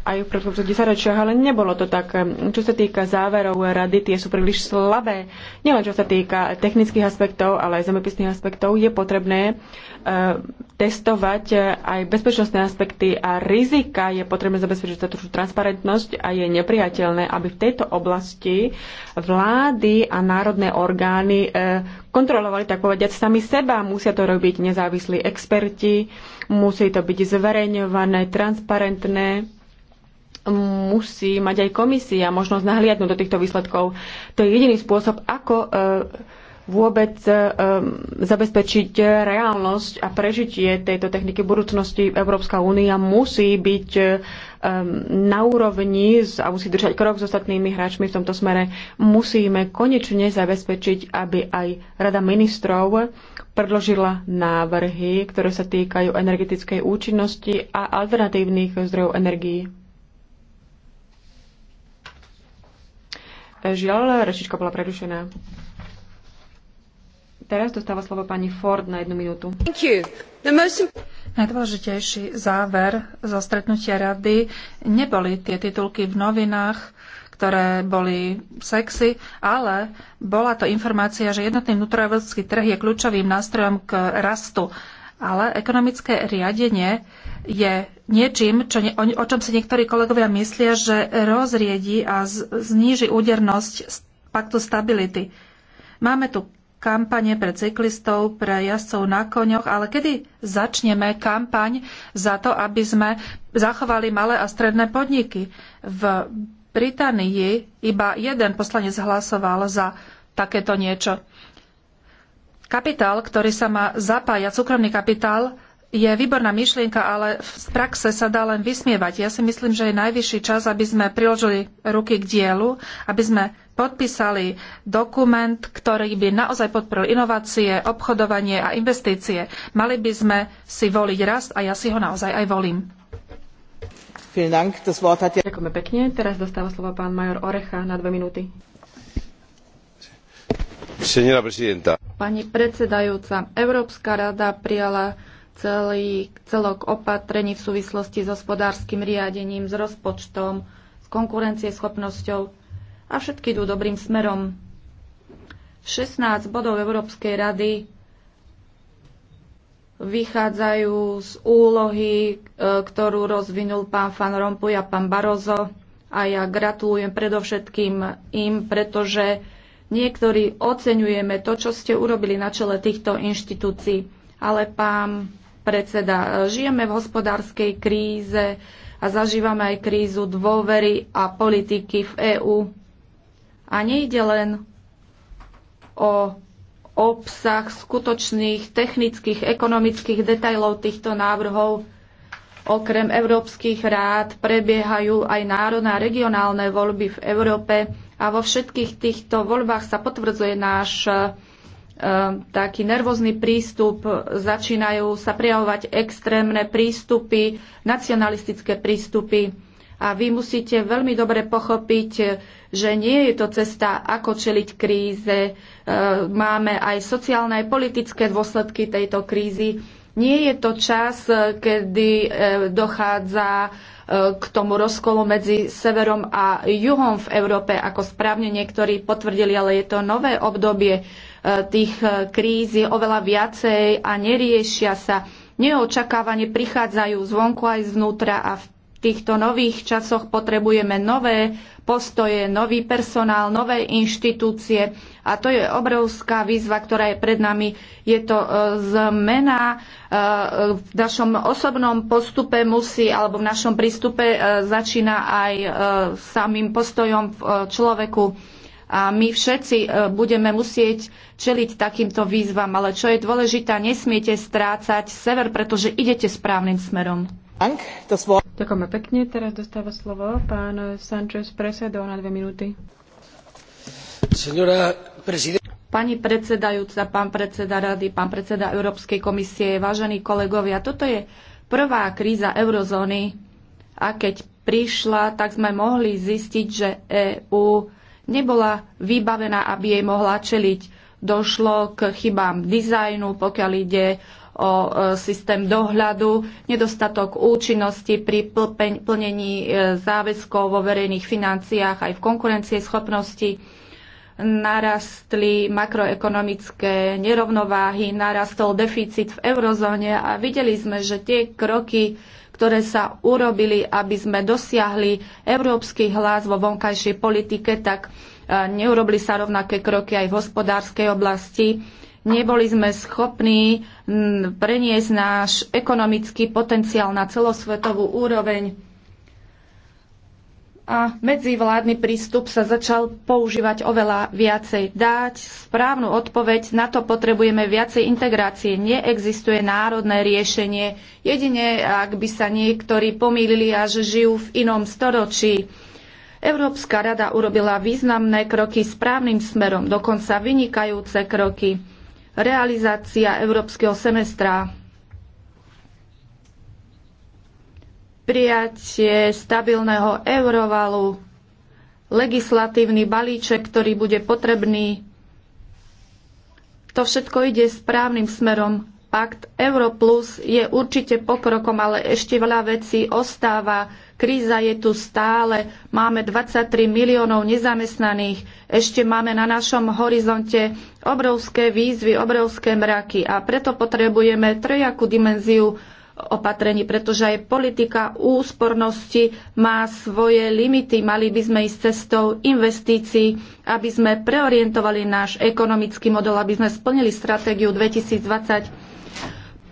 aj v predchádzajúcich desaťročiach, ale nebolo to tak. Čo sa týka záverov rady, tie sú príliš slabé. Nielen čo sa týka technických aspektov, ale aj zemepisných aspektov, je potrebné uh, testovať aj bezpečnostné aspekty a rizika. Je potrebné zabezpečiť tú transparentnosť a je nepriateľné, aby v tejto oblasti vlády a národné orgány uh, kontrolovali, tak povediať, sami seba. Musia to robiť nezávislí experti, musí to byť zverejňované, transparentné musí mať aj komisia možnosť nahliadnúť do týchto výsledkov. To je jediný spôsob, ako e, vôbec e, zabezpečiť reálnosť a prežitie tejto techniky v budúcnosti. Európska únia musí byť e, na úrovni a musí držať krok s ostatnými hráčmi v tomto smere. Musíme konečne zabezpečiť, aby aj Rada ministrov predložila návrhy, ktoré sa týkajú energetickej účinnosti a alternatívnych zdrojov energií. Žiaľ, rečička bola prerušená. Teraz dostáva slovo pani Ford na jednu minútu. Most... Najdôležitejší záver zo stretnutia rady neboli tie titulky v novinách, ktoré boli sexy, ale bola to informácia, že jednotný vnútroevropský trh je kľúčovým nástrojom k rastu ale ekonomické riadenie je niečím, čo ne, o, o čom si niektorí kolegovia myslia, že rozriedi a z, zníži údernosť paktu stability. Máme tu kampane pre cyklistov, pre jazdcov na koňoch, ale kedy začneme kampaň za to, aby sme zachovali malé a stredné podniky? V Británii iba jeden poslanec hlasoval za takéto niečo. Kapitál, ktorý sa má zapájať, súkromný kapitál, je výborná myšlienka, ale v praxe sa dá len vysmievať. Ja si myslím, že je najvyšší čas, aby sme priložili ruky k dielu, aby sme podpísali dokument, ktorý by naozaj podporil inovácie, obchodovanie a investície. Mali by sme si voliť rast a ja si ho naozaj aj volím. Ďakujeme pekne. Teraz dostáva slovo pán major Orecha na dve minúty. Pani predsedajúca, Európska rada prijala celý celok opatrení v súvislosti s hospodárskym riadením, s rozpočtom, s konkurencieschopnosťou a všetky idú dobrým smerom. 16 bodov Európskej rady vychádzajú z úlohy, e, ktorú rozvinul pán Van Rompuy a pán Barozo a ja gratulujem predovšetkým im, pretože Niektorí oceňujeme to, čo ste urobili na čele týchto inštitúcií. Ale pán predseda, žijeme v hospodárskej kríze a zažívame aj krízu dôvery a politiky v EÚ. A nejde len o obsah skutočných technických, ekonomických detajlov týchto návrhov. Okrem európskych rád prebiehajú aj národné a regionálne voľby v Európe a vo všetkých týchto voľbách sa potvrdzuje náš e, taký nervózny prístup, začínajú sa prijavovať extrémne prístupy, nacionalistické prístupy. A vy musíte veľmi dobre pochopiť, že nie je to cesta, ako čeliť kríze. E, máme aj sociálne, aj politické dôsledky tejto krízy. Nie je to čas, kedy e, dochádza Eh, k tomu rozkolu medzi severom a juhom v Európe, ako správne niektorí potvrdili, ale je to nové obdobie eh, tých eh, kríz je oveľa viacej a neriešia sa. Neočakávane prichádzajú zvonku aj zvnútra a v týchto nových časoch potrebujeme nové postoje, nový personál, nové inštitúcie a to je obrovská výzva, ktorá je pred nami. Je to e, zmena e, v našom osobnom postupe musí, alebo v našom prístupe e, začína aj samým postojom v človeku. A my všetci budeme musieť čeliť takýmto výzvam, ale čo je dôležité, nesmiete strácať sever, pretože idete správnym smerom. Ďakujeme pekne. Teraz dostáva slovo pán Sanchez Presedo na dve minúty. Pani predsedajúca, pán predseda rady, pán predseda Európskej komisie, vážení kolegovia, toto je prvá kríza eurozóny a keď prišla, tak sme mohli zistiť, že EÚ nebola vybavená, aby jej mohla čeliť. Došlo k chybám dizajnu, pokiaľ ide o e, systém dohľadu, nedostatok účinnosti pri plnení e, záväzkov vo verejných financiách aj v konkurencie schopnosti narastli makroekonomické nerovnováhy, narastol deficit v eurozóne a videli sme, že tie kroky, ktoré sa urobili, aby sme dosiahli európsky hlas vo vonkajšej politike, tak e, neurobili sa rovnaké kroky aj v hospodárskej oblasti Neboli sme schopní preniesť náš ekonomický potenciál na celosvetovú úroveň. A medzivládny prístup sa začal používať oveľa viacej. Dať správnu odpoveď, na to potrebujeme viacej integrácie. Neexistuje národné riešenie. Jedine, ak by sa niektorí pomýlili a že žijú v inom storočí. Európska rada urobila významné kroky správnym smerom, dokonca vynikajúce kroky realizácia európskeho semestra, prijatie stabilného eurovalu, legislatívny balíček, ktorý bude potrebný. To všetko ide správnym smerom. Pakt Europlus je určite pokrokom, ale ešte veľa vecí ostáva Kríza je tu stále, máme 23 miliónov nezamestnaných, ešte máme na našom horizonte obrovské výzvy, obrovské mraky a preto potrebujeme trojakú dimenziu opatrení, pretože aj politika úspornosti má svoje limity. Mali by sme ísť cestou investícií, aby sme preorientovali náš ekonomický model, aby sme splnili stratégiu 2020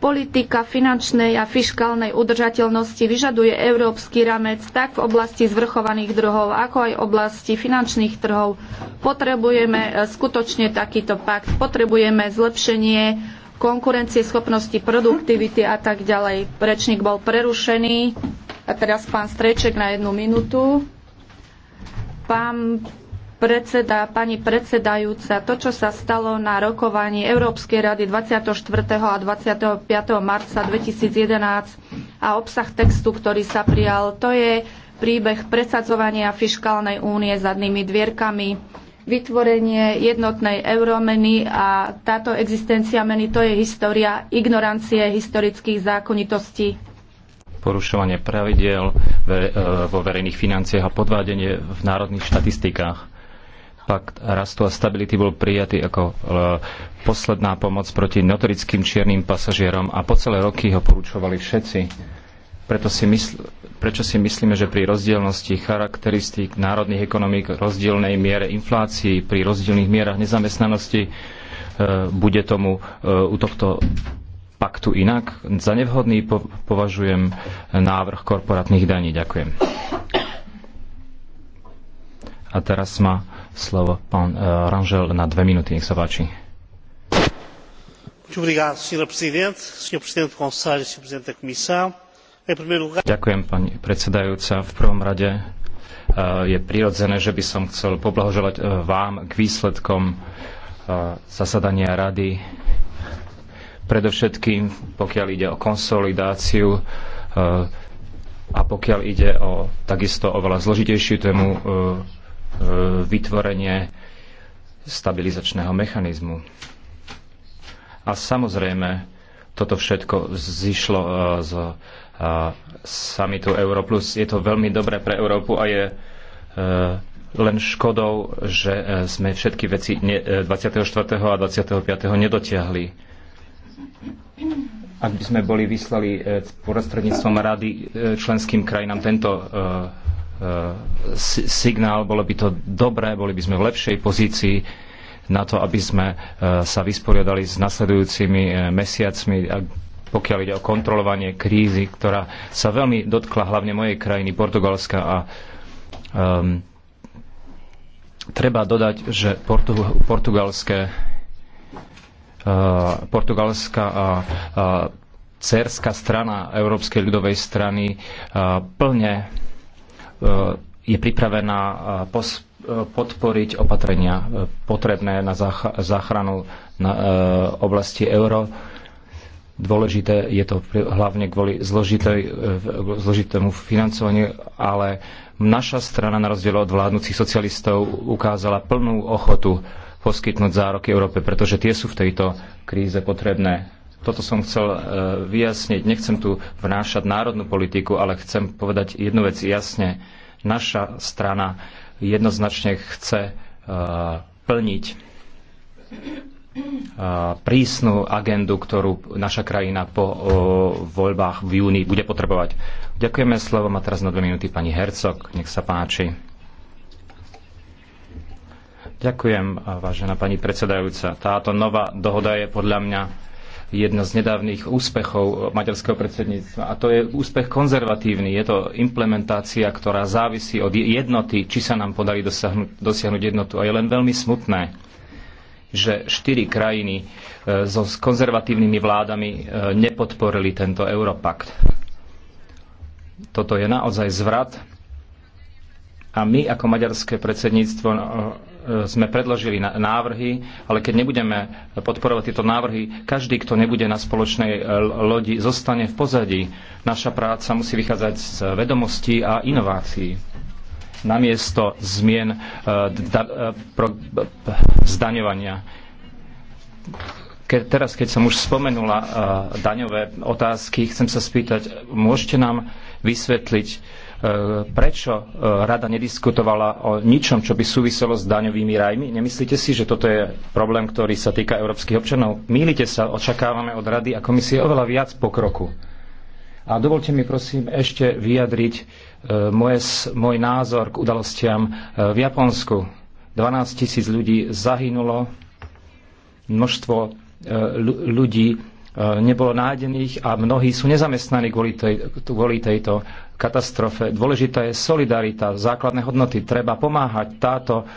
Politika finančnej a fiškálnej udržateľnosti vyžaduje európsky ramec tak v oblasti zvrchovaných druhov ako aj v oblasti finančných trhov. Potrebujeme e, skutočne takýto pakt, potrebujeme zlepšenie konkurencie, schopnosti, produktivity a tak ďalej. Rečník bol prerušený. A teraz pán Streček na jednu minútu. Pán predseda, pani predsedajúca, to, čo sa stalo na rokovaní Európskej rady 24. a 25. marca 2011 a obsah textu, ktorý sa prijal, to je príbeh presadzovania fiškálnej únie zadnými dvierkami, vytvorenie jednotnej euromeny a táto existencia meny to je história ignorancie historických zákonitostí porušovanie pravidiel e, vo verejných financiách a podvádenie v národných štatistikách. Pakt rastu a stability bol prijatý ako e, posledná pomoc proti notorickým čiernym pasažierom a po celé roky ho porúčovali všetci. Preto si mysl- prečo si myslíme, že pri rozdielnosti charakteristík národných ekonomík, rozdielnej miere inflácií, pri rozdielných mierach nezamestnanosti e, bude tomu e, u tohto paktu inak. Za nevhodný po- považujem návrh korporátnych daní. Ďakujem. A teraz má slovo pán eh, Ranžel na dve minúty, nech sa páči. Ďakujem, pani predsedajúca. V prvom rade eh, je prirodzené, že by som chcel poblahoželať eh, vám k výsledkom zasadania rady. Predovšetkým, pokiaľ ide o konsolidáciu a pokiaľ ide o takisto oveľa zložitejšiu tému E, vytvorenie stabilizačného mechanizmu. A samozrejme, toto všetko zišlo e, z e, samitu Europlus. Je to veľmi dobré pre Európu a je len škodou, že sme všetky veci 24. a 25. nedotiahli. Ak by sme boli vyslali prostredníctvom rady členským krajinám tento E, signál, bolo by to dobré, boli by sme v lepšej pozícii na to, aby sme e, sa vysporiadali s nasledujúcimi e, mesiacmi, pokiaľ ide o kontrolovanie krízy, ktorá sa veľmi dotkla hlavne mojej krajiny, Portugalska a um, treba dodať, že portu, portugalské uh, portugalská a uh, cerská strana Európskej ľudovej strany uh, plne E, je pripravená e, e, podporiť opatrenia potrebné na záchranu na oblasti euro. Dôležité je to hlavne kvôli zložitej, zložitému financovaniu, ale naša strana na rozdiel od vládnúcich socialistov ukázala plnú ochotu poskytnúť zároky Európe, pretože tie sú v tejto kríze potrebné. Toto som chcel e, vyjasniť. Nechcem tu vnášať národnú politiku, ale chcem povedať jednu vec jasne. Naša strana jednoznačne chce e, plniť e, prísnu agendu, ktorú naša krajina po voľbách v júni bude potrebovať. Ďakujeme slovo. Má teraz na dve minúty pani Hercog. Nech sa páči. Ďakujem, vážená pani predsedajúca. Táto nová dohoda je podľa mňa jedna z nedávnych úspechov maďarského predsedníctva. A to je úspech konzervatívny. Je to implementácia, ktorá závisí od jednoty, či sa nám podarí dosiahnuť, dosiahnuť jednotu. A je len veľmi smutné, že štyri krajiny e, so s konzervatívnymi vládami e, nepodporili tento Europakt. Toto je naozaj zvrat a my ako maďarské predsedníctvo e, sme predložili návrhy, ale keď nebudeme podporovať tieto návrhy, každý, kto nebude na spoločnej lodi, zostane v pozadí. Naša práca musí vychádzať z vedomostí a inovácií. Namiesto zmien e, e, e, zdaňovania. Ke, teraz, keď som už spomenula daňové otázky, chcem sa spýtať, môžete nám vysvetliť, E, prečo e, rada nediskutovala o ničom, čo by súviselo s daňovými rajmi? Nemyslíte si, že toto je problém, ktorý sa týka európskych občanov? Mýlite sa, očakávame od rady a komisie oveľa viac pokroku. A dovolte mi prosím ešte vyjadriť e, moje, môj názor k udalostiam v Japonsku. 12 tisíc ľudí zahynulo, množstvo ľudí Eh, nebolo nájdených a mnohí sú nezamestnaní kvôli, tej, kvôli tejto katastrofe. Dôležitá je solidarita, základné hodnoty. Treba pomáhať táto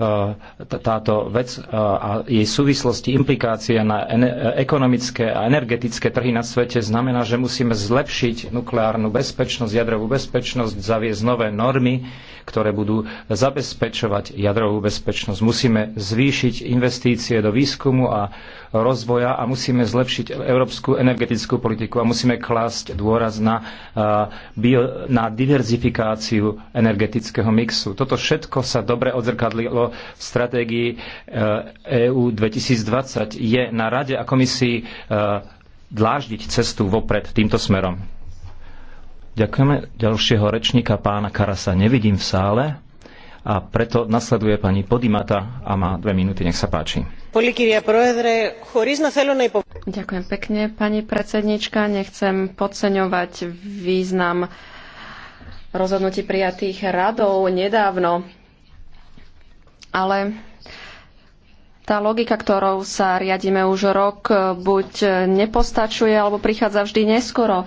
E, táto vec e, a jej súvislosti, implikácie na e, ekonomické a energetické trhy na svete znamená, že musíme zlepšiť nukleárnu bezpečnosť, jadrovú bezpečnosť, zaviesť nové normy, ktoré budú zabezpečovať jadrovú bezpečnosť. Musíme zvýšiť investície do výskumu a rozvoja a musíme zlepšiť európsku energetickú politiku a musíme klásť dôraz na, na diverzifikáciu energetického mixu. Toto všetko sa dobre odzrkadlilo v stratégii EÚ eh, 2020 e je na Rade a komisii eh, dláždiť cestu vopred týmto smerom. Ďakujeme ďalšieho rečníka pána Karasa. Nevidím v sále a preto nasleduje pani Podimata a má dve minúty. Nech sa páči. Ďakujem pekne, pani predsednička. Nechcem podceňovať význam rozhodnutí prijatých radov nedávno. Ale tá logika, ktorou sa riadíme už rok, buď nepostačuje, alebo prichádza vždy neskoro.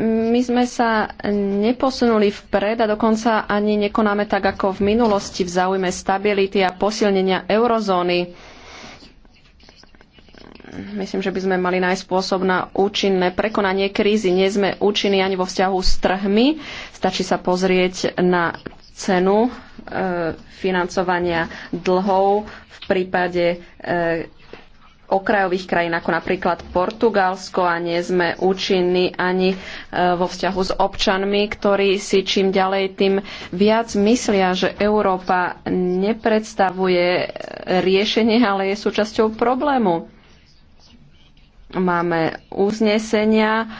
My sme sa neposunuli vpred a dokonca ani nekonáme tak, ako v minulosti v záujme stability a posilnenia eurozóny. Myslím, že by sme mali nájsť spôsob na účinné prekonanie krízy. Nie sme účinní ani vo vzťahu s trhmi. Stačí sa pozrieť na cenu e, financovania dlhov v prípade e, okrajových krajín ako napríklad Portugalsko a nie sme účinní ani e, vo vzťahu s občanmi, ktorí si čím ďalej tým viac myslia, že Európa nepredstavuje riešenie, ale je súčasťou problému. Máme uznesenia,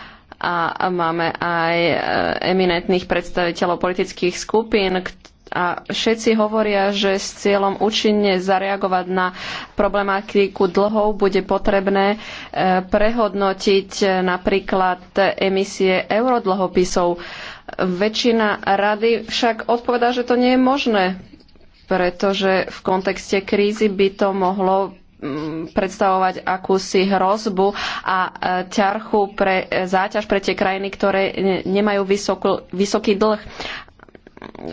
a máme aj e, eminentných predstaviteľov politických skupín, a všetci hovoria, že s cieľom účinne zareagovať na problematiku dlhov bude potrebné e, prehodnotiť e, napríklad emisie eurodlhopisov. Väčšina rady však odpovedá, že to nie je možné, pretože v kontexte krízy by to mohlo predstavovať akúsi hrozbu a e, ťarchu pre e, záťaž pre tie krajiny, ktoré nemajú vysokú, vysoký dlh.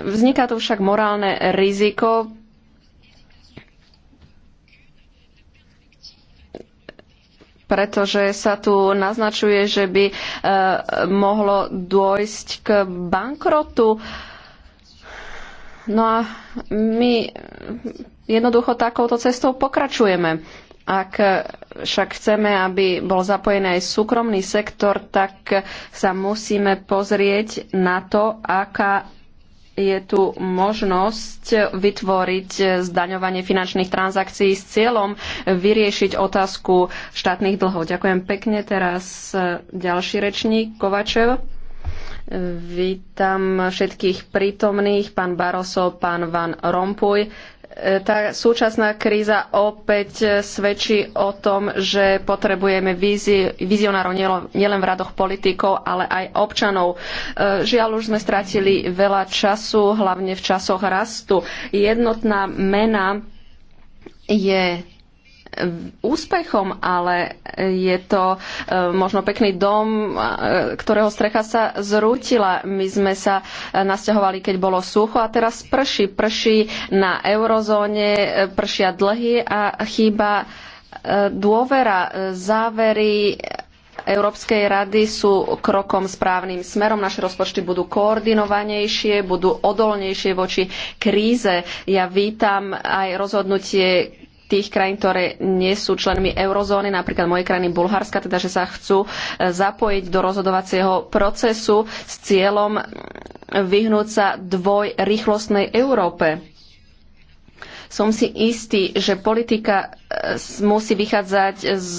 Vzniká tu však morálne riziko. pretože sa tu naznačuje, že by e, mohlo dôjsť k bankrotu. No a my jednoducho takouto cestou pokračujeme. Ak však chceme, aby bol zapojený aj súkromný sektor, tak sa musíme pozrieť na to, aká je tu možnosť vytvoriť zdaňovanie finančných transakcií s cieľom vyriešiť otázku štátnych dlhov. Ďakujem pekne. Teraz ďalší rečník Kovačev. Vítam všetkých prítomných, pán Baroso, pán Van Rompuy tá súčasná kríza opäť svedčí o tom, že potrebujeme vízi, vizionárov nielen v radoch politikov, ale aj občanov. E, žiaľ, už sme stratili veľa času, hlavne v časoch rastu. Jednotná mena je úspechom, ale je to e, možno pekný dom, e, ktorého strecha sa zrútila. My sme sa e, nasťahovali, keď bolo sucho a teraz prší. Prší na eurozóne, pršia dlhy a chýba dôvera, závery Európskej rady sú krokom správnym smerom. Naše rozpočty budú koordinovanejšie, budú odolnejšie voči kríze. Ja vítam aj rozhodnutie tých krajín, ktoré nie sú členmi eurozóny, napríklad mojej krajiny Bulharska, teda že sa chcú e, zapojiť do rozhodovacieho procesu s cieľom vyhnúť sa dvojrýchlostnej Európe. Som si istý, že politika e, musí vychádzať z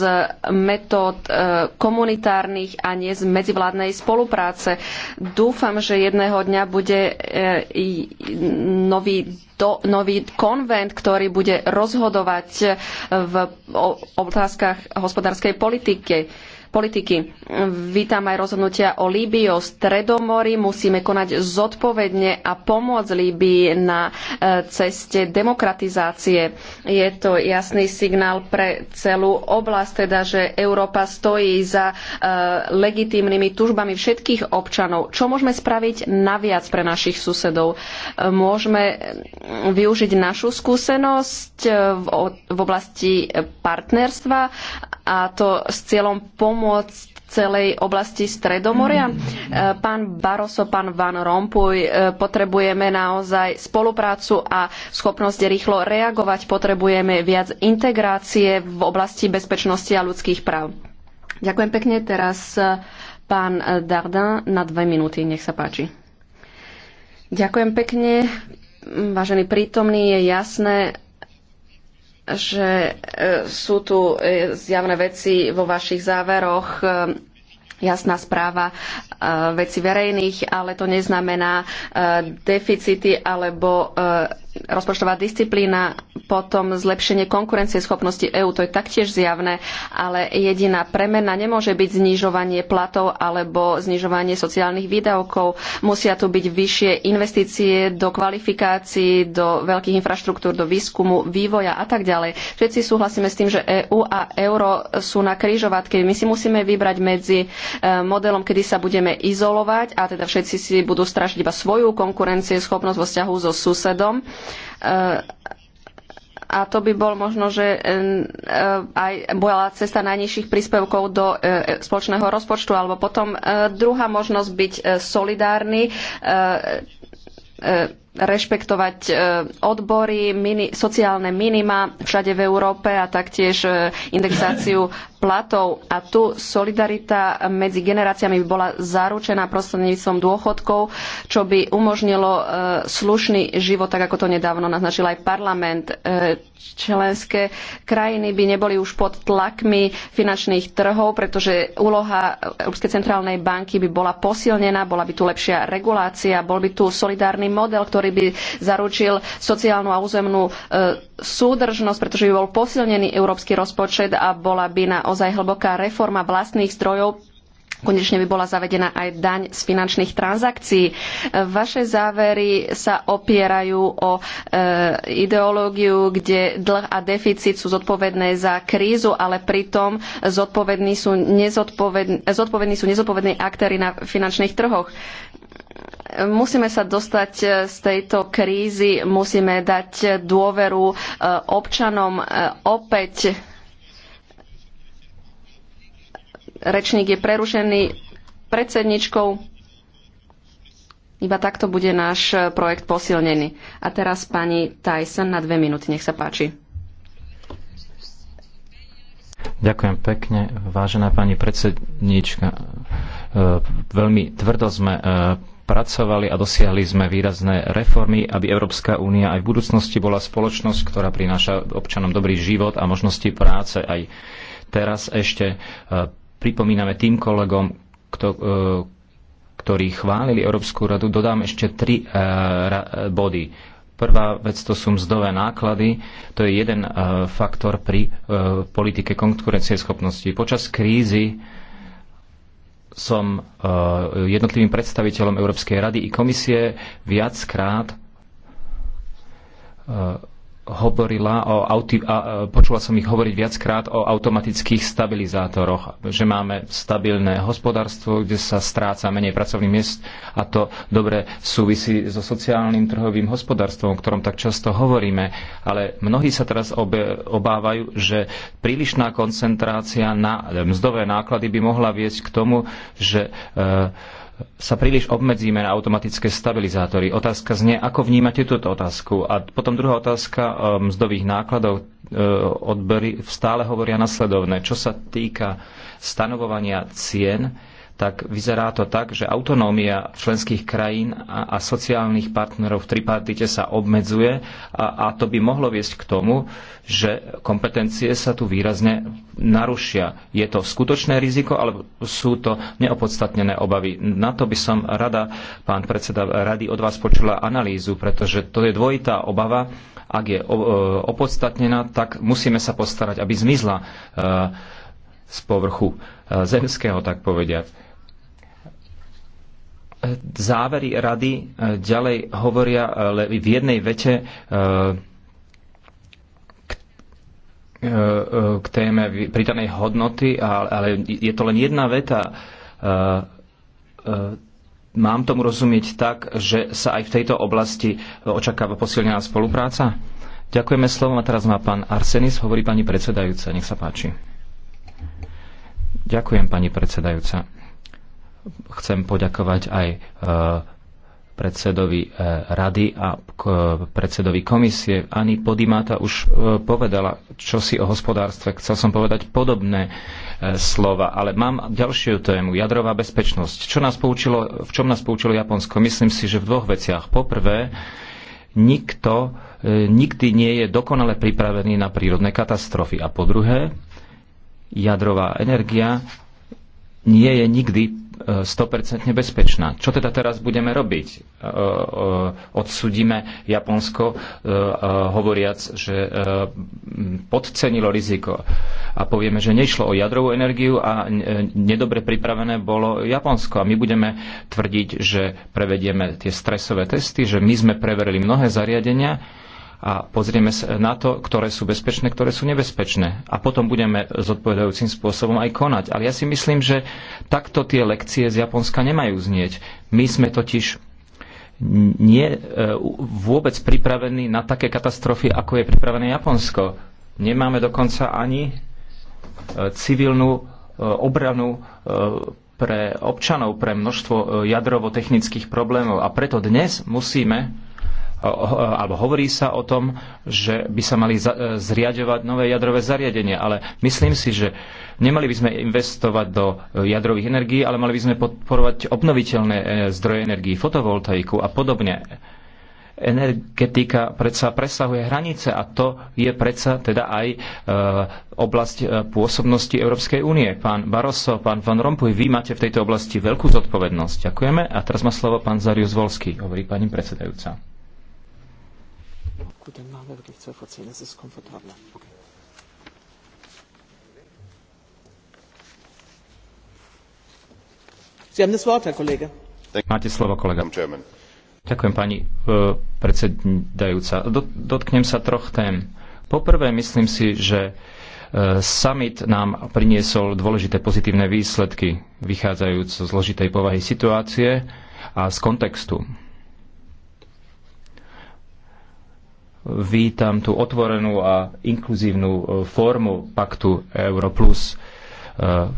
metód e, komunitárnych a nie z medzivládnej spolupráce. Dúfam, že jedného dňa bude e, nový do, nový konvent, ktorý bude rozhodovať v otázkach hospodárskej politiky politiky. Vítam aj rozhodnutia o Líbii, o Stredomori. Musíme konať zodpovedne a pomôcť Líbii na e, ceste demokratizácie. Je to jasný signál pre celú oblasť, teda, že Európa stojí za e, legitímnymi tužbami všetkých občanov. Čo môžeme spraviť naviac pre našich susedov? E, môžeme využiť našu skúsenosť v oblasti partnerstva a to s cieľom pomôcť pomôcť celej oblasti Stredomoria. Mhm. Eh, pán Baroso, pán Van Rompuy, eh, potrebujeme naozaj spoluprácu a schopnosť rýchlo reagovať. Potrebujeme viac integrácie v oblasti bezpečnosti a ľudských práv. Ďakujem pekne. Teraz eh, pán Dardan na dve minúty. Nech sa páči. Ďakujem pekne. Vážený prítomný, je jasné, že e, sú tu e, zjavné veci vo vašich záveroch, e, jasná správa veci verejných, ale to neznamená deficity alebo rozpočtová disciplína, potom zlepšenie konkurencieschopnosti EÚ, to je taktiež zjavné, ale jediná premena nemôže byť znižovanie platov alebo znižovanie sociálnych výdavkov. Musia tu byť vyššie investície do kvalifikácií, do veľkých infraštruktúr, do výskumu, vývoja a tak ďalej. Všetci súhlasíme s tým, že EÚ a euro sú na krížovatke. My si musíme vybrať medzi e, modelom, kedy sa budeme izolovať a teda všetci si budú strašiť iba svoju konkurencieschopnosť vo vzťahu so susedom a to by bol možno, že e, e, aj bola cesta najnižších príspevkov do e, spoločného rozpočtu, alebo potom druhá možnosť byť solidárny rešpektovať e, odbory, mini, sociálne minima všade v Európe a taktiež e, indexáciu platov. A tu solidarita medzi generáciami by bola zaručená prostredníctvom dôchodkov, čo by umožnilo e, slušný život, tak ako to nedávno naznačil aj parlament. Členské krajiny by neboli už pod tlakmi finančných trhov, pretože úloha Európskej centrálnej banky by bola posilnená, bola by tu lepšia regulácia, bol by tu solidárny model, ktorý ktorý by zaručil sociálnu a územnú e, súdržnosť, pretože by bol posilnený európsky rozpočet a bola by naozaj hlboká reforma vlastných zdrojov Konečne by bola zavedená aj daň z finančných transakcií. E, vaše závery sa opierajú o e, ideológiu, kde dlh a deficit sú zodpovedné za krízu, ale pritom zodpovední sú nezodpovední, zodpovední sú nezodpovední aktéry na finančných trhoch musíme sa dostať e, z tejto krízy, musíme dať dôveru e, občanom e, opäť. Rečník je prerušený predsedničkou. Iba takto bude náš projekt posilnený. A teraz pani Tyson na dve minúty, nech sa páči. Ďakujem pekne, vážená pani predsedníčka. Veľmi tvrdo sme pracovali a dosiahli sme výrazné reformy, aby Európska únia aj v budúcnosti bola spoločnosť, ktorá prináša občanom dobrý život a možnosti práce. Aj teraz ešte e, pripomíname tým kolegom, kto, e, ktorí chválili Európsku radu, dodám ešte tri e, body. Prvá vec to sú mzdové náklady. To je jeden faktor pri politike konkurencieschopnosti. Počas krízy som e, jednotlivým predstaviteľom Európskej rady i komisie viackrát e, hovorila o auti- a, e, počula som ich hovoriť viackrát o automatických stabilizátoroch, že máme stabilné hospodárstvo, kde sa stráca menej pracovných miest a to dobre súvisí so sociálnym trhovým hospodárstvom, o ktorom tak často hovoríme, ale mnohí sa teraz obe- obávajú, že prílišná koncentrácia na mzdové náklady by mohla viesť k tomu, že e, sa príliš obmedzíme na automatické stabilizátory. Otázka znie, ako vnímate túto otázku. A potom druhá otázka e, mzdových nákladov. E, Odbery stále hovoria nasledovné. Čo sa týka stanovovania cien, tak vyzerá to tak, že autonómia členských krajín a, a sociálnych partnerov v tripartite sa obmedzuje a, a to by mohlo viesť k tomu, že kompetencie sa tu výrazne narušia. Je to skutočné riziko alebo sú to neopodstatnené obavy? Na to by som rada, pán predseda rady, od vás počula analýzu, pretože to je dvojitá obava. Ak je e, opodstatnená, tak musíme sa postarať, aby zmizla e, z povrchu e, zemského, tak povediať závery rady e, ďalej hovoria e, v jednej vete e, k téme pridanej hodnoty, ale je to len jedna veta. Mám tomu rozumieť tak, že sa aj v tejto oblasti očakáva posilnená spolupráca? Ďakujeme slovo a teraz má pán Arsenis, hovorí pani predsedajúca. Nech sa páči. Ďakujem, pani predsedajúca Chcem poďakovať aj e, predsedovi e, rady a e, predsedovi komisie. Ani Podimata už povedala, čo si o hospodárstve. Chcel som povedať podobné slova, ale mám ďalšiu tému. Jadrová bezpečnosť. Čo nás poučilo, v čom nás poučilo Japonsko? Myslím si, že v dvoch veciach. Poprvé, nikto nikdy nie je dokonale pripravený na prírodné katastrofy. A po druhé, jadrová energia nie je nikdy 100% bezpečná. Čo teda teraz budeme robiť? E, e, Odsudíme Japonsko, e, hovoriac, že podcenilo riziko a povieme, že nešlo o jadrovú energiu a nedobre pripravené bolo Japonsko. A my budeme tvrdiť, že prevedieme tie stresové testy, že my sme preverili mnohé zariadenia, a pozrieme sa na to, ktoré sú bezpečné, ktoré sú nebezpečné. A potom budeme zodpovedajúcim spôsobom aj konať. Ale ja si myslím, že takto tie lekcie z Japonska nemajú znieť. My sme totiž nie e, vôbec pripravení na také katastrofy, ako je pripravené Japonsko. Nemáme dokonca ani e, civilnú e, obranu pre občanov, pre množstvo jadrovo-technických problémov. A preto dnes musíme alebo hovorí sa o tom, že by sa mali e, zriadovať nové jadrové zariadenie, ale myslím si, že nemali by sme investovať do jadrových energií, ale mali by sme podporovať obnoviteľné e, zdroje energií, fotovoltaiku a podobne. Energetika predsa presahuje hranice a to je predsa teda aj e, oblasť e, pôsobnosti Európskej únie. Pán Barroso, pán Van Rompuy, vy máte v tejto oblasti veľkú zodpovednosť. Ďakujeme. A teraz má slovo pán Zarius Volsky, hovorí pani predsedajúca. Gut, dann machen wir wirklich 12 vor 10, das ist komfortabler. Okay. Sie haben das Wort, Herr Kollege. Máte slovo, kolega. Ďakujem, pani uh, predsedajúca. Do, dotknem sa troch tém. Poprvé, myslím si, že uh, summit nám priniesol dôležité pozitívne výsledky, vychádzajúc zo zložitej povahy situácie a z kontextu. vítam tú otvorenú a inkluzívnu e, formu paktu Euro+. Plus e,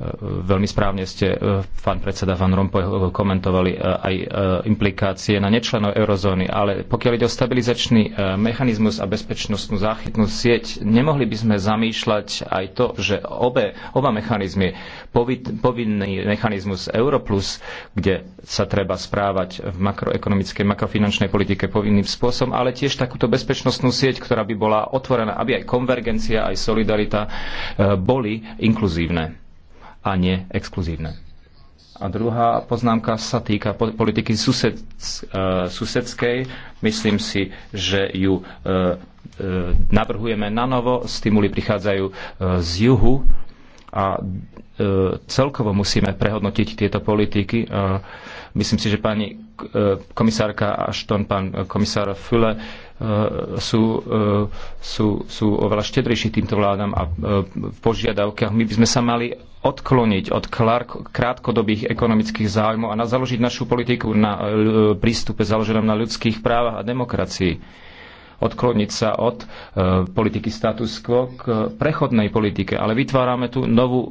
E, veľmi správne ste, e, pán predseda Van Rompuy, komentovali e, aj implikácie na nečlenov eurozóny, ale pokiaľ ide o stabilizačný mechanizmus a bezpečnostnú záchytnú sieť, nemohli by sme zamýšľať aj to, že obe, oba mechanizmy, povinný mechanizmus Europlus, kde sa treba správať v makroekonomickej, makrofinančnej politike povinným spôsobom, ale tiež takúto bezpečnostnú sieť, ktorá by bola otvorená, aby aj konvergencia, aj solidarita boli inkluzívne a nie exkluzívne. A druhá poznámka sa týka politiky sused, e, susedskej. Myslím si, že ju e, e, navrhujeme na novo. Stimuli prichádzajú z juhu a celkovo musíme prehodnotiť tieto politiky. Myslím si, že pani e, komisárka Ashton, pán komisár Füle e, sú, e, sú, sú oveľa štedrejší týmto vládam a v požiadavkách. My by sme sa mali odkloniť od krátkodobých ekonomických záujmov a založiť našu politiku na prístupe založenom na ľudských právach a demokracii odkloniť sa od e, politiky status quo k prechodnej politike, ale vytvárame tu novú e,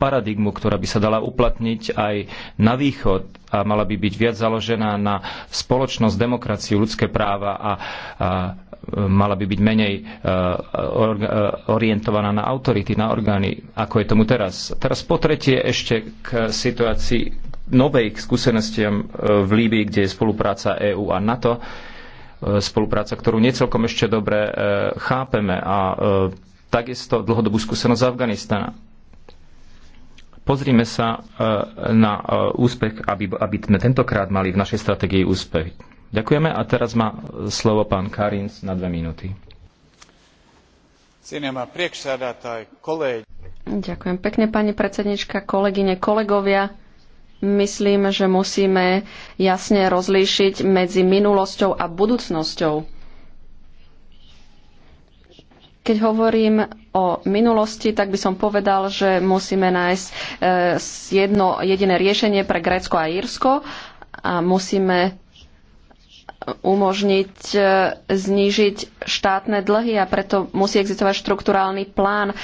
paradigmu, ktorá by sa dala uplatniť aj na východ a mala by byť viac založená na spoločnosť, demokraciu, ľudské práva a, a e, mala by byť menej orientovaná na autority, na orgány, ako je tomu teraz. Teraz po tretie ešte k situácii novej k skúsenostiam v Líbii, kde je spolupráca EÚ a NATO E, spolupráca, ktorú necelkom ešte dobre e, chápeme a e, takisto dlhodobú skúsenosť z Afganistana. Pozrime sa na úspech, aby, aby sme tentokrát mali v našej stratégii úspech. Ďakujeme a teraz má slovo pán Karins na dve minúty. Ďakujem pekne, pani predsednička, kolegyne, kolegovia. Myslím, že musíme jasne rozlíšiť medzi minulosťou a budúcnosťou. Keď hovorím o minulosti, tak by som povedal, že musíme nájsť e, jedno jediné riešenie pre Grécko a Írsko a musíme umožniť e, znížiť štátne dlhy a preto musí existovať štrukturálny plán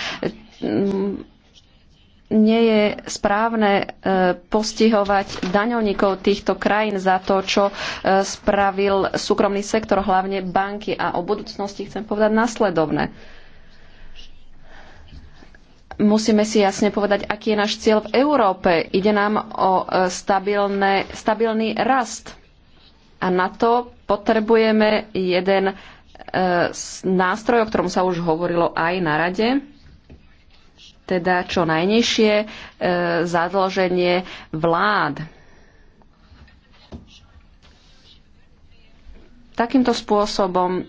nie je správne e, postihovať daňovníkov týchto krajín za to, čo e, spravil súkromný sektor, hlavne banky. A o budúcnosti chcem povedať následovné. Musíme si jasne povedať, aký je náš cieľ v Európe. Ide nám o e, stabilné, stabilný rast. A na to potrebujeme jeden nástroj, o ktorom sa už hovorilo aj na rade, teda čo najnižšie e, zadlženie vlád. Takýmto spôsobom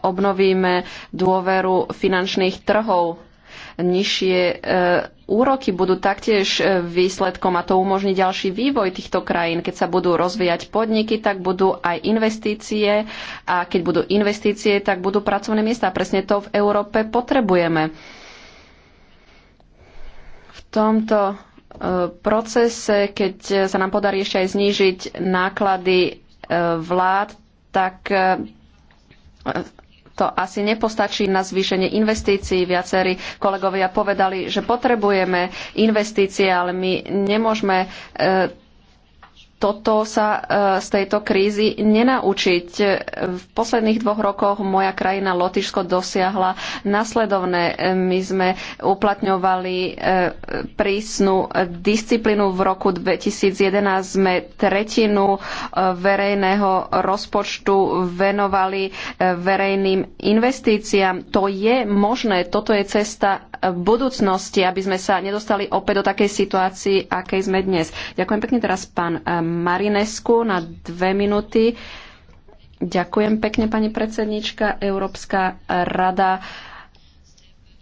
obnovíme dôveru finančných trhov. Nižšie e, úroky budú taktiež e, výsledkom a to umožní ďalší vývoj týchto krajín. Keď sa budú rozvíjať podniky, tak budú aj investície a keď budú investície, tak budú pracovné miesta. Presne to v Európe potrebujeme v tomto e, procese, keď sa nám podarí ešte aj znížiť náklady e, vlád, tak e, to asi nepostačí na zvýšenie investícií. Viacerí kolegovia povedali, že potrebujeme investície, ale my nemôžeme toto sa e, z tejto krízy nenaučiť. E, v posledných dvoch rokoch moja krajina Lotyšsko dosiahla nasledovné. E, my sme uplatňovali prísnu disciplínu. V roku 2011 sme tretinu verejného rozpočtu venovali verejným investíciám. To je možné, toto je cesta budúcnosti, aby sme sa nedostali opäť do takej situácii, akej sme dnes. Ďakujem pekne teraz pán eh, Marinesku na dve minúty. Ďakujem pekne, pani predsednička. Európska eh, rada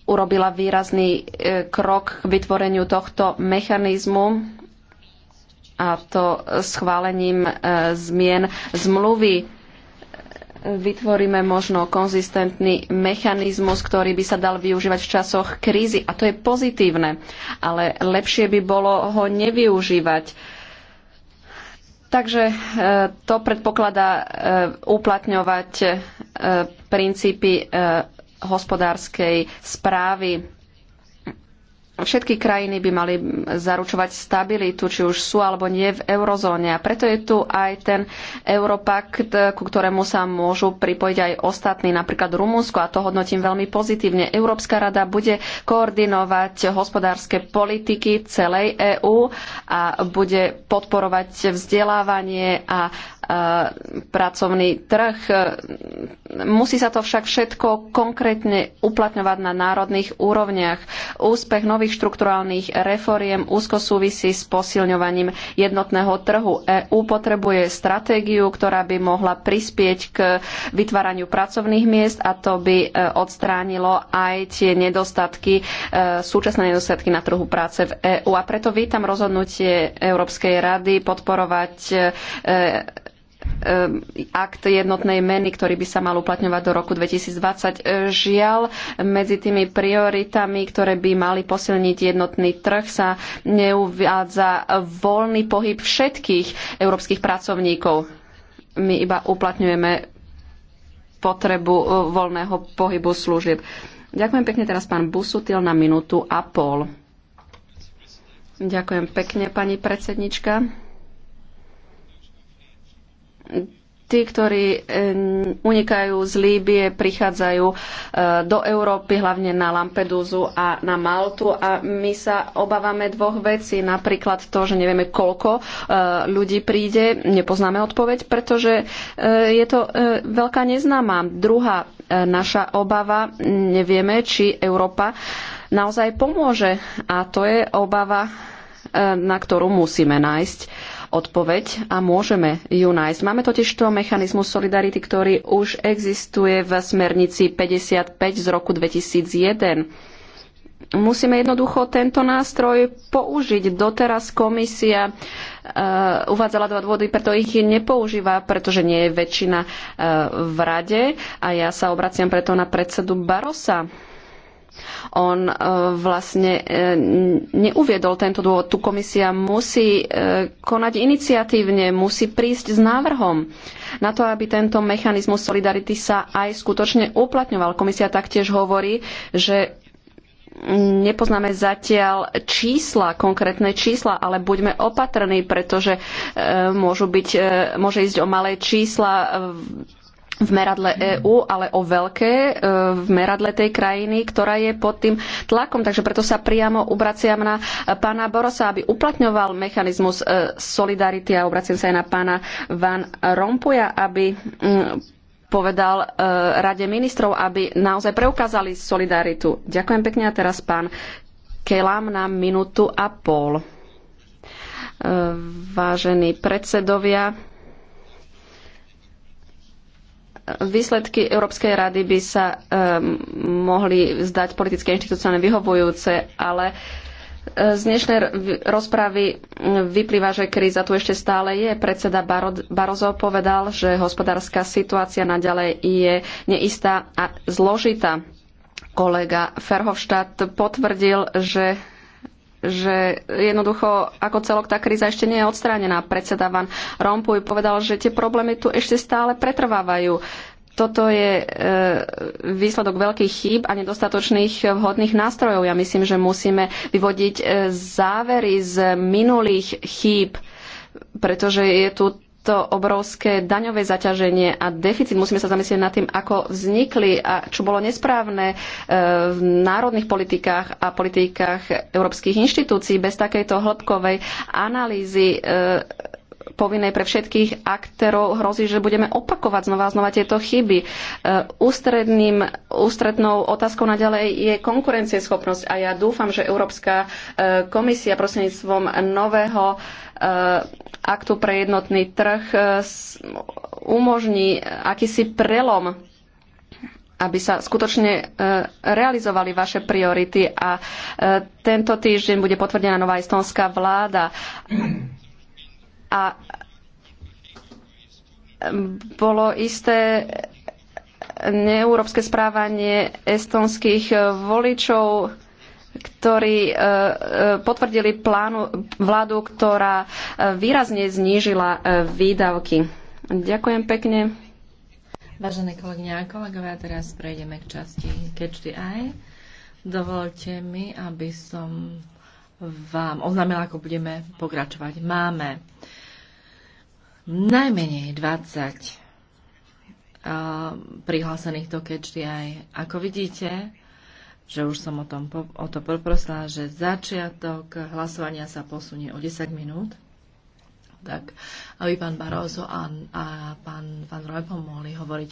urobila výrazný eh, krok k vytvoreniu tohto mechanizmu a to schválením zmien zmluvy vytvoríme možno konzistentný mechanizmus, ktorý by sa dal využívať v časoch krízy. A to je pozitívne, ale lepšie by bolo ho nevyužívať. Takže e, to predpokladá e, uplatňovať e, princípy hospodárskej správy všetky krajiny by mali zaručovať stabilitu, či už sú alebo nie v eurozóne. A preto je tu aj ten Europakt, ku ktorému sa môžu pripojiť aj ostatní, napríklad Rumunsko, a to hodnotím veľmi pozitívne. Európska rada bude koordinovať hospodárske politiky celej EÚ a bude podporovať vzdelávanie a E, pracovný trh. E, musí sa to však všetko konkrétne uplatňovať na národných úrovniach. Úspech nových štrukturálnych reforiem úzko súvisí s posilňovaním jednotného trhu. EÚ potrebuje stratégiu, ktorá by mohla prispieť k vytváraniu pracovných miest a to by e, odstránilo aj tie nedostatky, súčasné nedostatky na trhu práce v EÚ. A preto vítam rozhodnutie Európskej rady podporovať Ehm, akt jednotnej meny, ktorý by sa mal uplatňovať do roku 2020. Ehm, žiaľ, medzi tými prioritami, ktoré by mali posilniť jednotný trh, sa neuvádza voľný pohyb všetkých európskych pracovníkov. My iba uplatňujeme potrebu e, voľného pohybu služieb. Ďakujem pekne teraz pán Busutil na minútu a pol. Ďakujem pekne, pani predsednička tí, ktorí unikajú z Líbie, prichádzajú eh, do Európy, hlavne na Lampedúzu a na Maltu. A my sa obávame dvoch vecí. Napríklad to, že nevieme, koľko eh, ľudí príde, nepoznáme odpoveď, pretože eh, je to veľká neznáma. Druhá naša obava, nevieme, či Európa naozaj pomôže. A to je obava, na ktorú musíme nájsť odpoveď a môžeme ju nájsť. Máme totiž to mechanizmus solidarity, ktorý už existuje v smernici 55 z roku 2001 musíme jednoducho tento nástroj použiť. Doteraz komisia e, uvádzala dva dôvody, preto ich nepoužíva, pretože nie je väčšina e, v rade. A ja sa obraciam preto na predsedu Barosa on e, vlastne e, neuviedol tento dôvod. Tu komisia musí e, konať iniciatívne, musí prísť s návrhom na to, aby tento mechanizmus solidarity sa aj skutočne uplatňoval. Komisia taktiež hovorí, že nepoznáme zatiaľ čísla, konkrétne čísla, ale buďme opatrní, pretože môžu byť, môže ísť o malé čísla v meradle EÚ, ale o veľké e, v meradle tej krajiny, ktorá je pod tým tlakom. Takže preto sa priamo obraciam na e, pána Borosa, aby uplatňoval mechanizmus e, solidarity a obraciam sa aj na pána Van Rompuja, aby mm, povedal Rade ministrov, aby naozaj preukázali solidaritu. Ďakujem pekne a teraz pán Kelam na minútu a pol. Vážení predsedovia, výsledky Európskej rady by sa um, mohli zdať politické inštitúciálne vyhovujúce, ale eh, z dnešnej rozpravy hm, vyplýva, že kríza tu ešte stále je. Predseda Barozo povedal, že hospodárska situácia naďalej je neistá a zložitá. Kolega Ferhovštát potvrdil, že že jednoducho ako celok tá kríza ešte nie je odstránená. Predseda Van Rompuy povedal, že tie problémy tu ešte stále pretrvávajú. Toto je e, výsledok veľkých chýb a nedostatočných vhodných nástrojov. Ja myslím, že musíme vyvodiť e, závery z minulých chýb, pretože je tu to obrovské daňové zaťaženie a deficit. Musíme sa zamyslieť nad tým, ako vznikli a čo bolo nesprávne e, v národných politikách a politikách európskych inštitúcií. Bez takejto hĺbkovej analýzy e, povinnej pre všetkých aktérov hrozí, že budeme opakovať znova a znova tieto chyby. E, ústredným, ústrednou otázkou naďalej je konkurencieschopnosť a ja dúfam, že Európska e, komisia prostredníctvom nového e, aktu pre jednotný trh umožní akýsi prelom aby sa skutočne realizovali vaše priority a tento týždeň bude potvrdená nová estonská vláda a um, bolo isté neeurópske správanie estonských eh, voličov, ktorí eh, eh, potvrdili plánu, vládu, ktorá výrazne znížila výdavky. Ďakujem pekne. Vážené kolegyne a kolegovia, teraz prejdeme k časti Catch the Eye. Dovolte mi, aby som vám oznámila, ako budeme pokračovať. Máme najmenej 20 eh, prihlásených do aj. Ako vidíte, že už som o, tom, o to poprosila, že začiatok hlasovania sa posunie o 10 minút, tak aby pán Barozo a, a pán pán Rojpom mohli hovoriť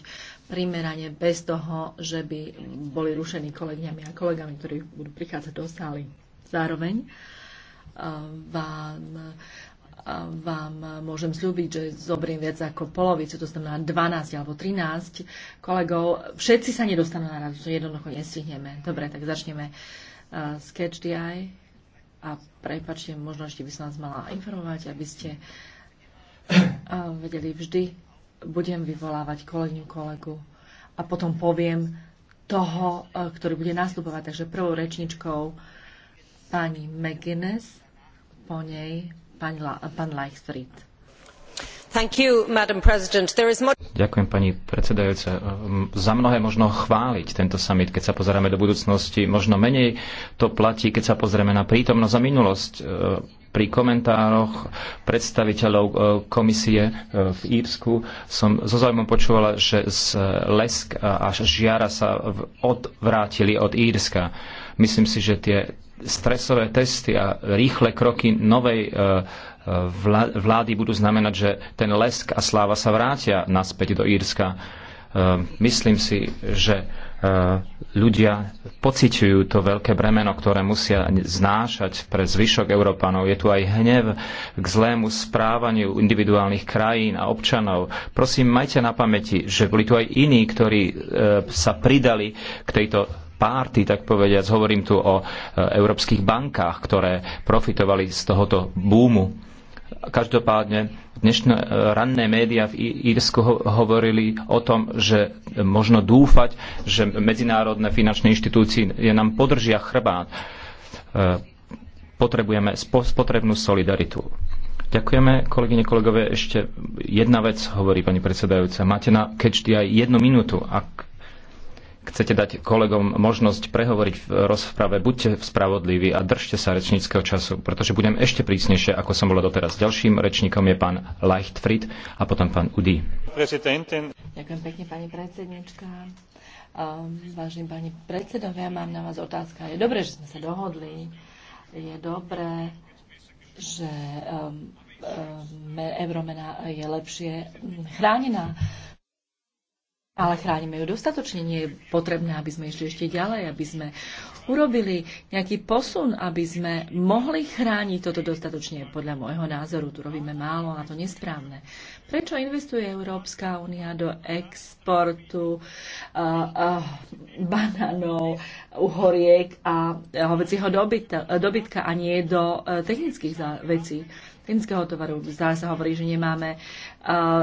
primerane bez toho, že by boli rušení kolegyňami a kolegami, ktorí budú prichádzať do sály. Zároveň eh, vám vám môžem zľúbiť, že zobriem viac ako polovicu, to znamená 12 alebo 13 kolegov. Všetci sa nedostanú na radu, to jednoducho nestihneme. Dobre, tak začneme uh, sketch DI a prepačte, možno ešte by som vás mala informovať, aby ste uh, vedeli vždy, budem vyvolávať kolegyňu kolegu a potom poviem toho, uh, ktorý bude nastupovať. Takže prvou rečničkou pani McGuinness, po nej Ďakujem, pani predsedajúca. Um, za mnohé možno chváliť tento summit, keď sa pozeráme do budúcnosti. Možno menej to platí, keď sa pozrieme na prítomnosť a minulosť. Uh, pri komentároch predstaviteľov uh, komisie uh, v Írsku som so zaujímavom počúvala, že z lesk a žiara sa odvrátili od Írska. Myslím si, že tie stresové testy a rýchle kroky novej e, e, vlády budú znamenať, že ten lesk a sláva sa vrátia naspäť do Írska. E, myslím si, že ľudia pociťujú to veľké bremeno, ktoré musia znášať pre zvyšok Európanov. Je tu aj hnev k zlému správaniu individuálnych krajín a občanov. Prosím, majte na pamäti, že boli tu aj iní, ktorí sa pridali k tejto párty, tak povediac. Hovorím tu o e, európskych bankách, ktoré profitovali z tohoto búmu. Každopádne dnešné e, ranné médiá v Írsku hovorili o tom, že možno dúfať, že medzinárodné finančné inštitúcie nám podržia chrbát. E, potrebujeme potrebnú solidaritu. Ďakujeme, kolegyne, kolegové. Ešte jedna vec, hovorí pani predsedajúca. Máte na catch aj jednu minútu, ak chcete dať kolegom možnosť prehovoriť v rozprave, buďte spravodliví a držte sa rečníckého času, pretože budem ešte prísnejšie, ako som bola doteraz. Ďalším rečníkom je pán Leichtfried a potom pán Udy. Ďakujem pekne, pani predsednička. Ehm, vážení pani predsedovia, mám na vás otázka. Je dobré, že sme sa dohodli. Je dobré, že um, um, euromena je lepšie chránená ale chránime ju dostatočne. Nie je potrebné, aby sme išli ešte ďalej, aby sme urobili nejaký posun, aby sme mohli chrániť toto dostatočne. Podľa môjho názoru tu robíme málo a to nesprávne. Prečo investuje Európska únia do exportu uh, uh, bananov, uhoriek a hovecieho dobytka, dobytka a nie do uh, technických vecí? technického tovaru. Zdá sa hovorí, že nemáme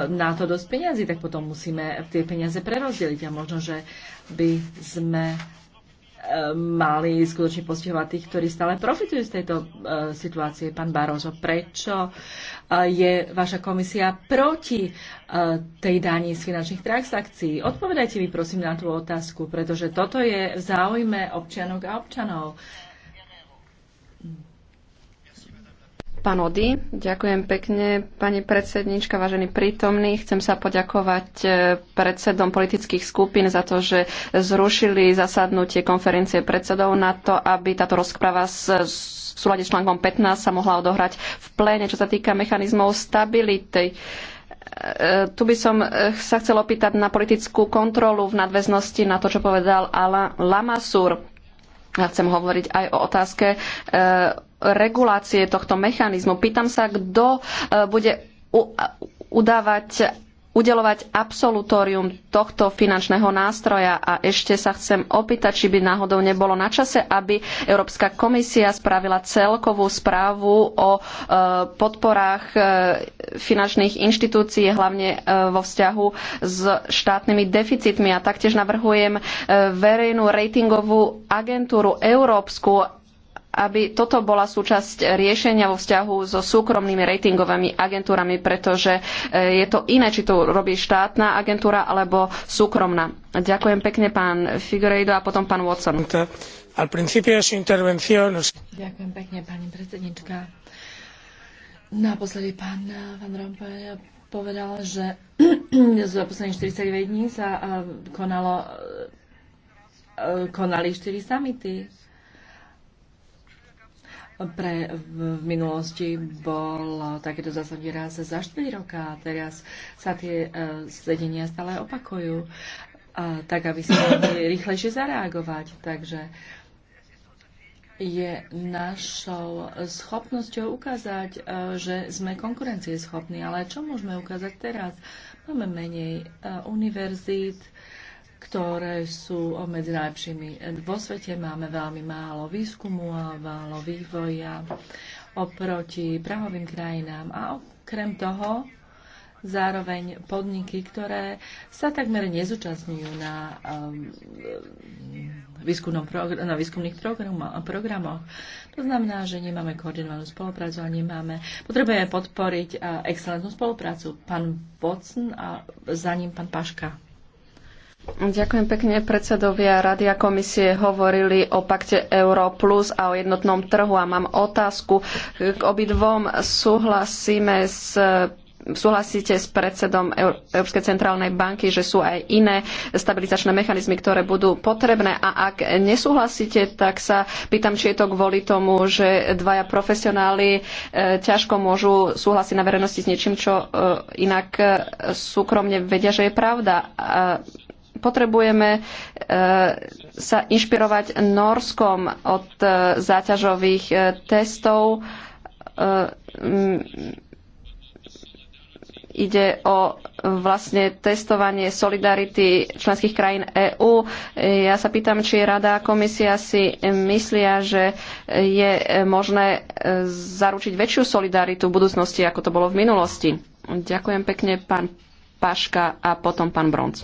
na to dosť peniazy, tak potom musíme tie peniaze prerozdeliť a možno, že by sme e, mali skutočne postihovať tých, ktorí stále profitujú z tejto e, situácie. Pán Barozo, prečo e, je vaša komisia proti tej daní z finančných transakcií? Odpovedajte mi prosím na tú otázku, pretože toto je v záujme občianok a občanov. Pán ďakujem pekne. Pani predsednička, vážení prítomní, chcem sa poďakovať e, predsedom politických skupín za to, že zrušili zasadnutie konferencie predsedov na to, aby táto rozprava s v súlade s článkom 15 sa mohla odohrať v pléne, čo sa týka mechanizmov stability. E, tu by som e, sa chcel opýtať na politickú kontrolu v nadväznosti na to, čo povedal Alain Lamassur. Ja chcem hovoriť aj o otázke regulácie tohto mechanizmu. Pýtam sa, kto e, bude udávať udelovať absolutórium tohto finančného nástroja a ešte sa chcem opýtať, či by náhodou nebolo na čase, aby Európska komisia spravila celkovú správu o e, podporách e, finančných inštitúcií, hlavne e, vo vzťahu s štátnymi deficitmi. A taktiež navrhujem e, verejnú ratingovú agentúru európsku aby toto bola súčasť riešenia vo vzťahu so súkromnými ratingovými agentúrami, pretože e, je to iné, či to robí štátna agentúra alebo súkromná. Ďakujem pekne pán Figueiredo a potom pán Watson. Ďakujem pekne, pani predsednička. Naposledy pán Van e, Rompuy povedal, že za posledných 49 dní sa e, konalo, konali 4 samity pre v, v minulosti bol takéto zásahy raz za 4 roka a teraz sa tie uh, e, sledenia stále opakujú, uh, tak aby sme mohli rýchlejšie zareagovať. Takže je našou schopnosťou ukázať, e, že sme konkurencieschopní. Ale čo môžeme ukázať teraz? Máme menej e, univerzít, ktoré sú medzi najlepšími. Vo svete máme veľmi málo výskumu a málo vývoja oproti prahovým krajinám. A okrem toho zároveň podniky, ktoré sa takmer nezúčastňujú na, um, na výskumných programoch. To znamená, že nemáme koordinovanú spoluprácu a nemáme. Potrebujeme podporiť uh, excelentnú spoluprácu. Pán Vocn a za ním pán Paška. Ďakujem pekne. Predsedovia Rady a komisie hovorili o pakte Euro plus a o jednotnom trhu a mám otázku. K obidvom súhlasíme s súhlasíte s predsedom Európskej centrálnej banky, že sú aj iné stabilizačné mechanizmy, ktoré budú potrebné. A ak nesúhlasíte, tak sa pýtam, či je to kvôli tomu, že dvaja profesionáli e, ťažko môžu súhlasiť na verejnosti s niečím, čo e, inak e, súkromne vedia, že je pravda potrebujeme e, sa inšpirovať Norskom od e, záťažových e, testov. Ide o vlastne testovanie solidarity členských krajín EÚ. Ja sa pýtam, či Rada a komisia si myslia, že je možné zaručiť väčšiu solidaritu v budúcnosti, ako to bolo v minulosti. Ďakujem pekne, pán Paška a potom pán Bronc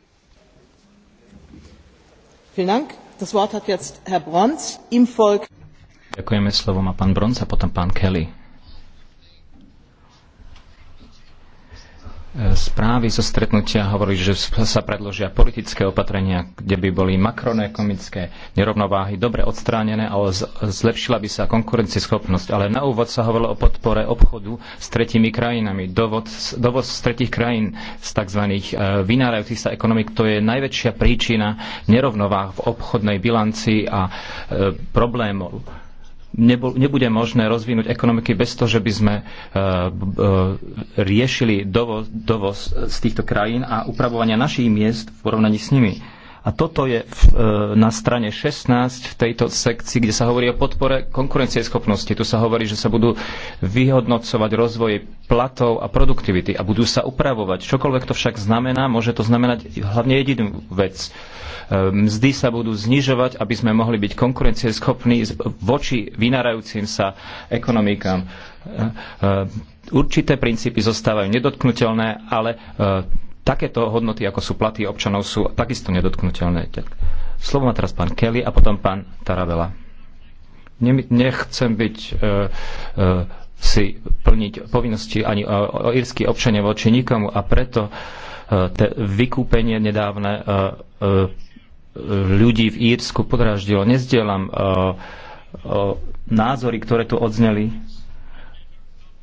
Ďakujeme slovo má pán Bronc a potom pán Kelly. správy zo stretnutia hovorí, že sa predložia politické opatrenia, kde by boli makroekonomické nerovnováhy dobre odstránené, ale zlepšila by sa konkurencieschopnosť. Ale na úvod sa hovorilo o podpore obchodu s tretími krajinami. Dovod, dovoz z tretích krajín z tzv. E, vynárajúcich sa ekonomik, to je najväčšia príčina nerovnováh v obchodnej bilanci a e, problémov nebude možné rozvinúť ekonomiky bez toho, že by sme e, e, riešili dovoz, dovoz z týchto krajín a upravovania našich miest v porovnaní s nimi. A toto je e, na strane 16 v tejto sekcii, kde sa hovorí o podpore konkurencieschopnosti. Tu sa hovorí, že sa budú vyhodnocovať rozvoj platov a produktivity a budú sa upravovať. Čokoľvek to však znamená, môže to znamenať hlavne jedinú vec. E, mzdy sa budú znižovať, aby sme mohli byť konkurencieschopní voči vynárajúcim sa ekonomikám. E, určité princípy zostávajú nedotknutelné, ale takéto hodnoty, ako sú platy občanov, sú takisto nedotknutelné. Slovo má teraz pán Kelly a potom pán Tarabela. Nechcem byť uh, uh, si plniť povinnosti ani e, o írsky občania voči nikomu a preto te vykúpenie nedávne ľudí v Írsku podráždilo. Nezdielam názory, ktoré tu odzneli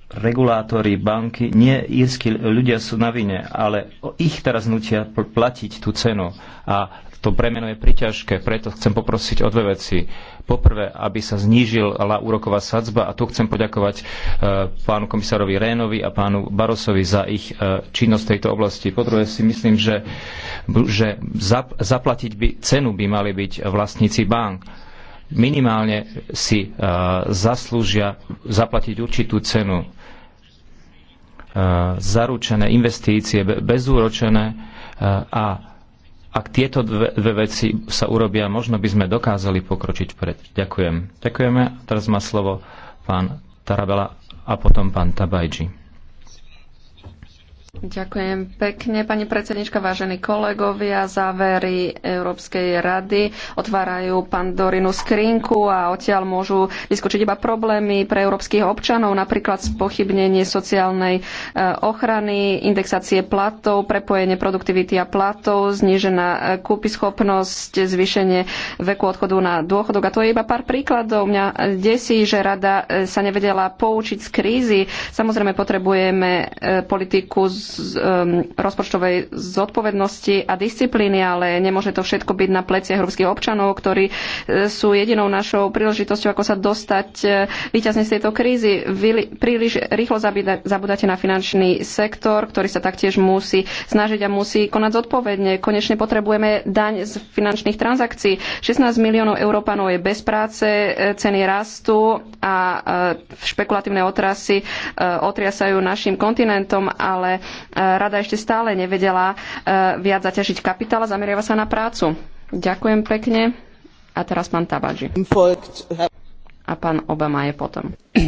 regulátori, banky, nie írsky ľudia sú na vine, ale ich teraz nutia platiť tú cenu. A to bremeno je priťažké, preto chcem poprosiť o dve veci. Poprvé, aby sa znížila úroková sadzba a tu chcem poďakovať e, pánu komisárovi Rénovi a pánu Barosovi za ich e, činnosť v tejto oblasti. Po druhé si myslím, že, že zaplatiť by, cenu by mali byť vlastníci bank minimálne si e, zaslúžia zaplatiť určitú cenu. E, zaručené investície, bezúročené e, a ak tieto dve, veci sa urobia, možno by sme dokázali pokročiť vpred. Ďakujem. Ďakujeme. Teraz má slovo pán Tarabela a potom pán Tabajdži. Ďakujem pekne, pani predsednička, vážení kolegovia. Závery Európskej rady otvárajú Pandorinu skrinku a odtiaľ môžu vyskočiť iba problémy pre európskych občanov, napríklad spochybnenie sociálnej e, ochrany, indexácie platov, prepojenie produktivity a platov, znížená e, kúpyschopnosť, zvýšenie veku odchodu na dôchodok. A to je iba pár príkladov. Mňa e, desí, že rada sa nevedela poučiť z krízy. Samozrejme, potrebujeme politiku z z, um, rozpočtovej zodpovednosti a disciplíny, ale nemôže to všetko byť na pleciach európskych občanov, ktorí e, sú jedinou našou príležitosťou, ako sa dostať e, výťazne z tejto krízy. Vy príliš rýchlo zabudáte na finančný sektor, ktorý sa taktiež musí snažiť a musí konať zodpovedne. Konečne potrebujeme daň z finančných transakcií. 16 miliónov Európanov je bez práce, e, ceny rastú a špekulatívne otrasy otriasajú našim kontinentom, ale E, rada ešte stále nevedela e, viac zaťažiť kapitál a zameriava sa na prácu. Ďakujem pekne. A teraz pán Tabadži. A pán Obama je potom.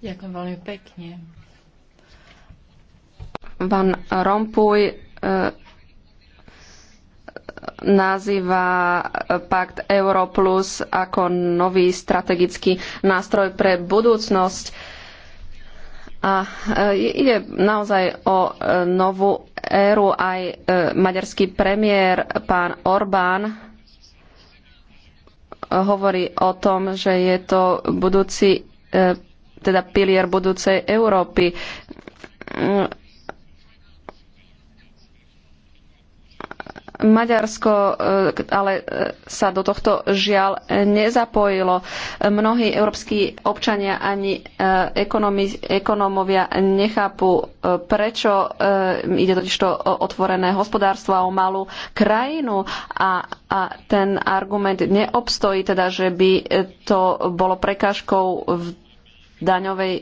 Ďakujem veľmi pekne. Pán Rompuj e, nazýva pakt Euro Plus ako nový strategický nástroj pre budúcnosť a e, ide naozaj o e, novú éru. Aj e, maďarský premiér pán Orbán hovorí o tom, že je to budúci, teda pilier budúcej Európy. Mm, Maďarsko e, ale e, sa do tohto žiaľ e, nezapojilo. Mnohí európsky občania ani ekonomi, ekonómovia nechápu, prečo ide totiž to otvorené hospodárstvo a o malú krajinu a, a ten argument neobstojí, teda, že by to bolo prekážkou v daňovej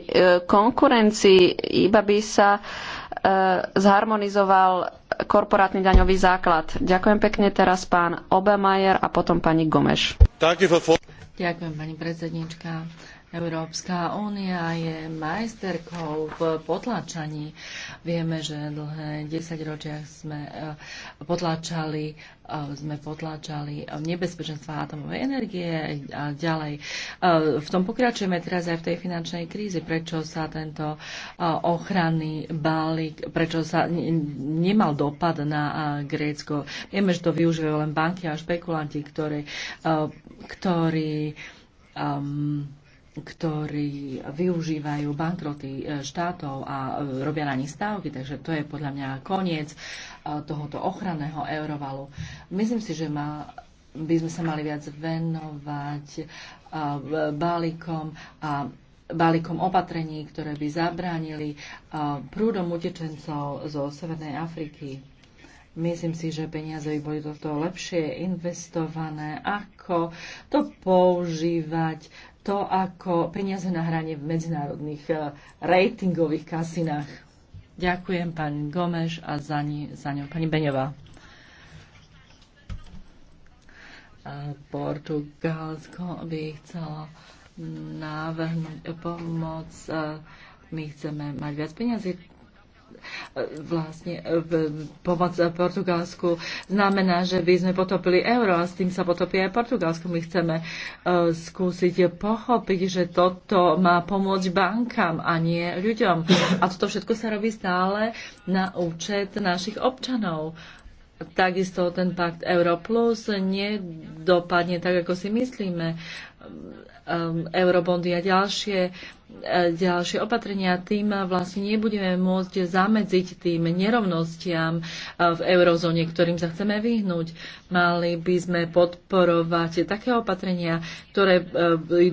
konkurencii, iba by sa uh, E, zharmonizoval korporátny daňový základ. Ďakujem pekne teraz pán Obemajer a potom pani Gomeš. Ďakujem, pani predsedníčka. Európska únia je majsterkou v potlačaní. Vieme, že dlhé desaťročia sme eh, potlačali, eh, sme potlačali nebezpečenstva atomovej energie a ďalej. Eh, v tom pokračujeme teraz aj v tej finančnej kríze. Prečo sa tento ochranný balík, prečo sa nemal dopad na Grécko? Vieme, že to využívajú len banky a špekulanti, ktorí, ktorí um, ehm, ktorí využívajú bankroty e, štátov a e, robia na nich stávky, takže to je podľa mňa koniec e, tohoto ochranného eurovalu. Myslím si, že má, by sme sa mali viac venovať balíkom a balíkom opatrení, ktoré by zabránili prúdom utečencov zo Severnej Afriky. Myslím si, že peniaze by boli toto lepšie investované, ako to používať to ako peniaze na hranie v medzinárodných e, ratingových kasinách. Ďakujem pani Gomeš a za, ni, za ňou pani Beňová. E, Portugalsko by chcelo návrhnúť pomoc. E, my chceme mať viac peniazy vlastne e, pomoc Portugalsku znamená, že by sme potopili euro a s tým sa potopí aj Portugalsku. My chceme e, skúsiť pochopiť, že toto má pomôcť bankám a nie ľuďom. A toto všetko sa robí stále na účet našich občanov. Takisto ten pakt Euro Plus nedopadne tak, ako si myslíme Um, eurobondy a ďalšie, e, ďalšie opatrenia, tým vlastne nebudeme môcť zamedziť tým nerovnostiam e, v eurozóne, ktorým sa chceme vyhnúť. Mali by sme podporovať také opatrenia, ktoré e,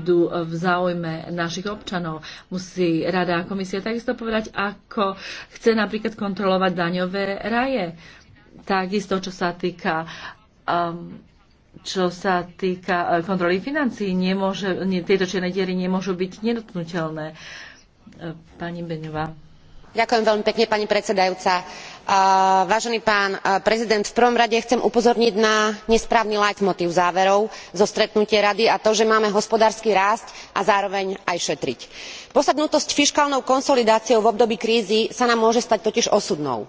idú v záujme našich občanov. Musí Rada a komisia takisto povedať, ako chce napríklad kontrolovať daňové raje. Takisto, čo sa týka um, čo sa týka e, kontroly financií, nemôže, nie, tieto čierne diery nemôžu byť nedotknutelné. E, pani Beňová. Ďakujem veľmi pekne, pani predsedajúca. Uh, vážený pán uh, prezident, v prvom rade chcem upozorniť na nesprávny leitmotiv záverov zo stretnutie rady a to, že máme hospodársky rásť a zároveň aj šetriť. Posadnutosť fiškálnou konsolidáciou v období krízy sa nám môže stať totiž osudnou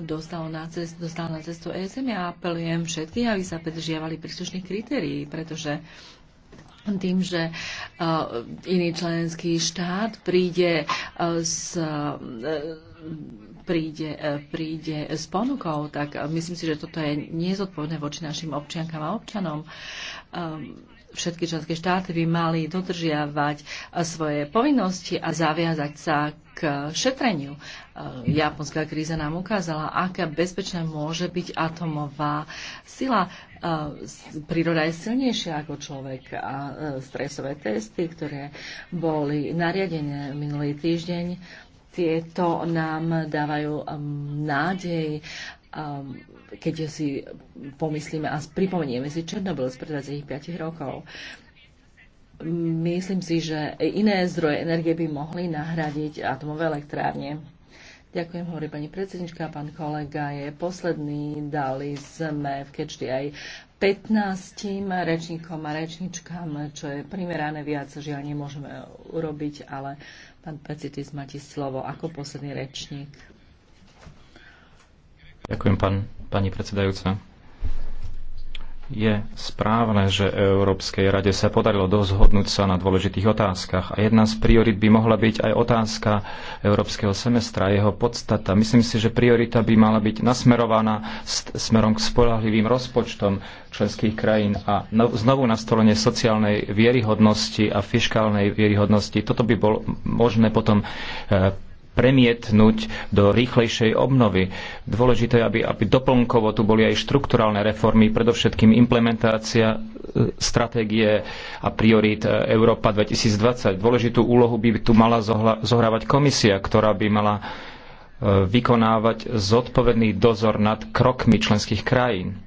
dostal na, cest, dostal na cestu ESM. Ja apelujem všetkých, aby sa pridržiavali príslušných kritérií, pretože tým, že e, iný členský štát príde e, s e, príde, príde s ponukou, tak myslím si, že toto je nezodpovedné voči našim občiankám a občanom. Ehm, všetky členské štáty by mali dodržiavať e, svoje povinnosti a zaviazať sa k šetreniu. E, japonská kríza nám ukázala, aká bezpečná môže byť atomová sila. E, príroda je silnejšia ako človek a stresové testy, ktoré boli nariadené minulý týždeň, tieto nám dávajú nádej keď si pomyslíme a pripomenieme si Černobyl z pred 25 rokov. Myslím si, že iné zdroje energie by mohli nahradiť atomové elektrárne. Ďakujem, hovorí pani predsednička, pán kolega je posledný. Dali sme v kečti aj 15 rečníkom a rečničkám, čo je primerané viac, žiaľ nemôžeme urobiť, ale pán Pecitis máte slovo ako posledný rečník. Ďakujem, pán pani predsedajúca. Je správne, že Európskej rade sa podarilo dozhodnúť sa na dôležitých otázkach a jedna z priorit by mohla byť aj otázka Európskeho semestra a jeho podstata. Myslím si, že priorita by mala byť nasmerovaná smerom k spolahlivým rozpočtom členských krajín a no, znovu nastolenie sociálnej vieryhodnosti a fiskálnej vieryhodnosti. Toto by bol možné potom eh, premietnúť do rýchlejšej obnovy. Dôležité je, aby, aby doplnkovo tu boli aj štrukturálne reformy, predovšetkým implementácia e, stratégie a priorít e, Európa 2020. Dôležitú úlohu by tu mala zohrávať komisia, ktorá by mala e, vykonávať zodpovedný dozor nad krokmi členských krajín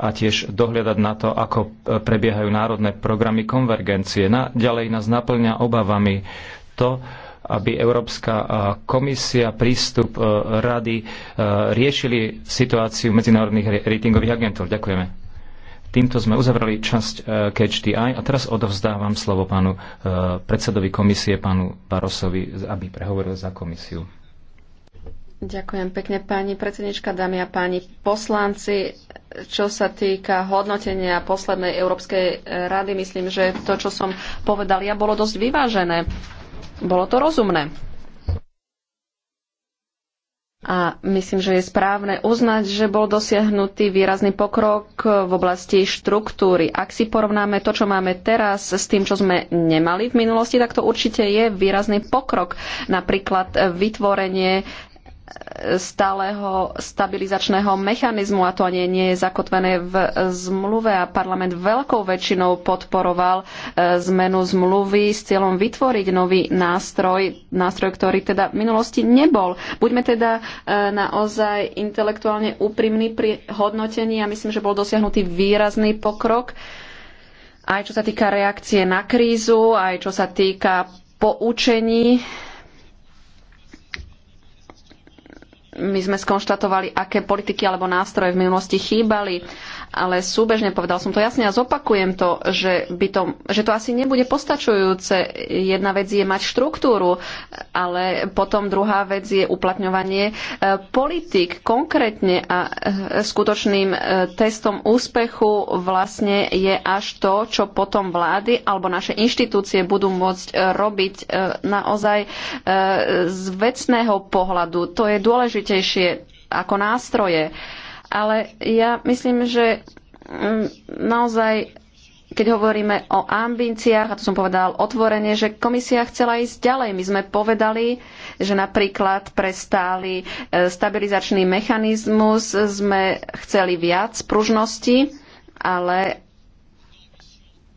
a tiež dohľadať na to, ako prebiehajú národné programy konvergencie. Na, ďalej nás naplňa obavami to, aby Európska komisia, prístup rady riešili situáciu medzinárodných ratingových agentov. Ďakujeme. Týmto sme uzavrali časť KHDI a teraz odovzdávam slovo pánu predsedovi komisie, pánu Barosovi, aby prehovoril za komisiu. Ďakujem pekne, pani predsednička, dámy a páni poslanci. Čo sa týka hodnotenia poslednej Európskej rady, myslím, že to, čo som povedal, ja bolo dosť vyvážené. Bolo to rozumné. A myslím, že je správne uznať, že bol dosiahnutý výrazný pokrok v oblasti štruktúry. Ak si porovnáme to, čo máme teraz s tým, čo sme nemali v minulosti, tak to určite je výrazný pokrok. Napríklad vytvorenie stáleho stabilizačného mechanizmu a to ani nie je zakotvené v zmluve a parlament veľkou väčšinou podporoval e, zmenu zmluvy s cieľom vytvoriť nový nástroj, nástroj, ktorý teda v minulosti nebol. Buďme teda e, naozaj intelektuálne úprimní pri hodnotení a myslím, že bol dosiahnutý výrazný pokrok aj čo sa týka reakcie na krízu, aj čo sa týka poučení my sme skonštatovali, aké politiky alebo nástroje v minulosti chýbali, ale súbežne povedal som to jasne a zopakujem to, že, by to, že to asi nebude postačujúce. Jedna vec je mať štruktúru, ale potom druhá vec je uplatňovanie e, politik konkrétne a e, skutočným e, testom úspechu vlastne je až to, čo potom vlády alebo naše inštitúcie budú môcť robiť naozaj z vecného pohľadu. To je dôležité dôležitejšie ako nástroje. Ale ja myslím, že mm, naozaj, keď hovoríme o ambíciách, a to som povedal otvorene, že komisia chcela ísť ďalej. My sme povedali, že napríklad pre stály e, stabilizačný mechanizmus sme chceli viac pružnosti, ale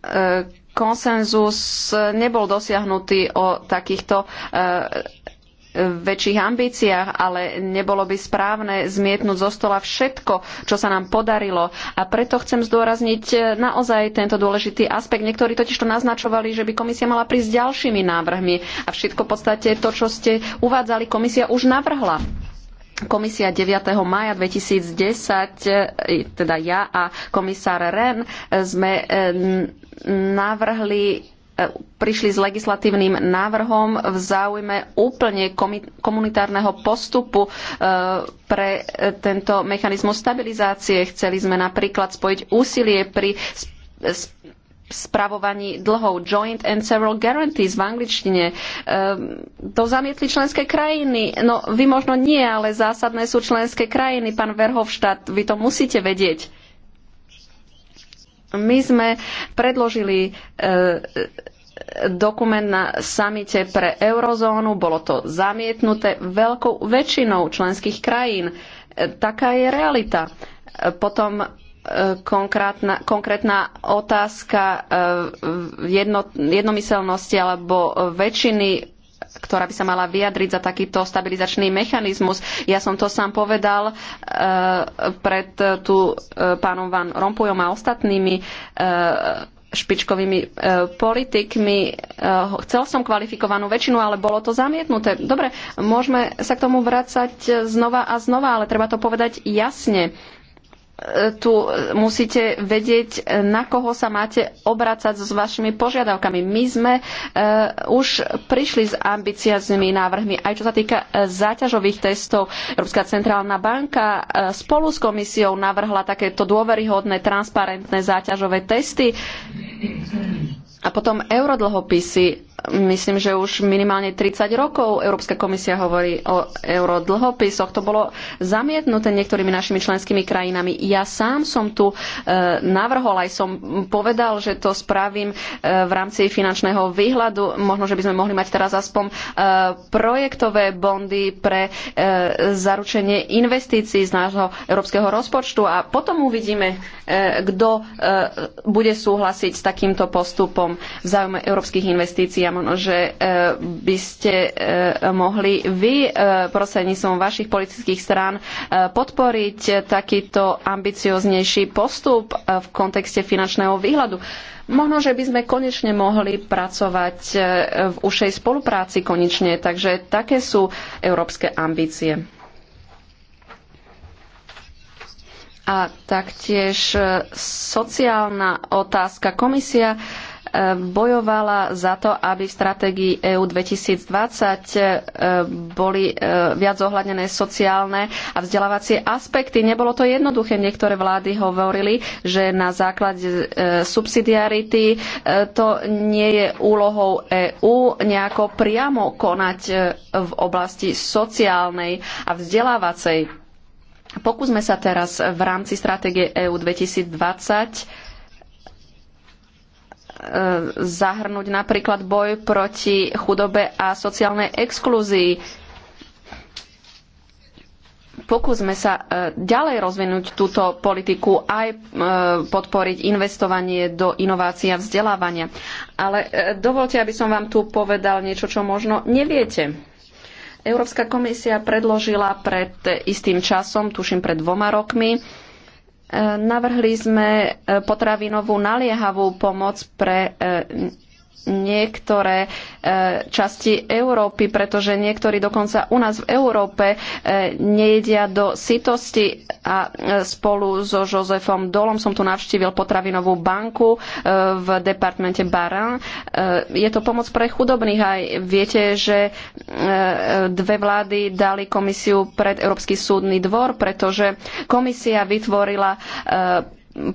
e, konsenzus nebol dosiahnutý o takýchto e, väčších ambíciách, ale nebolo by správne zmietnúť zo stola všetko, čo sa nám podarilo. A preto chcem zdôrazniť e, naozaj tento dôležitý aspekt. Niektorí totiž to naznačovali, že by komisia mala prísť s ďalšími návrhmi. A všetko v podstate to, čo ste uvádzali, komisia už navrhla. Komisia 9. maja 2010, e, teda ja a komisár Ren, e, sme navrhli prišli s legislatívnym návrhom v záujme úplne komunitárneho postupu e, pre e, tento mechanizmus stabilizácie. Chceli sme napríklad spojiť úsilie pri spravovaní dlhov joint and several guarantees v angličtine. E, to zamietli členské krajiny. No vy možno nie, ale zásadné sú členské krajiny. Pán Verhofštát, vy to musíte vedieť. My sme predložili e, dokument na samite pre eurozónu, bolo to zamietnuté veľkou väčšinou členských krajín. E, taká je realita. E, potom konkrétna, konkrétna otázka jedno, jednomyselnosti alebo väčšiny ktorá by sa mala vyjadriť za takýto stabilizačný mechanizmus. Ja som to sám povedal e, pred e, tu e, pánom Van Rompujom a ostatnými špičkovými e, politikmi. E, chcel som kvalifikovanú väčšinu, ale bolo to zamietnuté. Dobre, môžeme sa k tomu vrácať znova a znova, ale treba to povedať jasne tu musíte vedieť, na koho sa máte obracať s vašimi požiadavkami. My sme e, už prišli s ambiciaznými návrhmi, aj čo sa týka e, záťažových testov. Európska centrálna banka e, spolu s komisiou navrhla takéto dôveryhodné, transparentné záťažové testy. A potom eurodlhopisy. Myslím, že už minimálne 30 rokov Európska komisia hovorí o eurodlhopisoch. To bolo zamietnuté niektorými našimi členskými krajinami. Ja sám som tu e, navrhol, aj som povedal, že to spravím e, v rámci finančného výhľadu. Možno, že by sme mohli mať teraz aspoň e, projektové bondy pre e, zaručenie investícií z nášho európskeho rozpočtu a potom uvidíme, e, kto e, bude súhlasiť s takýmto postupom záujmom, v záujme európskych investícií a možno, že e, by ste e, mohli vy e, prostredníctvom vašich politických strán podporiť takýto ambicioznejší postup v kontexte finančného výhľadu. Možno, že by sme konečne mohli pracovať v ušej spolupráci konečne, takže také sú európske ambície. A taktiež sociálna otázka. Komisia bojovala za to, aby v stratégii EU 2020 e, boli e, viac zohľadnené sociálne a vzdelávacie aspekty. Nebolo to jednoduché. Niektoré vlády hovorili, že na základe e, subsidiarity to nie je úlohou EÚ nejako priamo konať v oblasti sociálnej a vzdelávacej. Pokúsme sa teraz v rámci stratégie EU 2020 E, zahrnúť napríklad boj proti chudobe a sociálnej exklúzii. Pokúsme sa e, ďalej rozvinúť túto politiku aj e, podporiť investovanie do inovácií a vzdelávania. Ale dovolte, aby som vám tu povedal niečo, čo možno neviete. Európska komisia predložila pred istým časom, tuším pred dvoma rokmi, Navrhli sme e, potravinovú naliehavú pomoc pre e, niektoré e, časti Európy, pretože niektorí dokonca u nás v Európe e, nejedia do sitosti a e, spolu so Jozefom Dolom som tu navštívil potravinovú banku v departmente Baran. Je to pomoc pre chudobných aj viete, že dve vlády dali komisiu pred Európsky súdny dvor, pretože komisia vytvorila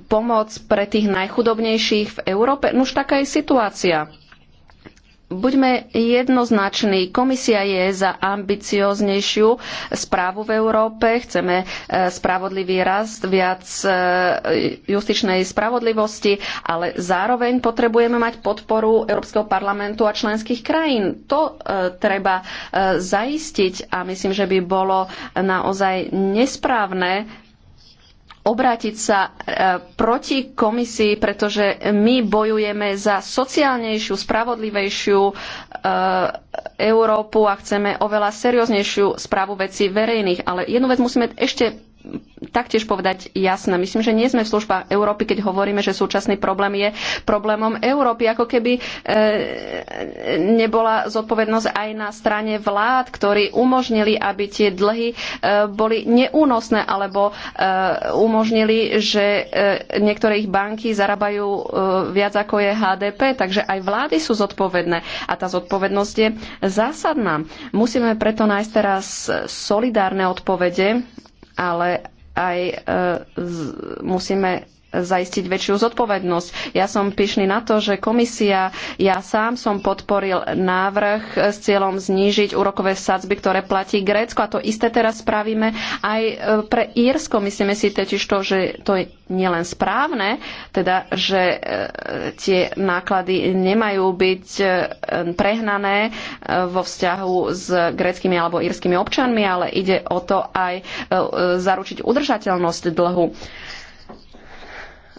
pomoc pre tých najchudobnejších v Európe. Nuž taká je situácia. Buďme jednoznační. Komisia je za ambicioznejšiu správu v Európe. Chceme e, spravodlivý rast, viac e, justičnej spravodlivosti, ale zároveň potrebujeme mať podporu Európskeho parlamentu a členských krajín. To e, treba zaistiť a myslím, že by bolo naozaj nesprávne obrátiť sa e, proti komisii, pretože my bojujeme za sociálnejšiu, spravodlivejšiu e, Európu a chceme oveľa serióznejšiu správu vecí verejných. Ale jednu vec musíme ešte taktiež povedať jasné. Myslím, že nie sme v službách Európy, keď hovoríme, že súčasný problém je problémom Európy. Ako keby e, nebola zodpovednosť aj na strane vlád, ktorí umožnili, aby tie dlhy e, boli neúnosné alebo e, umožnili, že e, niektoré ich banky zarábajú e, viac ako je HDP. Takže aj vlády sú zodpovedné a tá zodpovednosť je zásadná. Musíme preto nájsť teraz solidárne odpovede ale aj e, musíme zaistiť väčšiu zodpovednosť. Ja som pyšný na to, že komisia, ja sám som podporil návrh s cieľom znížiť úrokové sadzby, ktoré platí Grécko a to isté teraz spravíme aj e, pre Írsko. Myslíme si totiž to, že to je nielen správne, teda, že e, tie náklady nemajú byť e, prehnané vo vzťahu s gréckými alebo írskymi občanmi, ale ide o to aj zaručiť udržateľnosť dlhu.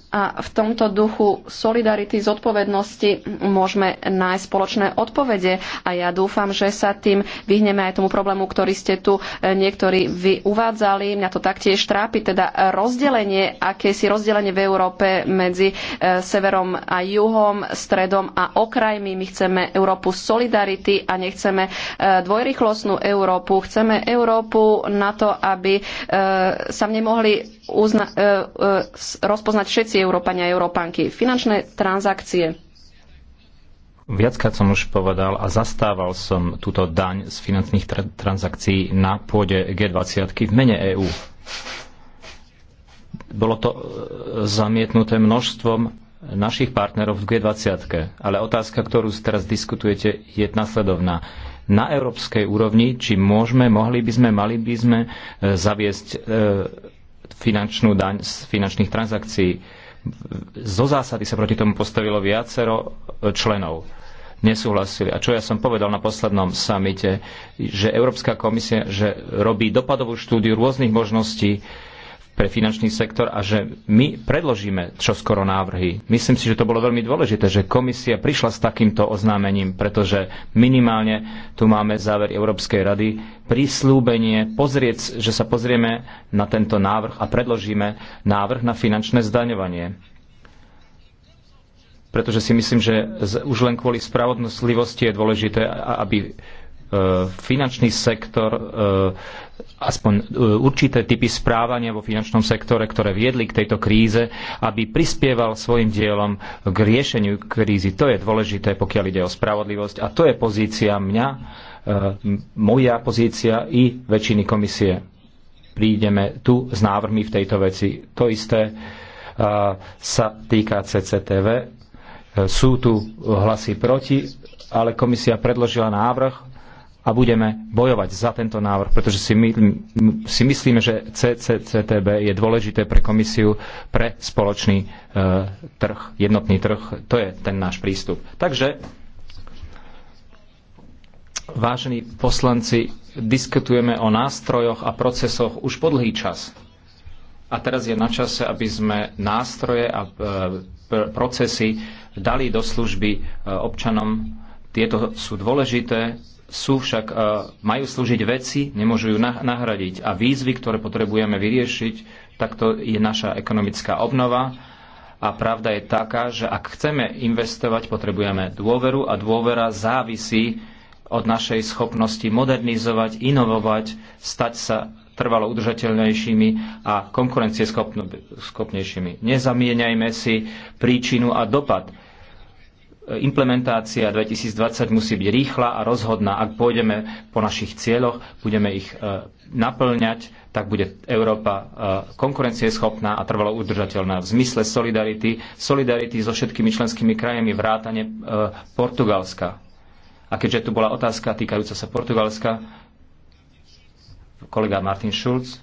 A v tomto duchu solidarity, zodpovednosti môžeme nájsť spoločné odpovede. A ja dúfam, že sa tým vyhneme aj tomu problému, ktorý ste tu e, niektorí vy uvádzali. Mňa to taktiež trápi, teda rozdelenie, si rozdelenie v Európe medzi e, severom a juhom, stredom a okrajmi. My chceme Európu solidarity a nechceme e, dvojrychlostnú Európu. Chceme Európu na to, aby sa nemohli uzna- rozpoznať všetci Európania a Európanky. Finančné transakcie. Viackrát som už povedal a zastával som túto daň z finančných tra- transakcií na pôde G20 v mene EÚ. Bolo to e, zamietnuté množstvom našich partnerov v G20. Ale otázka, ktorú teraz diskutujete, je nasledovná na európskej úrovni, či môžeme, mohli by sme, mali by sme e, zaviesť e, finančnú daň z finančných transakcií. Zo zásady sa proti tomu postavilo viacero e, členov nesúhlasili. A čo ja som povedal na poslednom samite, že Európska komisia že robí dopadovú štúdiu rôznych možností pre finančný sektor a že my predložíme čoskoro návrhy. Myslím si, že to bolo veľmi dôležité, že komisia prišla s takýmto oznámením, pretože minimálne tu máme záver Európskej rady, prislúbenie pozrieť, že sa pozrieme na tento návrh a predložíme návrh na finančné zdaňovanie pretože si myslím, že už len kvôli spravodlivosti je dôležité, aby e, finančný sektor e, aspoň e, určité typy správania vo finančnom sektore, ktoré viedli k tejto kríze, aby prispieval svojim dielom k riešeniu krízy. To je dôležité, pokiaľ ide o spravodlivosť a to je pozícia mňa, e, moja pozícia i väčšiny komisie. Prídeme tu s návrhmi v tejto veci. To isté e, sa týka CCTV. Sú tu hlasy proti, ale komisia predložila návrh, a budeme bojovať za tento návrh, pretože si, my, si myslíme, že CCCTB je dôležité pre komisiu, pre spoločný e, trh, jednotný trh. To je ten náš prístup. Takže, vážení poslanci, diskutujeme o nástrojoch a procesoch už po dlhý čas. A teraz je na čase, aby sme nástroje a e, procesy dali do služby e, občanom. Tieto sú dôležité sú však, e, majú slúžiť veci, nemôžu ju nahradiť. A výzvy, ktoré potrebujeme vyriešiť, takto je naša ekonomická obnova. A pravda je taká, že ak chceme investovať, potrebujeme dôveru a dôvera závisí od našej schopnosti modernizovať, inovovať, stať sa trvalo udržateľnejšími a konkurencieschopnejšími. Nezamieňajme si príčinu a dopad implementácia 2020 musí byť rýchla a rozhodná. Ak pôjdeme po našich cieľoch, budeme ich e, naplňať, tak bude Európa e, konkurencieschopná a trvalo udržateľná v zmysle solidarity, solidarity so všetkými členskými krajami vrátane e, Portugalska. A keďže tu bola otázka týkajúca sa Portugalska, kolega Martin Schulz.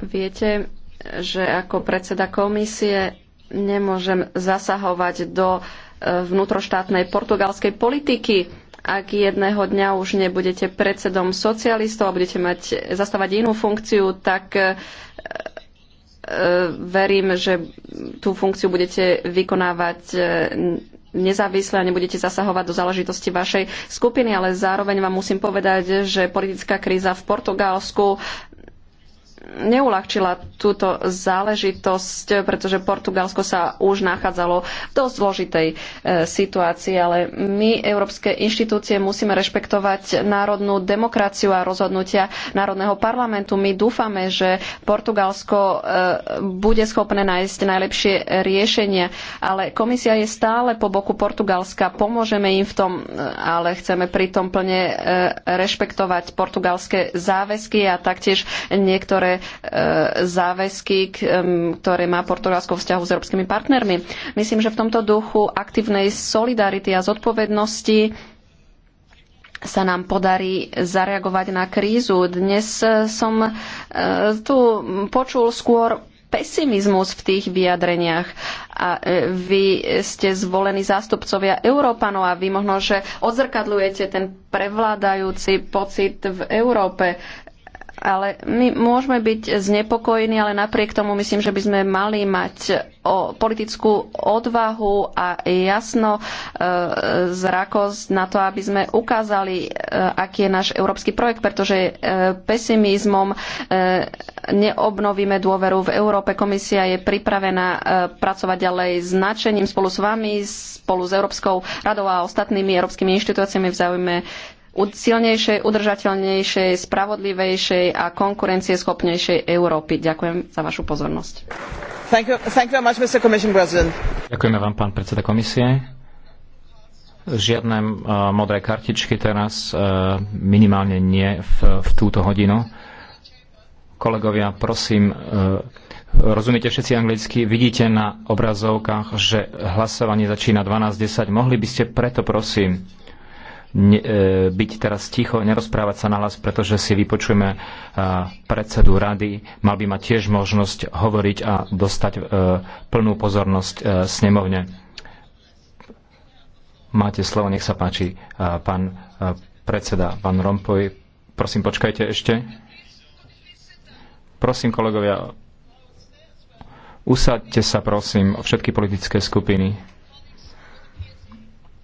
Viete, že ako predseda komisie nemôžem zasahovať do uh, vnútroštátnej portugalskej politiky. Ak jedného dňa už nebudete predsedom socialistov a budete mať, zastávať inú funkciu, tak e, e, verím, že tú funkciu budete vykonávať e, nezávisle a nebudete zasahovať do záležitosti vašej skupiny, ale zároveň vám musím povedať, že politická kríza v Portugalsku neulahčila túto záležitosť, pretože Portugalsko sa už nachádzalo v dosť zložitej e, situácii, ale my, európske inštitúcie, musíme rešpektovať národnú demokraciu a rozhodnutia Národného parlamentu. My dúfame, že Portugalsko e, bude schopné nájsť najlepšie riešenia, ale komisia je stále po boku Portugalska, pomôžeme im v tom, e, ale chceme pritom plne rešpektovať portugalské záväzky a taktiež niektoré záväzky, ktoré má Portugalsko vzťahu s európskymi partnermi. Myslím, že v tomto duchu aktívnej solidarity a zodpovednosti sa nám podarí zareagovať na krízu. Dnes eh, som eh, tu počul skôr pesimizmus v tých vyjadreniach. A eh, vy ste zvolení zástupcovia Európanov a vy možno, že odzrkadľujete ten prevládajúci pocit v Európe. Ale my môžeme byť znepokojení, ale napriek tomu myslím, že by sme mali mať o politickú odvahu a jasno e, zrakosť na to, aby sme ukázali, e, aký je náš európsky projekt, pretože e, pesimizmom e, neobnovíme dôveru v Európe. Komisia je pripravená e, pracovať ďalej s nadšením spolu s vami, spolu s Európskou radou a ostatnými európskymi inštitúciami v záujme silnejšej, udržateľnejšej, spravodlivejšej a konkurencieschopnejšej Európy. Ďakujem za vašu pozornosť. Thank you, thank you much, Ďakujeme vám, pán predseda komisie. Žiadne uh, modré kartičky teraz, uh, minimálne nie v, v túto hodinu. Kolegovia, prosím, uh, rozumiete všetci anglicky, vidíte na obrazovkách, že hlasovanie začína 12.10. Mohli by ste preto, prosím, ne, e, byť teraz ticho, nerozprávať sa nahlas, pretože si vypočujeme e, predsedu rady. Mal by mať tiež možnosť hovoriť a dostať e, plnú pozornosť snemovne. Máte slovo, nech sa páči, pán predseda, pán Rompuy. Prosím, počkajte ešte. Prosím, kolegovia, usaďte sa, prosím, všetky politické skupiny.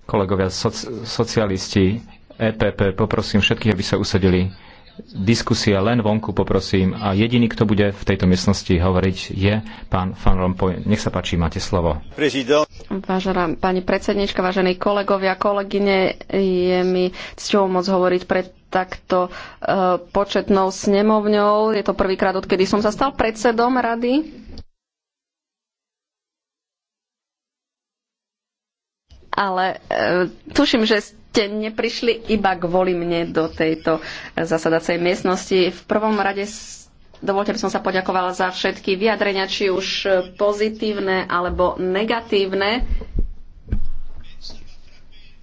Kolegovia soci- socialisti, EPP, poprosím všetkých, aby sa usadili. Diskusia len vonku poprosím a jediný, kto bude v tejto miestnosti hovoriť, je pán Van Rompuy. Nech sa páči, máte slovo. Prezident. Vážená pani predsednička, vážení kolegovia, kolegyne, je mi cťou moc hovoriť pred takto e, početnou snemovňou. Je to prvýkrát, odkedy som sa stal predsedom rady ale e, tuším, že ste neprišli iba kvôli mne do tejto e, zasadacej miestnosti. V prvom rade dovolte by som sa poďakovala za všetky vyjadrenia, či už e, pozitívne alebo negatívne.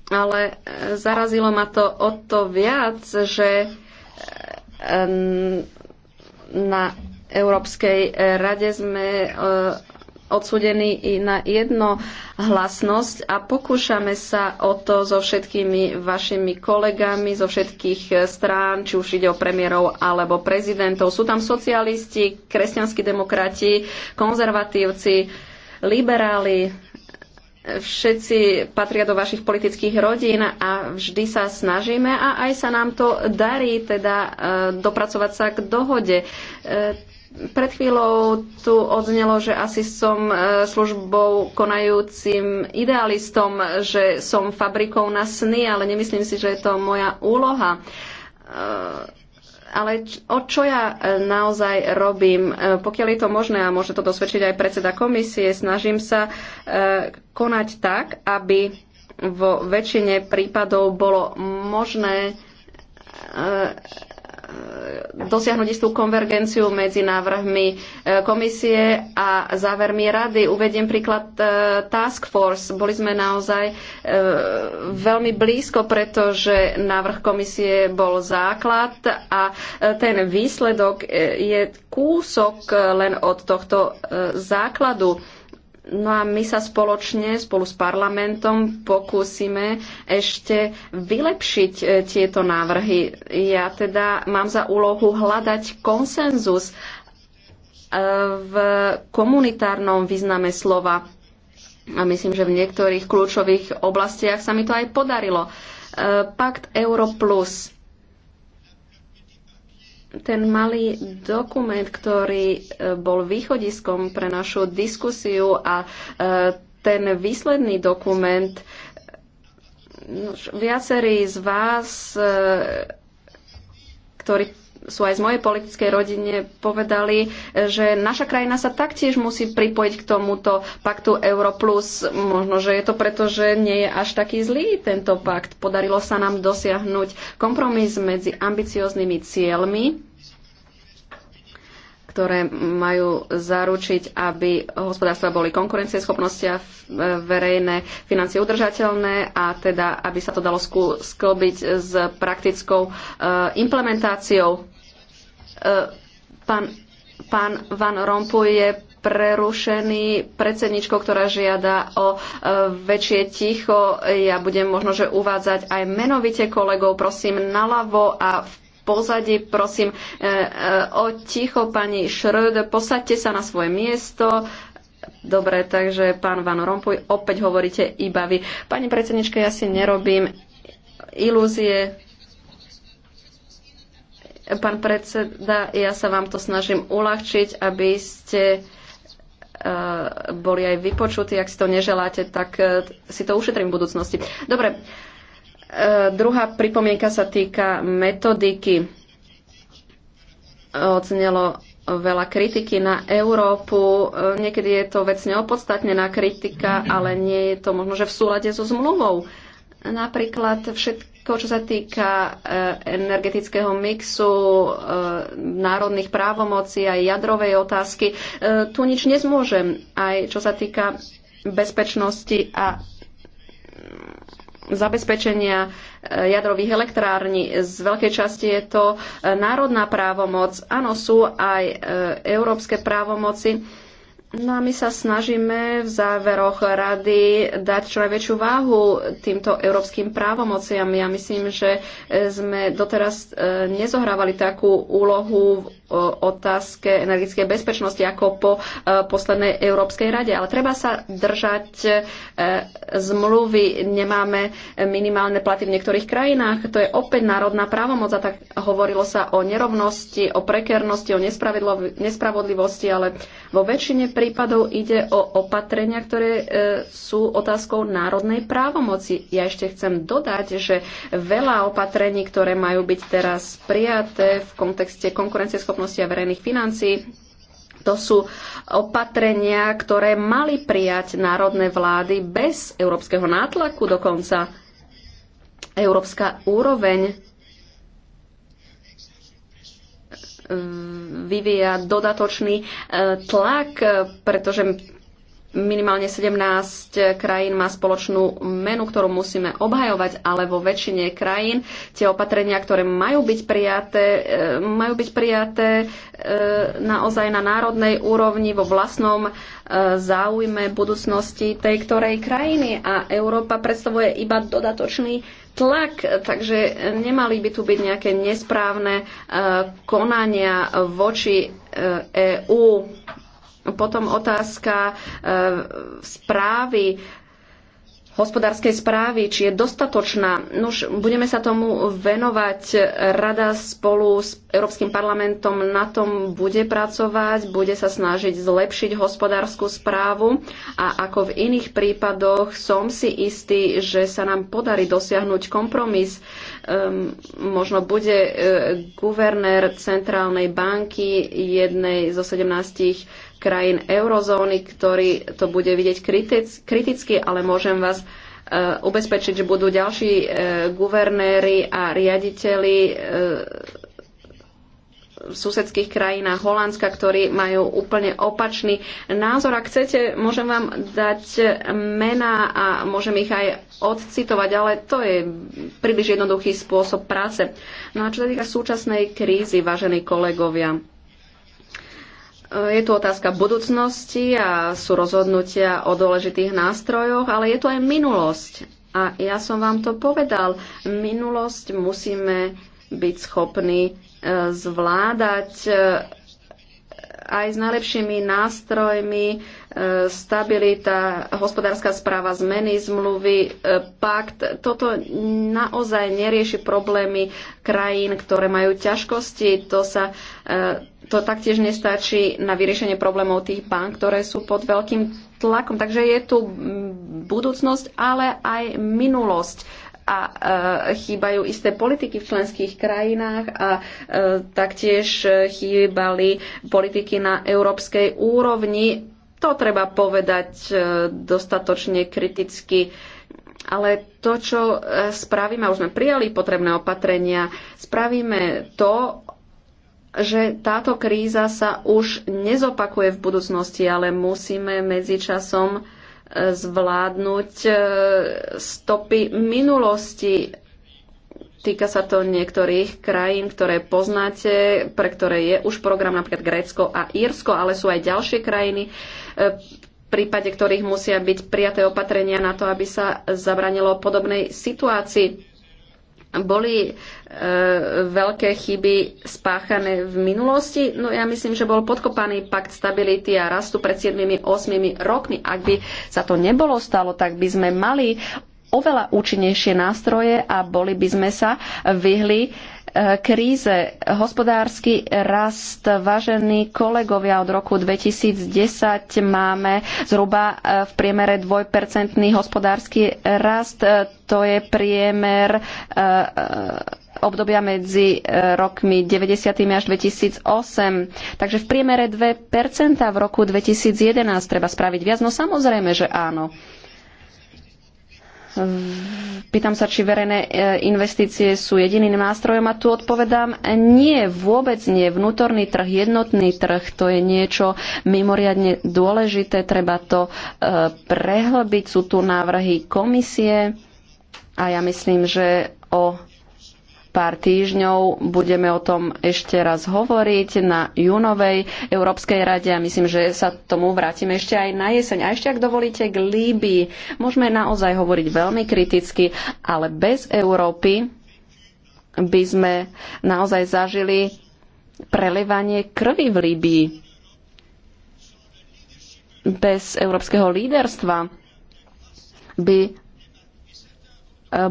Ale zarazilo ma to o to viac, že na Európskej rade sme odsudení i na hlasnosť a pokúšame sa o to so všetkými vašimi kolegami zo všetkých eh, strán, či už ide o premiérov alebo prezidentov. Sú tam socialisti, kresťanskí demokrati, konzervatívci, liberáli, všetci patria do vašich politických rodín a vždy sa snažíme a aj sa nám to darí, teda eh, dopracovať sa k dohode eh, pred chvíľou tu odznelo, že asi som e, službou konajúcim idealistom, že som fabrikou na sny, ale nemyslím si, že je to moja úloha. E, ale o čo ja e, naozaj robím, pokiaľ je to možné, a môže to dosvedčiť aj predseda komisie, snažím sa konať tak, aby vo väčšine prípadov bolo možné dosiahnuť istú konvergenciu medzi návrhmi e, komisie a závermi rady. Uvediem príklad e, Task Force. Boli sme naozaj e, veľmi blízko, pretože návrh komisie bol základ a ten výsledok je kúsok len od tohto základu. No a my sa spoločne, spolu s parlamentom, pokúsime ešte vylepšiť e, tieto návrhy. Ja teda mám za úlohu hľadať konsenzus e, v komunitárnom význame slova. A myslím, že v niektorých kľúčových oblastiach sa mi to aj podarilo. E, Pakt Euro Plus ten malý dokument, ktorý e, bol východiskom pre našu diskusiu a e, ten výsledný dokument, no, viacerí z vás, e, ktorí sú aj z mojej politickej rodine povedali, že naša krajina sa taktiež musí pripojiť k tomuto paktu Euro+. Možno, že je to preto, že nie je až taký zlý tento pakt. Podarilo sa nám dosiahnuť kompromis medzi ambicioznými cieľmi ktoré majú zaručiť, aby hospodárstva boli konkurencieschopnosti a verejné financie udržateľné a teda, aby sa to dalo sklbiť s praktickou e, implementáciou. E, pán, pán Van Rompuy je prerušený predsedničkou, ktorá žiada o e, väčšie ticho. Ja budem možno, že uvádzať aj menovite kolegov, prosím, naľavo a v pozadí, prosím e, o ticho pani Schröd, posaďte sa na svoje miesto. Dobre, takže pán Van Rompuy, opäť hovoríte iba vy. Pani predsednička, ja si nerobím ilúzie, Pán predseda, ja sa vám to snažím uľahčiť, aby ste e, boli aj vypočutí. Ak si to neželáte, tak e, si to ušetrím v budúcnosti. Dobre, e, druhá pripomienka sa týka metodiky. Ocenilo veľa kritiky na Európu. Niekedy je to vecne opodstatnená kritika, ale nie je to možno, že v súlade so zmluvou. Napríklad všetky to, čo sa týka eh, energetického mixu, eh, národných právomocí a jadrovej otázky, eh, tu nič nezmôžem. Aj čo sa týka bezpečnosti a zabezpečenia jadrových elektrární. Z veľkej časti je to národná právomoc. Áno, sú aj európske právomoci No a my sa snažíme v záveroch rady dať čo najväčšiu váhu týmto európskym právomociam. Ja myslím, že sme doteraz eh, nezohrávali takú úlohu v otázke energetickej bezpečnosti ako po e, poslednej Európskej rade. Ale treba sa držať e, zmluvy. Nemáme minimálne platy v niektorých krajinách. To je opäť národná právomoc a tak hovorilo sa o nerovnosti, o prekernosti, o nespravodlivosti, ale vo väčšine prípadov ide o opatrenia, ktoré e, sú otázkou národnej právomoci. Ja ešte chcem dodať, že veľa opatrení, ktoré majú byť teraz prijaté v kontexte konkurencieschopnosti, schopnosti a verejných financií. To sú opatrenia, ktoré mali prijať národné vlády bez európskeho nátlaku dokonca. Európska úroveň vyvíja dodatočný eh, tlak, pretože minimálne 17 krajín má spoločnú menu, ktorú musíme obhajovať, ale vo väčšine krajín tie opatrenia, ktoré majú byť prijaté, e, majú byť prijaté e, naozaj na národnej úrovni vo vlastnom e, záujme budúcnosti tej ktorej krajiny a Európa predstavuje iba dodatočný tlak, takže nemali by tu byť nejaké nesprávne konania voči EÚ potom otázka e, správy hospodárskej správy, či je dostatočná. už budeme sa tomu venovať. Rada spolu s Európskym parlamentom na tom bude pracovať, bude sa snažiť zlepšiť hospodárskú správu a ako v iných prípadoch som si istý, že sa nám podarí dosiahnuť kompromis. Um, možno bude uh, guvernér Centrálnej banky jednej zo 17 krajín eurozóny, ktorý to bude vidieť kriticky, ale môžem vás e, ubezpečiť, že budú ďalší e, guvernéry a riaditeľi e, v susedských krajinách Holandska, ktorí majú úplne opačný názor. Ak chcete, môžem vám dať mená a môžem ich aj odcitovať, ale to je príliš jednoduchý spôsob práce. No a čo sa týka súčasnej krízy, vážení kolegovia, je tu otázka budúcnosti a sú rozhodnutia o dôležitých nástrojoch, ale je tu aj minulosť. A ja som vám to povedal. Minulosť musíme byť schopní e, zvládať e, aj s najlepšími nástrojmi, e, stabilita, hospodárska správa, zmeny zmluvy, pakt. Toto naozaj nerieši problémy krajín, ktoré majú ťažkosti. To sa to taktiež nestačí na vyriešenie problémov tých bank, ktoré sú pod veľkým tlakom. Takže je tu budúcnosť, ale aj minulosť a e, chýbajú isté politiky v členských krajinách a e, taktiež chýbali politiky na európskej úrovni. To treba povedať e, dostatočne kriticky. Ale to, čo e, spravíme, už sme prijali potrebné opatrenia, spravíme to, že táto kríza sa už nezopakuje v budúcnosti, ale musíme medzičasom e, zvládnuť e, stopy minulosti. Týka sa to niektorých krajín, ktoré poznáte, pre ktoré je už program napríklad Grécko a Írsko, ale sú aj ďalšie krajiny, e, v prípade ktorých musia byť prijaté opatrenia na to, aby sa zabranilo podobnej situácii boli e, veľké chyby spáchané v minulosti? No ja myslím, že bol podkopaný pakt stability a rastu pred 7-8 rokmi. Ak by sa to nebolo stalo, tak by sme mali oveľa účinnejšie nástroje a boli by sme sa vyhli kríze. Hospodársky rast, vážení kolegovia, od roku 2010 máme zhruba e, v priemere dvojpercentný hospodársky rast. E, to je priemer e, obdobia medzi rokmi 90. až 2008. Takže v priemere 2% v roku 2011 treba spraviť viac. No samozrejme, že áno. Pýtam sa, či verejné e, investície sú jediným nástrojom a tu odpovedám nie, vôbec nie. Vnútorný trh, jednotný trh, to je niečo mimoriadne dôležité, treba to e, prehlbiť. Sú tu návrhy komisie a ja myslím, že o pár týždňov budeme o tom ešte raz hovoriť na júnovej Európskej rade a myslím, že sa tomu vrátime ešte aj na jeseň. A ešte, ak dovolíte, k Líbii. Môžeme naozaj hovoriť veľmi kriticky, ale bez Európy by sme naozaj zažili prelevanie krvi v Líbii. Bez európskeho líderstva by eh,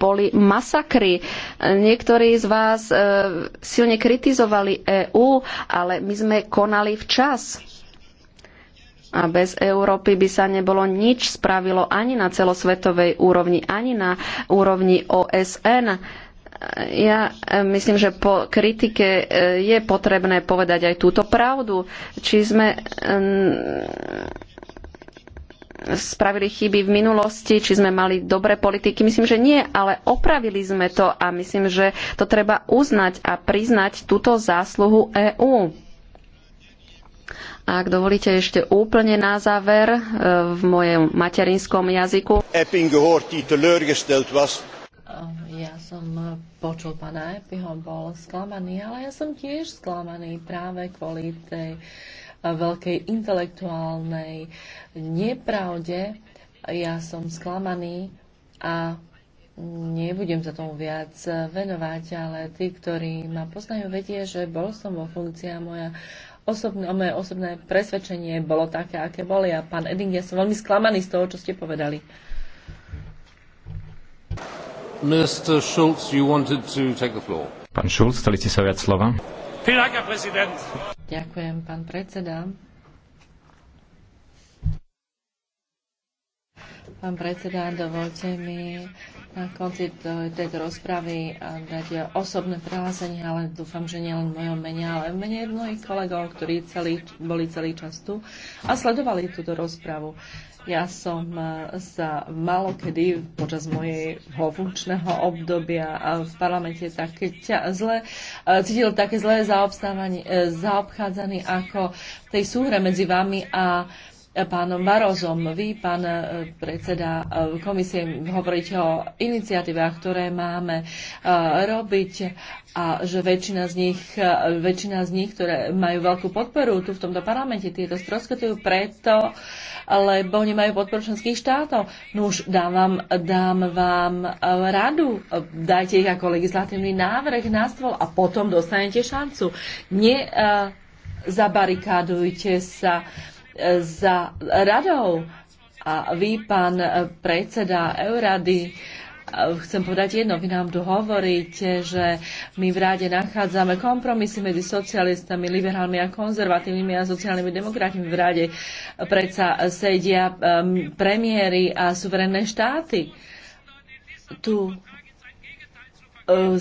boli masakry. Niektorí z vás e, silne kritizovali EÚ, ale my sme konali včas. A bez Európy by sa nebolo nič spravilo ani na celosvetovej úrovni, ani na úrovni OSN. Ja e, myslím, že po kritike e, je potrebné povedať aj túto pravdu. Či sme e, spravili chyby v minulosti, či sme mali dobré politiky. Myslím, že nie, ale opravili sme to a myslím, že to treba uznať a priznať túto zásluhu EÚ. Ak dovolíte ešte úplne na záver e, v mojom materinskom jazyku. Ja som počul pána Epiho, bol sklamaný, ale ja som tiež sklamaný práve kvôli tej veľkej intelektuálnej nepravde. Ja som sklamaný a nebudem sa tomu viac venovať, ale tí, ktorí ma poznajú, vedia, že bol som vo funkcii a moja osobné, moje osobné presvedčenie bolo také, aké boli. A pán Edding, ja som veľmi sklamaný z toho, čo ste povedali. Mr. Schulz, you wanted to take the floor. Pán Schulz, chceli ste sa viac slova? Ďakujem, pán predseda. Pán predseda, dovolte mi na konci tejto rozpravy eh, dať osobné prehlásenie, ale dúfam, že nielen v mojom mene, ale v mene mnohých kolegov, ktorí celý, boli celý čas tu a sledovali túto rozpravu. Ja som e, sa malokedy počas mojej funkčného obdobia e, v parlamente také zle, e, cítil také zlé zaobchádzanie ako tej súhre medzi vami a pánom Barozom. Vy, pán e, predseda e, komisie, hovoríte o iniciatívach, ktoré máme e, robiť a že väčšina z nich, väčšina z nich, ktoré majú veľkú podporu tu v tomto parlamente, tieto stroskotujú preto, lebo nemajú podporu členských štátov. No už dám vám, dám vám radu, dajte ich ako legislatívny návrh na stôl a potom dostanete šancu. Ne, zabarikádujte sa uh, za radou. A vy, pán predseda Eurady, chcem povedať jedno, vy nám tu hovoríte, že my v ráde nachádzame kompromisy medzi socialistami, liberálmi a konzervatívnymi a sociálnymi demokratmi. V ráde predsa sedia ehm, premiéry a suverénne štáty. Tu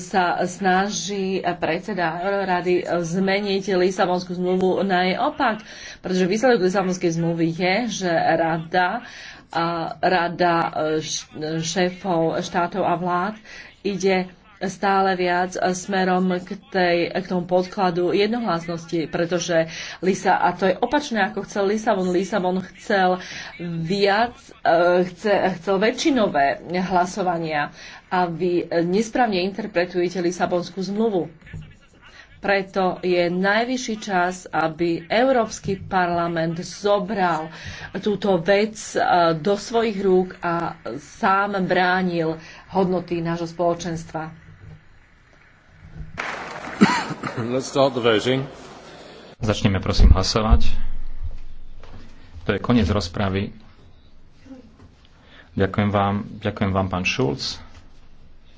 sa snaží predseda rady zmeniť Lisabonskú zmluvu na jej opak, pretože výsledok Lisabonskej zmluvy je, že rada, rada e, šéfov štátov a vlád ide stále viac smerom k, tej, k tomu podkladu jednohlasnosti, pretože Lisa, a to je opačné, ako chcel Lisabon. Lisabon chcel viac, e, chce, chcel väčšinové hlasovania a vy e, nesprávne interpretujete Lisabonskú zmluvu. Preto je najvyšší čas, aby Európsky parlament zobral túto vec e, do svojich rúk a sám bránil hodnoty nášho spoločenstva. Začneme prosím hlasovať. To je koniec rozpravy. Ďakujem vám, ďakujem vám pán Šulc.